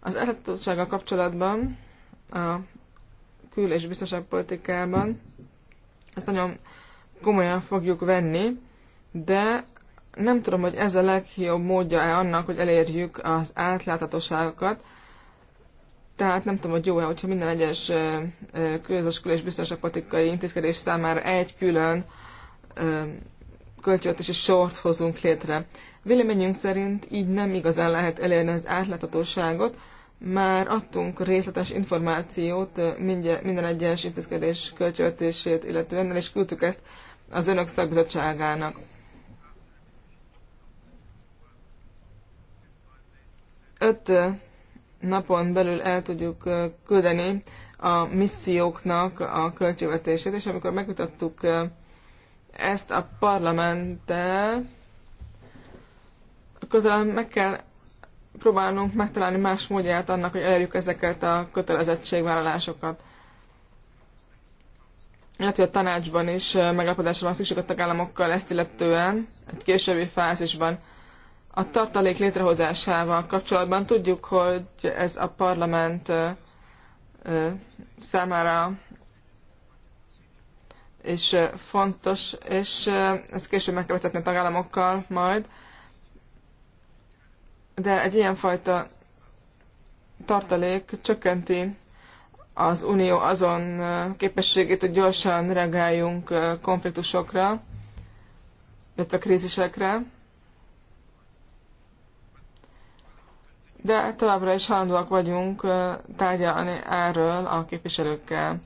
Az elhatósággal kapcsolatban a kül- és biztonságpolitikában ezt nagyon komolyan fogjuk venni, de nem tudom, hogy ez a legjobb módja-e annak, hogy elérjük az átláthatóságokat, tehát nem tudom, hogy jó-e, hogyha minden egyes közöskül és biztonságpolitikai intézkedés számára egy külön költségvetési sort hozunk létre. Véleményünk szerint így nem igazán lehet elérni az átláthatóságot, már adtunk részletes információt minden egyes intézkedés költségvetését illetően, és küldtük ezt az önök szakbizottságának. Öt napon belül el tudjuk küldeni a misszióknak a költségvetését, és amikor megmutattuk ezt a parlamenttel, közben meg kell próbálnunk megtalálni más módját annak, hogy elérjük ezeket a kötelezettségvállalásokat. hogy a tanácsban is megállapodásra van szükség a tagállamokkal ezt illetően, egy későbbi fázisban. A tartalék létrehozásával kapcsolatban tudjuk, hogy ez a parlament számára és fontos, és ezt később meg kell a tagállamokkal majd. De egy ilyenfajta tartalék csökkenti az Unió azon képességét, hogy gyorsan reagáljunk konfliktusokra, illetve krízisekre. de továbbra is halandóak vagyunk tárgyalni erről a képviselőkkel.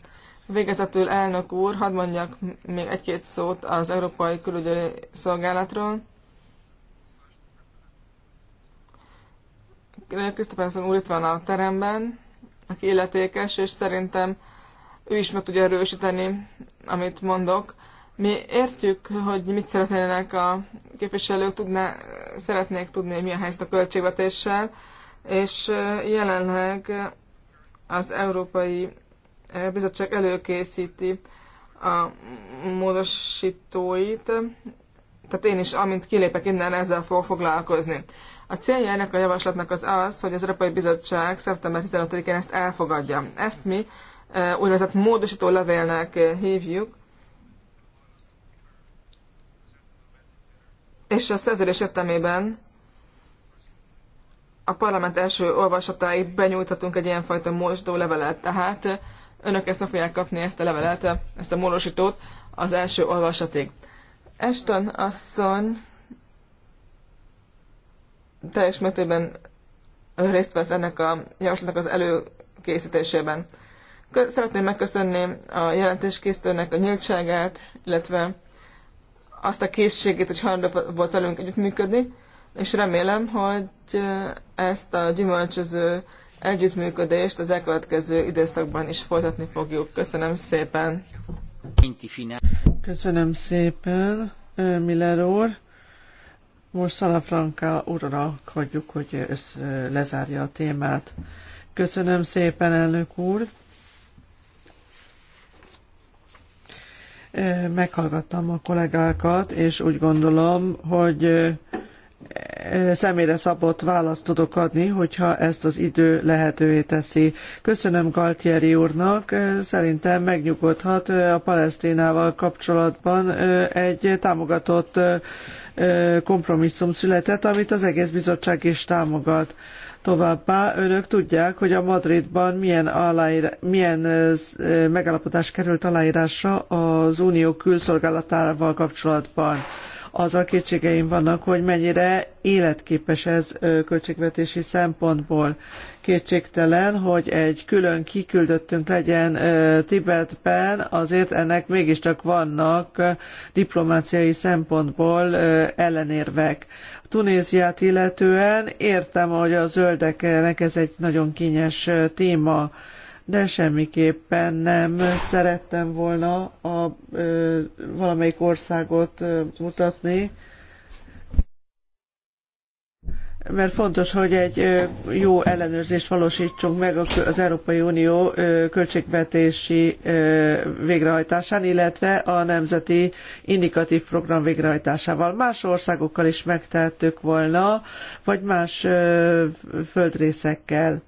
Végezetül elnök úr, hadd mondjak még egy-két szót az Európai Külügyi Szolgálatról. Krisztofenszon úr itt van a teremben, aki illetékes, és szerintem ő is meg tudja erősíteni, amit mondok. Mi értjük, hogy mit szeretnének a képviselők, tudná, szeretnék tudni, hogy mi a helyzet a költségvetéssel, és jelenleg az Európai Bizottság előkészíti a módosítóit, tehát én is, amint kilépek innen, ezzel fog foglalkozni. A célja ennek a javaslatnak az az, hogy az Európai Bizottság szeptember 15-én ezt elfogadja. Ezt mi úgynevezett módosító levélnek hívjuk, és a szerződés értelmében a parlament első olvasatáig benyújthatunk egy ilyenfajta mosdó levelet, tehát önök ezt meg fogják kapni, ezt a levelet, ezt a módosítót az első olvasatig. Eston asszony teljes mértékben részt vesz ennek a javaslatnak az előkészítésében. Szeretném megköszönni a jelentéskészítőnek a nyíltságát, illetve azt a készségét, hogy hajlandó volt velünk együttműködni, és remélem, hogy ezt a gyümölcsöző együttműködést az elkövetkező időszakban is folytatni fogjuk. Köszönöm szépen! Köszönöm szépen, Miller úr! Most Szalafranka úrra hagyjuk, hogy össz, lezárja a témát. Köszönöm szépen, elnök úr! Meghallgattam a kollégákat, és úgy gondolom, hogy személyre szabott választ tudok adni, hogyha ezt az idő lehetővé teszi. Köszönöm Galtieri úrnak, szerintem megnyugodhat a Palesztinával kapcsolatban egy támogatott kompromisszum született, amit az egész bizottság is támogat. Továbbá önök tudják, hogy a Madridban milyen, aláír, milyen megállapodás került aláírásra az unió külszolgálatával kapcsolatban azzal kétségeim vannak, hogy mennyire életképes ez költségvetési szempontból. Kétségtelen, hogy egy külön kiküldöttünk legyen Tibetben, azért ennek mégiscsak vannak diplomáciai szempontból ellenérvek. Tunéziát illetően értem, hogy a zöldeknek ez egy nagyon kényes téma de semmiképpen nem szerettem volna a, ö, valamelyik országot ö, mutatni, mert fontos, hogy egy jó ellenőrzést valósítsunk meg az Európai Unió költségvetési végrehajtásán, illetve a nemzeti indikatív program végrehajtásával. Más országokkal is megtehettük volna, vagy más földrészekkel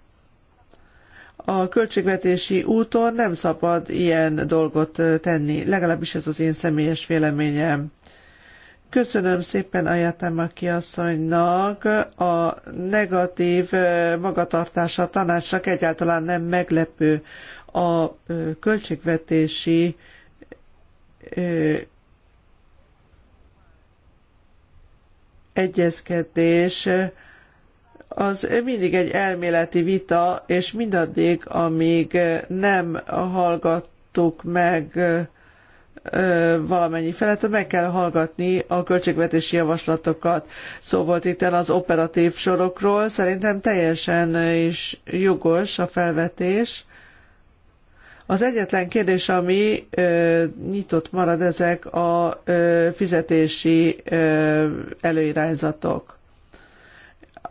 a költségvetési úton nem szabad ilyen dolgot tenni, legalábbis ez az én személyes véleményem. Köszönöm szépen Ayatamaki asszonynak. A negatív magatartása tanácsnak egyáltalán nem meglepő. A költségvetési egyezkedés az mindig egy elméleti vita, és mindaddig, amíg nem hallgattuk meg valamennyi felett, meg kell hallgatni a költségvetési javaslatokat. Szó volt itt az operatív sorokról, szerintem teljesen is jogos a felvetés. Az egyetlen kérdés, ami ö, nyitott marad, ezek a ö, fizetési ö, előirányzatok.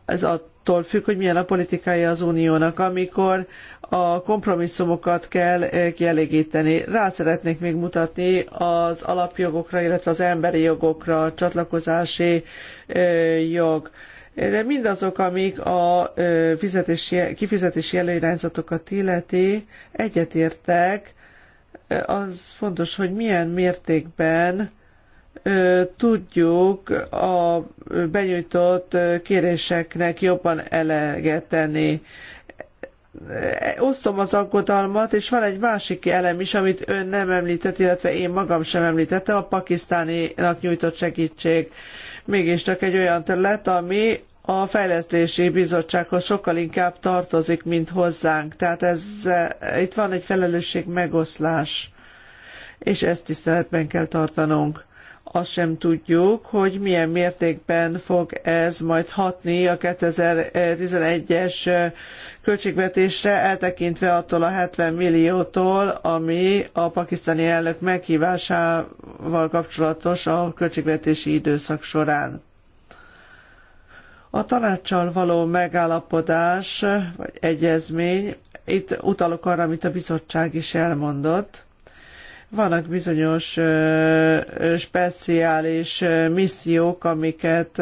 Ez a attól függ, hogy milyen a politikája az uniónak, amikor a kompromisszumokat kell eh, kielégíteni. Rá szeretnék még mutatni az alapjogokra, illetve az emberi jogokra, a csatlakozási eh, jog. De mindazok, amik a eh, fizetési, kifizetési előirányzatokat illeti, egyetértek, az fontos, hogy milyen mértékben tudjuk a benyújtott kéréseknek jobban eleget tenni. Osztom az aggodalmat, és van egy másik elem is, amit ön nem említett, illetve én magam sem említettem, a pakisztáninak nyújtott segítség. csak egy olyan terület, ami a fejlesztési bizottsághoz sokkal inkább tartozik, mint hozzánk. Tehát ez, itt van egy felelősség megoszlás, és ezt tiszteletben kell tartanunk azt sem tudjuk, hogy milyen mértékben fog ez majd hatni a 2011-es költségvetésre, eltekintve attól a 70 milliótól, ami a pakisztáni elnök meghívásával kapcsolatos a költségvetési időszak során. A tanácssal való megállapodás vagy egyezmény, itt utalok arra, amit a bizottság is elmondott, vannak bizonyos speciális missziók, amiket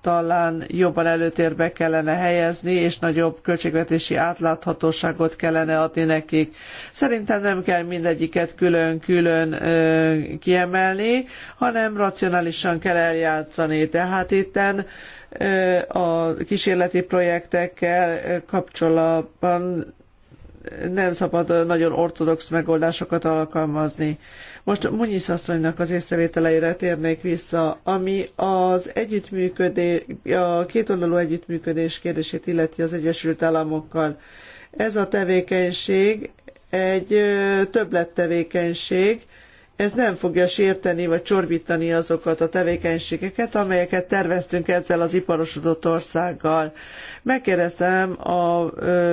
talán jobban előtérbe kellene helyezni, és nagyobb költségvetési átláthatóságot kellene adni nekik. Szerintem nem kell mindegyiket külön-külön kiemelni, hanem racionálisan kell eljátszani. Tehát itten a kísérleti projektekkel kapcsolatban nem szabad nagyon ortodox megoldásokat alkalmazni. Most Munyisz asszonynak az észrevételeire térnék vissza, ami az együttműködés, a kétoldalú együttműködés kérdését illeti az Egyesült Államokkal. Ez a tevékenység egy többlettevékenység, ez nem fogja sérteni vagy csorbítani azokat a tevékenységeket, amelyeket terveztünk ezzel az iparosodott országgal. Megkérdeztem a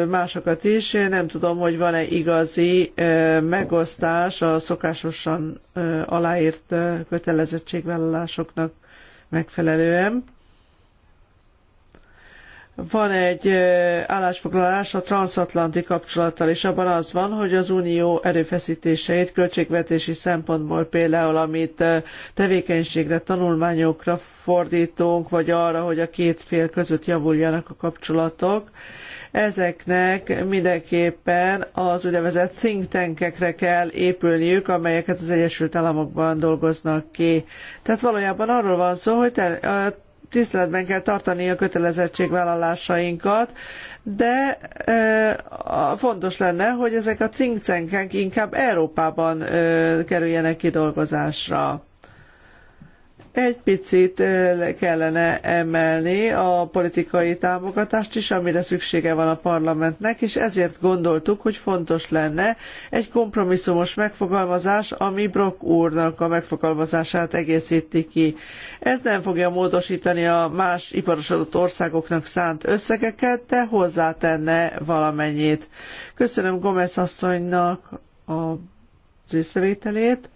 másokat is, nem tudom, hogy van-e igazi megosztás a szokásosan aláírt kötelezettségvállalásoknak megfelelően. Van egy állásfoglalás a transatlanti kapcsolattal, és abban az van, hogy az Unió erőfeszítéseit költségvetési szempontból például, amit tevékenységre, tanulmányokra fordítunk, vagy arra, hogy a két fél között javuljanak a kapcsolatok, ezeknek mindenképpen az úgynevezett think tankekre kell épülniük, amelyeket az Egyesült Államokban dolgoznak ki. Tehát valójában arról van szó, hogy tiszteletben kell tartani a kötelezettségvállalásainkat, de e, fontos lenne, hogy ezek a cinkcenkenk inkább Európában e, kerüljenek kidolgozásra. Egy picit kellene emelni a politikai támogatást is, amire szüksége van a parlamentnek, és ezért gondoltuk, hogy fontos lenne egy kompromisszumos megfogalmazás, ami Brock úrnak a megfogalmazását egészíti ki. Ez nem fogja módosítani a más iparosodott országoknak szánt összegeket, de hozzátenne valamennyit. Köszönöm Gomez asszonynak a az észrevételét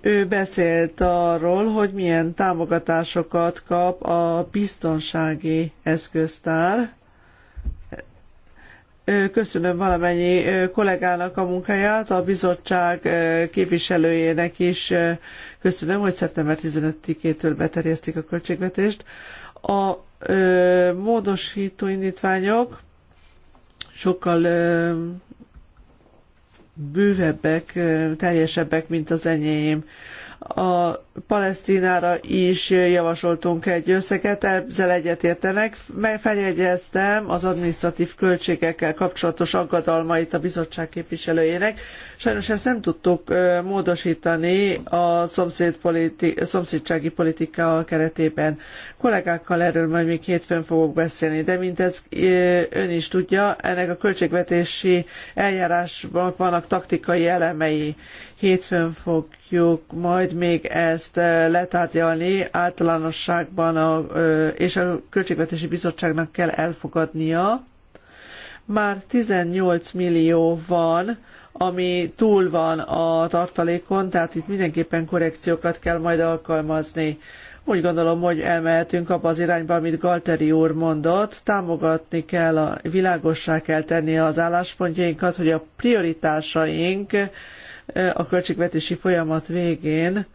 ő beszélt arról, hogy milyen támogatásokat kap a biztonsági eszköztár. Köszönöm valamennyi kollégának a munkáját, a bizottság képviselőjének is köszönöm, hogy szeptember 15-től beterjesztik a költségvetést. A módosító indítványok sokkal bővebbek, teljesebbek, mint az enyém. A Palesztinára is javasoltunk egy összeget, ezzel egyetértenek. Megfegyegyeztem az administratív költségekkel kapcsolatos aggodalmait a bizottság képviselőjének. Sajnos ezt nem tudtuk módosítani a politi szomszédsági politika keretében. Kollégákkal erről majd még hétfőn fogok beszélni, de mint ez ön is tudja, ennek a költségvetési eljárásban vannak taktikai elemei. Hétfőn fogjuk majd még ezt ezt eh, letárgyalni általánosságban, a, és a Költségvetési Bizottságnak kell elfogadnia. Már 18 millió van, ami túl van a tartalékon, tehát itt mindenképpen korrekciókat kell majd alkalmazni. Úgy gondolom, hogy elmehetünk abba az irányba, amit Galteri úr mondott, támogatni kell, a, világossá kell tenni az álláspontjainkat, hogy a prioritásaink eh, a költségvetési folyamat végén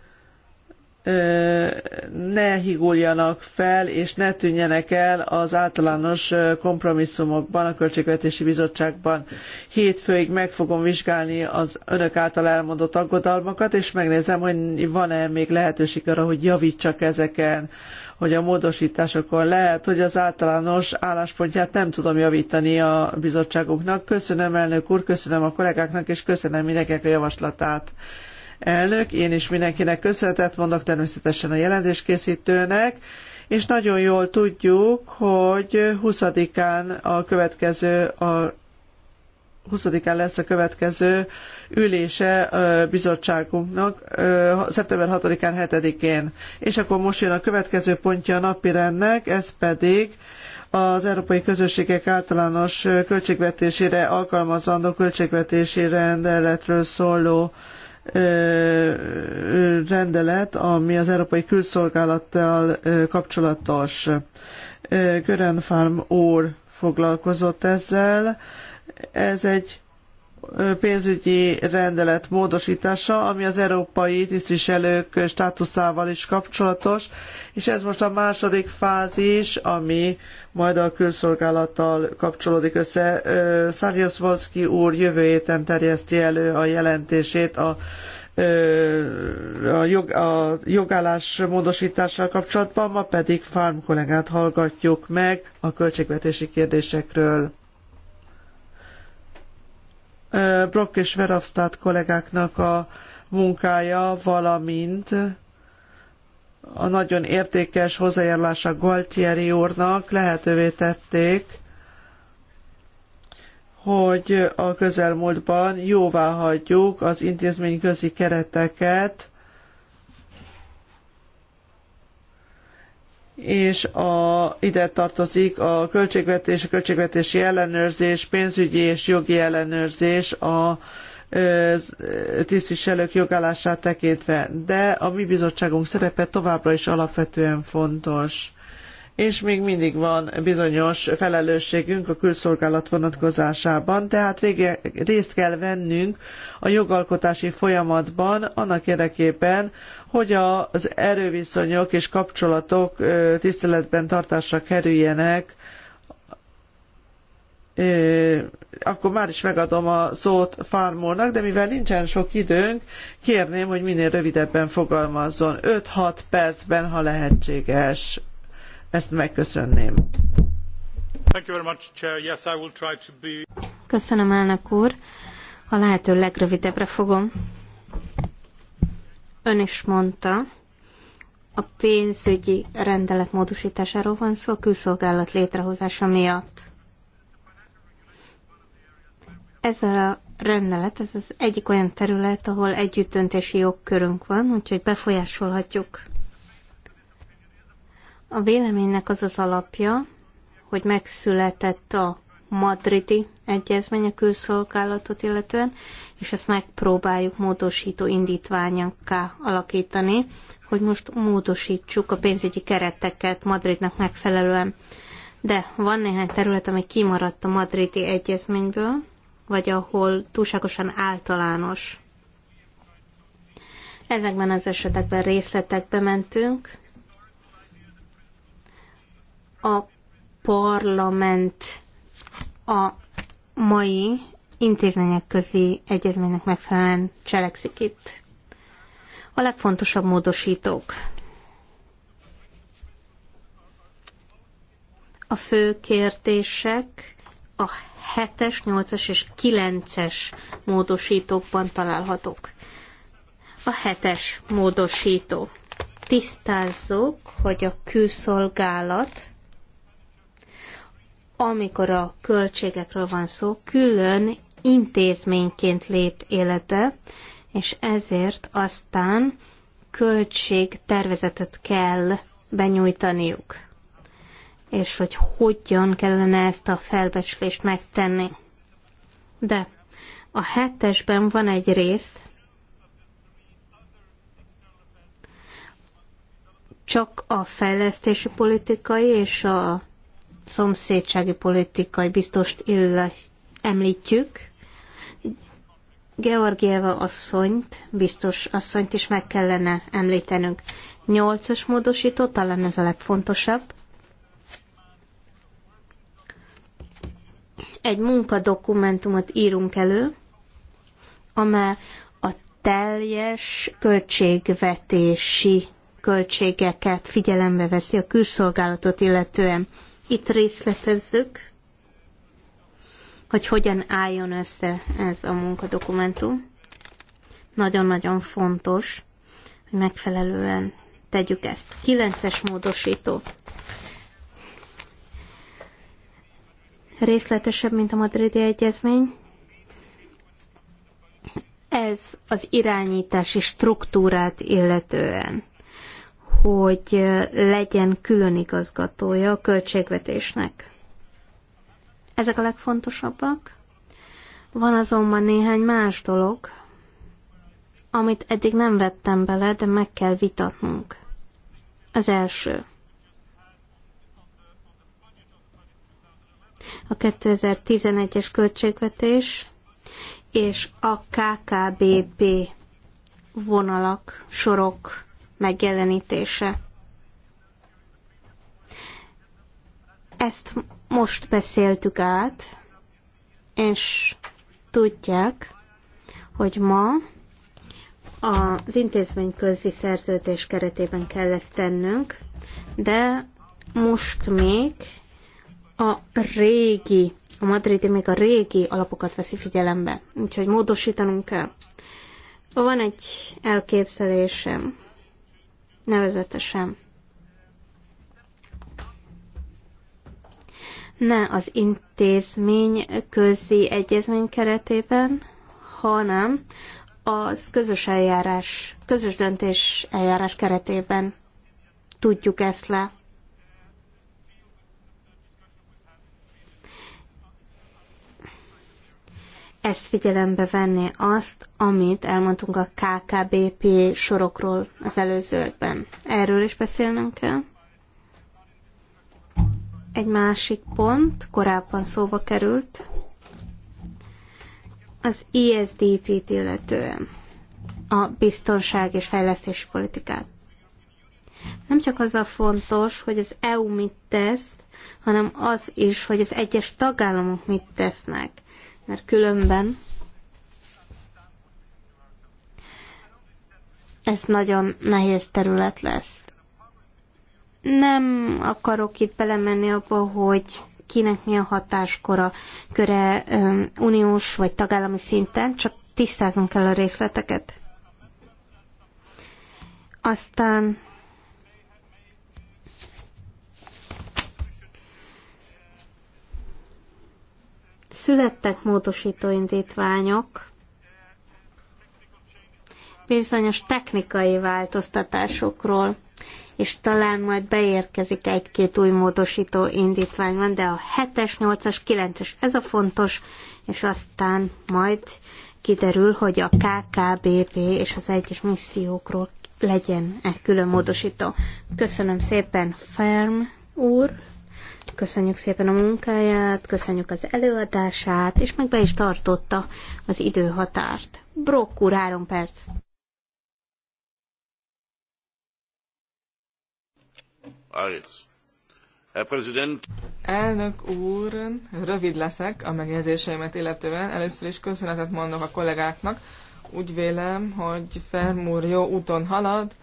ne higuljanak fel, és ne tűnjenek el az általános kompromisszumokban, a Költségvetési Bizottságban. Hétfőig meg fogom vizsgálni az önök által elmondott aggodalmakat, és megnézem, hogy van-e még lehetőség arra, hogy javítsak ezeken, hogy a módosításokon lehet, hogy az általános álláspontját nem tudom javítani a bizottságunknak. Köszönöm elnök úr, köszönöm a kollégáknak, és köszönöm mindenkinek a javaslatát elnök. Én is mindenkinek köszönetet mondok, természetesen a jelentéskészítőnek, és nagyon jól tudjuk, hogy 20-án a következő a 20-án lesz a következő ülése bizottságunknak, szeptember 6-án, 7-én. És akkor most jön a következő pontja a napirendnek, ez pedig az Európai Közösségek általános költségvetésére alkalmazandó költségvetési rendeletről szóló rendelet, ami az Európai Külszolgálattal kapcsolatos. Gören Farm úr foglalkozott ezzel. Ez egy pénzügyi rendelet módosítása, ami az európai tisztviselők státuszával is kapcsolatos, és ez most a második fázis, ami majd a külszolgálattal kapcsolódik össze. Szárjusz Volszki úr jövő héten terjeszti elő a jelentését a a, jog, a jogállás módosítással kapcsolatban, ma pedig Farm kollégát hallgatjuk meg a költségvetési kérdésekről. Brock és Verhofstadt kollégáknak a munkája, valamint a nagyon értékes hozzájárulása Galtieri úrnak lehetővé tették, hogy a közelmúltban jóvá hagyjuk az intézményközi kereteket, és a, ide tartozik a költségvetés, a költségvetési ellenőrzés, pénzügyi és jogi ellenőrzés a tisztviselők jogállását tekintve. De a mi bizottságunk szerepe továbbra is alapvetően fontos és még mindig van bizonyos felelősségünk a külszolgálat vonatkozásában, tehát vége, részt kell vennünk a jogalkotási folyamatban annak érdekében, hogy az erőviszonyok és kapcsolatok tiszteletben tartásra kerüljenek, akkor már is megadom a szót Farmornak, de mivel nincsen sok időnk, kérném, hogy minél rövidebben fogalmazzon. 5-6 percben, ha lehetséges. Ezt megköszönném. Köszönöm, elnök úr. A lehető legrövidebbre fogom. Ön is mondta, a pénzügyi rendelet módosításáról van szó a külszolgálat létrehozása miatt. Ez a rendelet, ez az egyik olyan terület, ahol együttöntési jogkörünk van, úgyhogy befolyásolhatjuk. A véleménynek az az alapja, hogy megszületett a madridi egyezmény a külszolgálatot illetően, és ezt megpróbáljuk módosító indítványokká alakítani, hogy most módosítsuk a pénzügyi kereteket Madridnak megfelelően. De van néhány terület, ami kimaradt a madridi egyezményből, vagy ahol túlságosan általános. Ezekben az esetekben részletekbe mentünk. A parlament a mai intézmények közé egyezménynek megfelelően cselekszik itt. A legfontosabb módosítók. A fő kérdések a 7-es, 8-as és 9-es módosítókban találhatók. A 7-es módosító. Tisztázzuk, hogy a külszolgálat amikor a költségekről van szó, külön intézményként lép életbe, és ezért aztán költségtervezetet kell benyújtaniuk, és hogy hogyan kellene ezt a felbecslést megtenni. De a hetesben van egy rész, csak a fejlesztési politikai és a szomszédsági politikai biztost illet, említjük, Georgieva asszonyt, biztos asszonyt is meg kellene említenünk. Nyolcas módosító, talán ez a legfontosabb. Egy munkadokumentumot írunk elő, amely a teljes költségvetési költségeket figyelembe veszi a külszolgálatot illetően. Itt részletezzük hogy hogyan álljon össze ez a munkadokumentum. Nagyon-nagyon fontos, hogy megfelelően tegyük ezt. 9-es módosító. Részletesebb, mint a madridi egyezmény. Ez az irányítási struktúrát illetően hogy legyen külön igazgatója a költségvetésnek. Ezek a legfontosabbak. Van azonban néhány más dolog, amit eddig nem vettem bele, de meg kell vitatnunk. Az első. A 2011-es költségvetés és a KKBP vonalak, sorok megjelenítése. Ezt most beszéltük át, és tudják, hogy ma az intézményközi szerződés keretében kell ezt tennünk, de most még a régi, a madridi még a régi alapokat veszi figyelembe, úgyhogy módosítanunk kell. Van egy elképzelésem, nevezetesen ne az intézmény közi egyezmény keretében, hanem az közös eljárás, közös döntés eljárás keretében tudjuk ezt le. Ezt figyelembe venni azt, amit elmondtunk a KKBP sorokról az előzőkben. Erről is beszélnünk kell. Egy másik pont korábban szóba került, az ISDP-t e illetően a biztonság és fejlesztési politikát. Nem csak az a fontos, hogy az EU mit tesz, hanem az is, hogy az egyes tagállamok mit tesznek, mert különben ez nagyon nehéz terület lesz. Nem akarok itt belemenni abba, hogy kinek mi a hatáskora, köre uniós vagy tagállami szinten, csak tisztáznunk kell a részleteket. Aztán születtek módosító indítványok, bizonyos technikai változtatásokról és talán majd beérkezik egy-két új módosító indítvány van, de a 7-es, 8-as, 9-es, ez a fontos, és aztán majd kiderül, hogy a KKBB és az egyes missziókról legyen egy külön módosító. Köszönöm szépen, Ferm úr! Köszönjük szépen a munkáját, köszönjük az előadását, és meg be is tartotta az időhatárt. Brokkur három perc. Herr Präsident. Elnök úr, rövid leszek a megjegyzéseimet illetően. Először is köszönetet mondok a kollégáknak. Úgy vélem, hogy úr jó úton halad,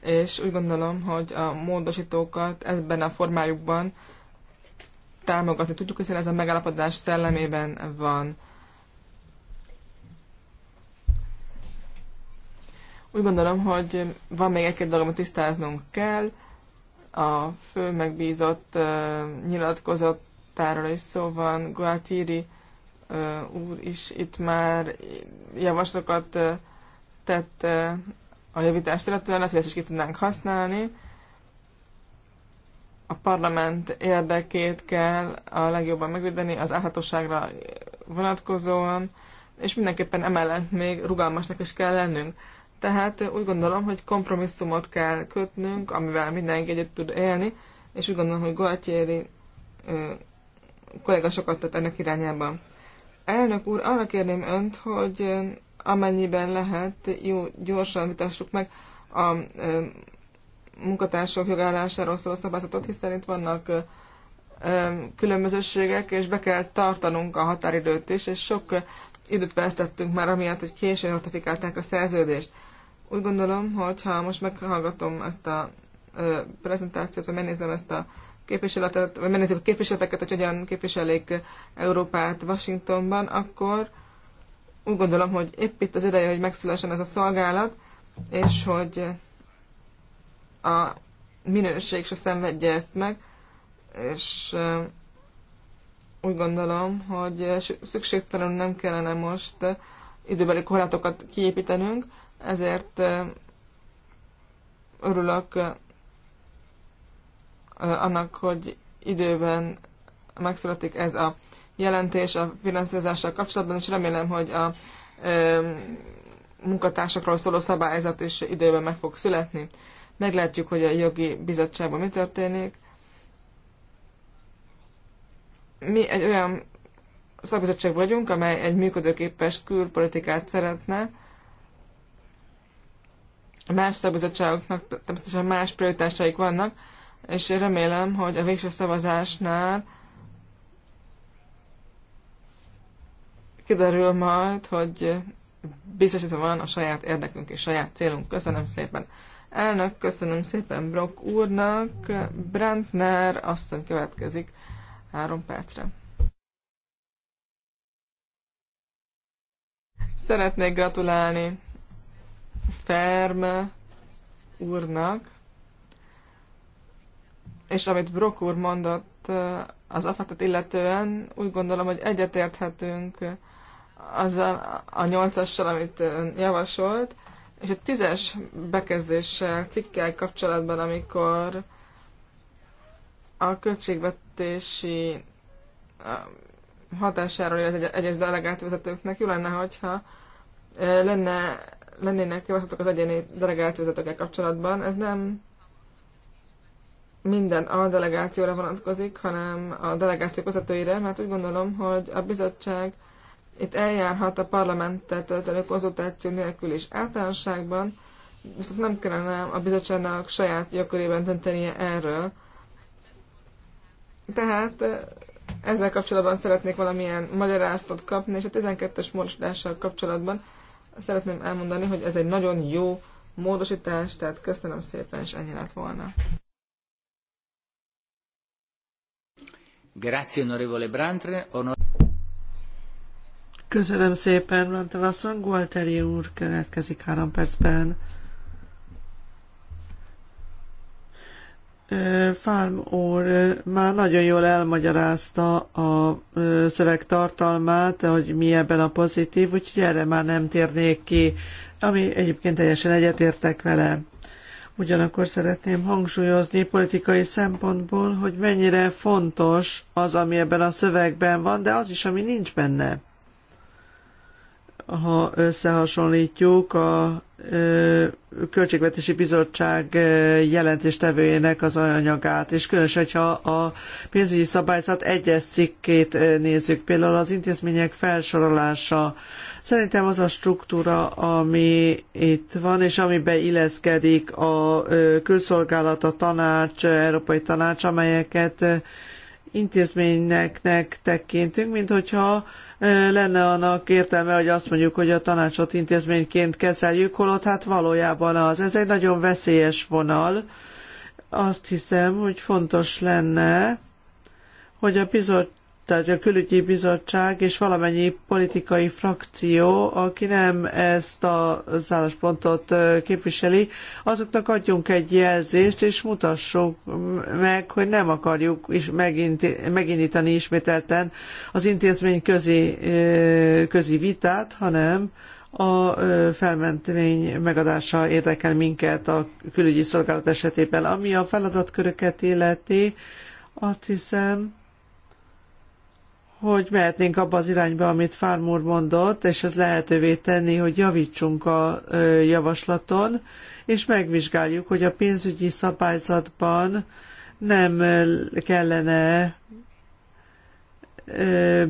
és úgy gondolom, hogy a módosítókat ebben a formájukban támogatni tudjuk, hiszen ez a megállapodás szellemében van. Úgy gondolom, hogy van még egy-két dolog, amit tisztáznunk kell a fő megbízott nyilatkozottáról is szó van, Guatiri úr is itt már javaslatokat tett a javítást illetően, lehet, hogy ezt is ki tudnánk használni. A parlament érdekét kell a legjobban megvédeni az állhatóságra vonatkozóan, és mindenképpen emellett még rugalmasnak is kell lennünk. Tehát úgy gondolom, hogy kompromisszumot kell kötnünk, amivel mindenki egyet tud élni, és úgy gondolom, hogy Galtieri kolléga sokat tett ennek irányában. Elnök úr, arra kérném önt, hogy amennyiben lehet, jó, gyorsan vitassuk meg a ö, munkatársak jogállásáról szóló szabályzatot, hiszen itt vannak ö, ö, különbözőségek, és be kell tartanunk a határidőt is, és sok időt vesztettünk már amiatt, hogy későn ratifikálták a szerződést. Úgy gondolom, hogy ha most meghallgatom ezt a ö, prezentációt, vagy megnézem ezt a képviseletet, vagy megnézzük a képviseleteket, hogy hogyan képviselik Európát Washingtonban, akkor úgy gondolom, hogy épp itt az ideje, hogy megszülessen ez a szolgálat, és hogy a minőség se szenvedje ezt meg, és úgy gondolom, hogy szükségtelenül nem kellene most időbeli korlátokat kiépítenünk, ezért örülök annak, hogy időben megszületik ez a jelentés a finanszírozással kapcsolatban, és remélem, hogy a munkatársakról szóló szabályzat is időben meg fog születni. Meglátjuk, hogy a jogi bizottságban mi történik. Mi egy olyan szakbizottság vagyunk, amely egy működőképes külpolitikát szeretne, más szabizottságoknak természetesen más prioritásaik vannak, és remélem, hogy a végső szavazásnál kiderül majd, hogy biztosítva van a saját érdekünk és saját célunk. Köszönöm szépen. Elnök, köszönöm szépen Brock úrnak. Brandner asszony következik három percre. Szeretnék gratulálni Ferme úrnak, és amit Brok úr mondott az afatet illetően, úgy gondolom, hogy egyetérthetünk azzal a nyolcassal, amit javasolt, és a tízes bekezdéssel, cikkel kapcsolatban, amikor a költségvetési hatásáról, illetve egyes delegált vezetőknek jó lenne, hogyha lenne lennének javaslatok az egyéni delegációzatokkal kapcsolatban. Ez nem minden a delegációra vonatkozik, hanem a delegációk vezetőire, mert úgy gondolom, hogy a bizottság itt eljárhat a parlamenttel történő konzultáció nélkül is általánosságban, viszont nem kellene a bizottságnak saját jogkörében döntenie erről. Tehát eh, ezzel kapcsolatban szeretnék valamilyen magyarázatot kapni, és a 12-es morsodással kapcsolatban szeretném elmondani, hogy ez egy nagyon jó módosítás, tehát köszönöm szépen, és ennyi lett volna. Grazie, onorevole Brantre. Onor... Köszönöm szépen, Brantre asszony. Gualteri úr következik három percben. Fálm úr már nagyon jól elmagyarázta a szöveg tartalmát, hogy mi ebben a pozitív, úgyhogy erre már nem térnék ki, ami egyébként teljesen egyetértek vele. Ugyanakkor szeretném hangsúlyozni politikai szempontból, hogy mennyire fontos az, ami ebben a szövegben van, de az is, ami nincs benne ha összehasonlítjuk a Költségvetési Bizottság jelentéstevőjének az anyagát, és különösen, ha a pénzügyi szabályzat egyes cikkét nézzük, például az intézmények felsorolása. Szerintem az a struktúra, ami itt van, és amibe illeszkedik a külszolgálat, a tanács, Európai Tanács, amelyeket intézménynek tekintünk, mint hogyha E, lenne annak értelme, hogy azt mondjuk, hogy a tanácsot intézményként kezeljük, holott hát valójában az. Ez egy nagyon veszélyes vonal. Azt hiszem, hogy fontos lenne, hogy a bizottság tehát a külügyi bizottság és valamennyi politikai frakció, aki nem ezt az álláspontot képviseli, azoknak adjunk egy jelzést, és mutassuk meg, hogy nem akarjuk is megint, megindítani ismételten az intézmény közi, közi vitát, hanem a felmentvény megadása érdekel minket a külügyi szolgálat esetében. Ami a feladatköröket illeti, azt hiszem, hogy mehetnénk abba az irányba, amit Farmúr mondott, és ez lehetővé tenni, hogy javítsunk a javaslaton, és megvizsgáljuk, hogy a pénzügyi szabályzatban nem kellene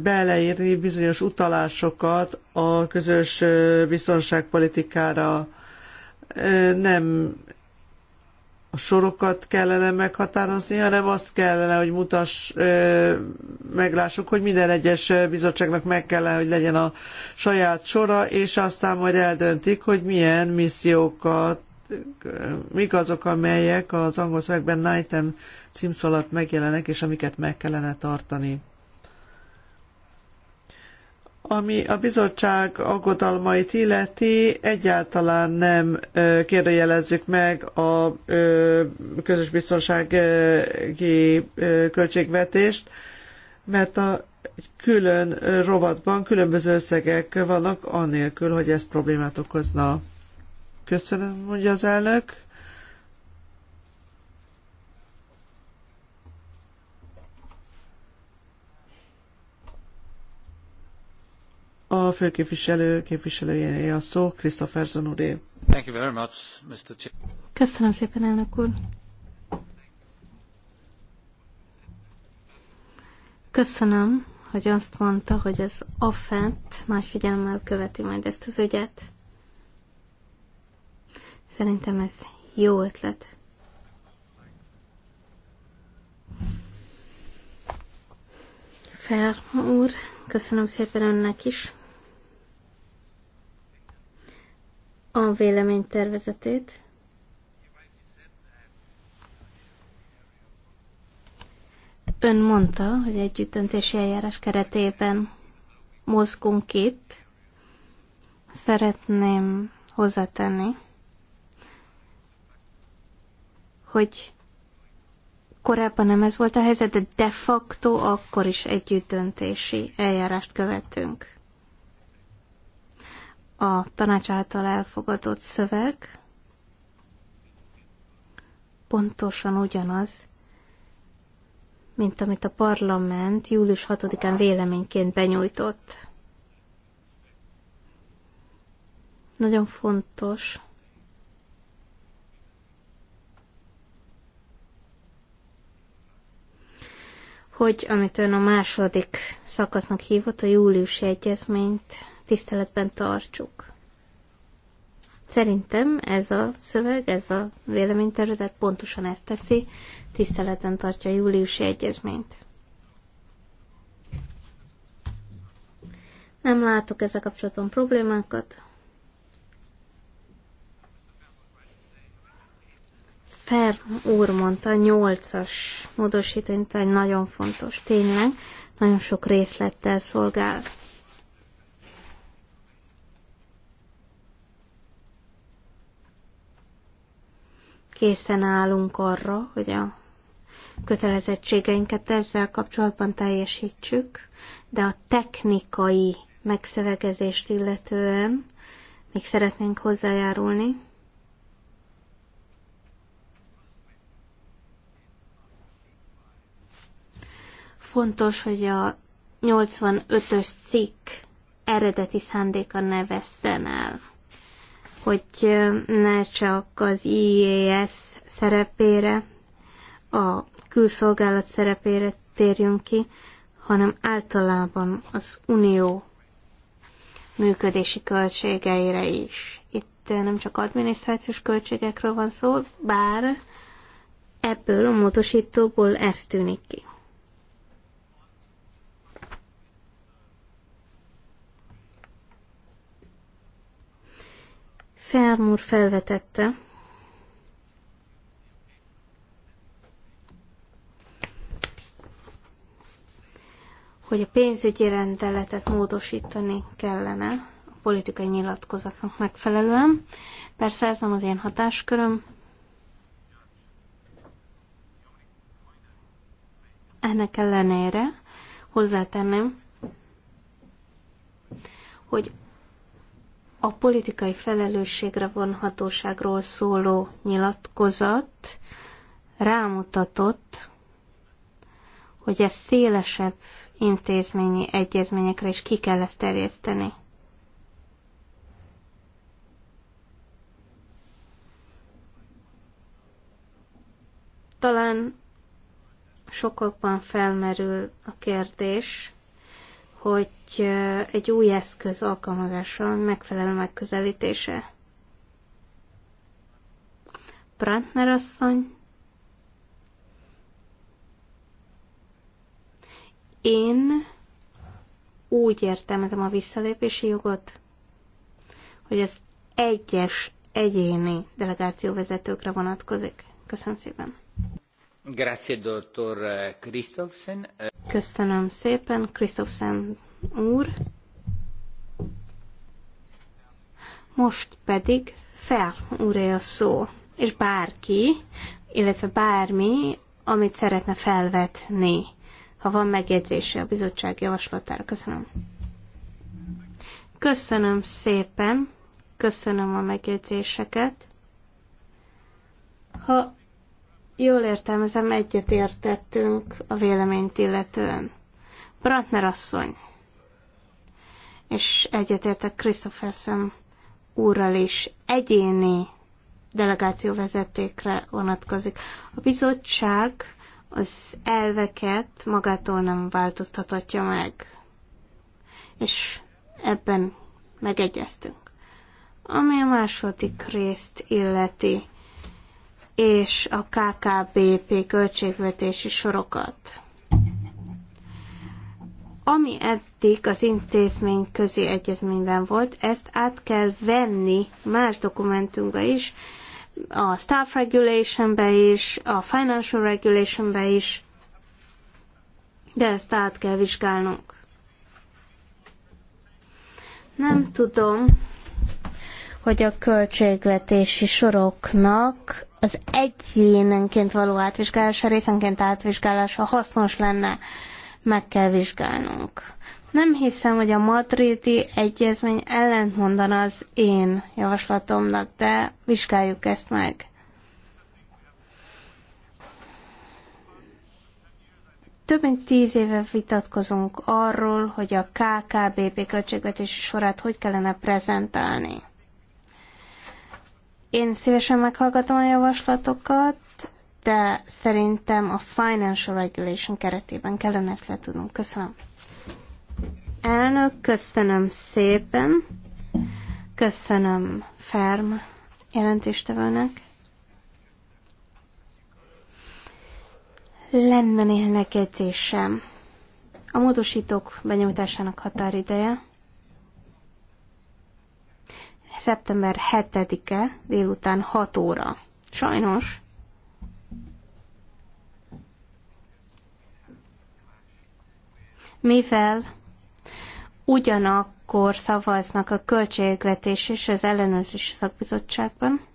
beleírni bizonyos utalásokat a közös biztonságpolitikára. Nem a sorokat kellene meghatározni, hanem azt kellene, hogy mutass, meglássuk, hogy minden egyes bizottságnak meg kellene, hogy legyen a saját sora, és aztán majd eldöntik, hogy milyen missziókat, mik azok, amelyek az angol szövegben Nightem címszó alatt megjelenek, és amiket meg kellene tartani. Ami a bizottság aggodalmait illeti, egyáltalán nem kérdőjelezzük meg a közös biztonsági költségvetést, mert a külön rovatban különböző összegek vannak, anélkül, hogy ez problémát okozna. Köszönöm, mondja az elnök. A főképviselő képviselője a szó, Christopher Zanudé. Thank you very much, Mr. Ch- Köszönöm szépen, elnök úr. Köszönöm, hogy azt mondta, hogy az AFET más figyelemmel követi majd ezt az ügyet. Szerintem ez jó ötlet. Fer úr, köszönöm szépen önnek is. a tervezetét. Ön mondta, hogy együttöntési eljárás keretében mozgunk itt. Szeretném hozzátenni, hogy korábban nem ez volt a helyzet, de de facto akkor is együttöntési eljárást követünk a tanács által elfogadott szöveg pontosan ugyanaz, mint amit a parlament július 6-án véleményként benyújtott. Nagyon fontos, hogy amit ön a második szakasznak hívott, a júliusi egyezményt tiszteletben tartsuk. Szerintem ez a szöveg, ez a véleménytervezet pontosan ezt teszi, tiszteletben tartja a júliusi egyezményt. Nem látok ezzel kapcsolatban problémákat. Fer úr mondta, nyolcas as módosítvány nagyon fontos. Tényleg, nagyon sok részlettel szolgál. készen állunk arra, hogy a kötelezettségeinket ezzel kapcsolatban teljesítsük, de a technikai megszövegezést illetően még szeretnénk hozzájárulni. Fontos, hogy a 85-ös cikk eredeti szándéka ne veszten el hogy ne csak az IES szerepére, a külszolgálat szerepére térjünk ki, hanem általában az unió működési költségeire is. Itt nem csak adminisztrációs költségekről van szó, bár ebből a módosítóból ez tűnik ki. Fermúr felvetette, hogy a pénzügyi rendeletet módosítani kellene a politikai nyilatkozatnak megfelelően. Persze ez nem az én hatásköröm. Ennek ellenére hozzátenném, hogy a politikai felelősségre vonhatóságról szóló nyilatkozat rámutatott, hogy ezt szélesebb intézményi egyezményekre is ki kell ezt terjeszteni. Talán sokakban felmerül a kérdés, hogy egy új eszköz alkalmazása megfelelő megközelítése. Brandner asszony, én úgy értelmezem a visszalépési jogot, hogy ez egyes egyéni delegációvezetőkre vonatkozik. Köszönöm szépen! Köszönöm szépen, Christofsen úr. Most pedig fel úré a szó, és bárki, illetve bármi, amit szeretne felvetni, ha van megjegyzése a bizottság javaslatára. Köszönöm. Köszönöm szépen, köszönöm a megjegyzéseket. Ha Jól értelmezem, értettünk a véleményt illetően. Brantner asszony. És egyetértek Christopherson úrral is egyéni delegáció vezetékre vonatkozik. A bizottság az elveket magától nem változtathatja meg. És ebben megegyeztünk. Ami a második részt illeti, és a KKBP költségvetési sorokat. Ami eddig az intézmény közi egyezményben volt, ezt át kell venni más dokumentumba is, a staff regulationbe is, a financial regulationbe is, de ezt át kell vizsgálnunk. Nem tudom, hogy a költségvetési soroknak az egyénenként való átvizsgálása, részenként átvizsgálása hasznos lenne, meg kell vizsgálnunk. Nem hiszem, hogy a madridi egyezmény ellentmondana az én javaslatomnak, de vizsgáljuk ezt meg. Több mint tíz éve vitatkozunk arról, hogy a KKBP költségvetési sorát hogy kellene prezentálni. Én szívesen meghallgatom a javaslatokat, de szerintem a Financial Regulation keretében kellene ezt le tudnunk. Köszönöm. Elnök, köszönöm szépen. Köszönöm Ferm jelentéstevőnek. Lenne néhány megjegyzésem. A módosítók benyújtásának határideje szeptember 7-e délután 6 óra. Sajnos mivel ugyanakkor szavaznak a költségvetés és az ellenőrzési szakbizottságban,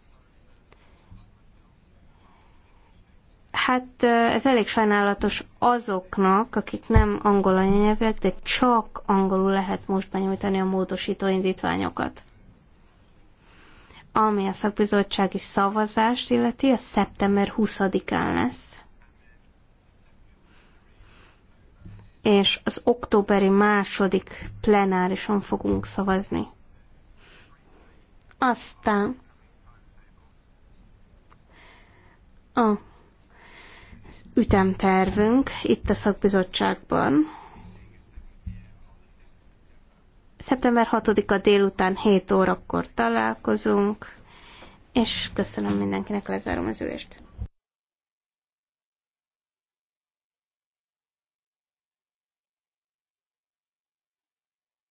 Hát ez elég sajnálatos azoknak, akik nem angol anyanyelvek, de csak angolul lehet most benyújtani a módosító indítványokat ami a szakbizottsági szavazást illeti, a szeptember 20-án lesz. És az októberi második plenárison fogunk szavazni. Aztán a ütemtervünk itt a szakbizottságban Szeptember 6-a délután 7 órakor találkozunk, és köszönöm mindenkinek, lezárom az ülést.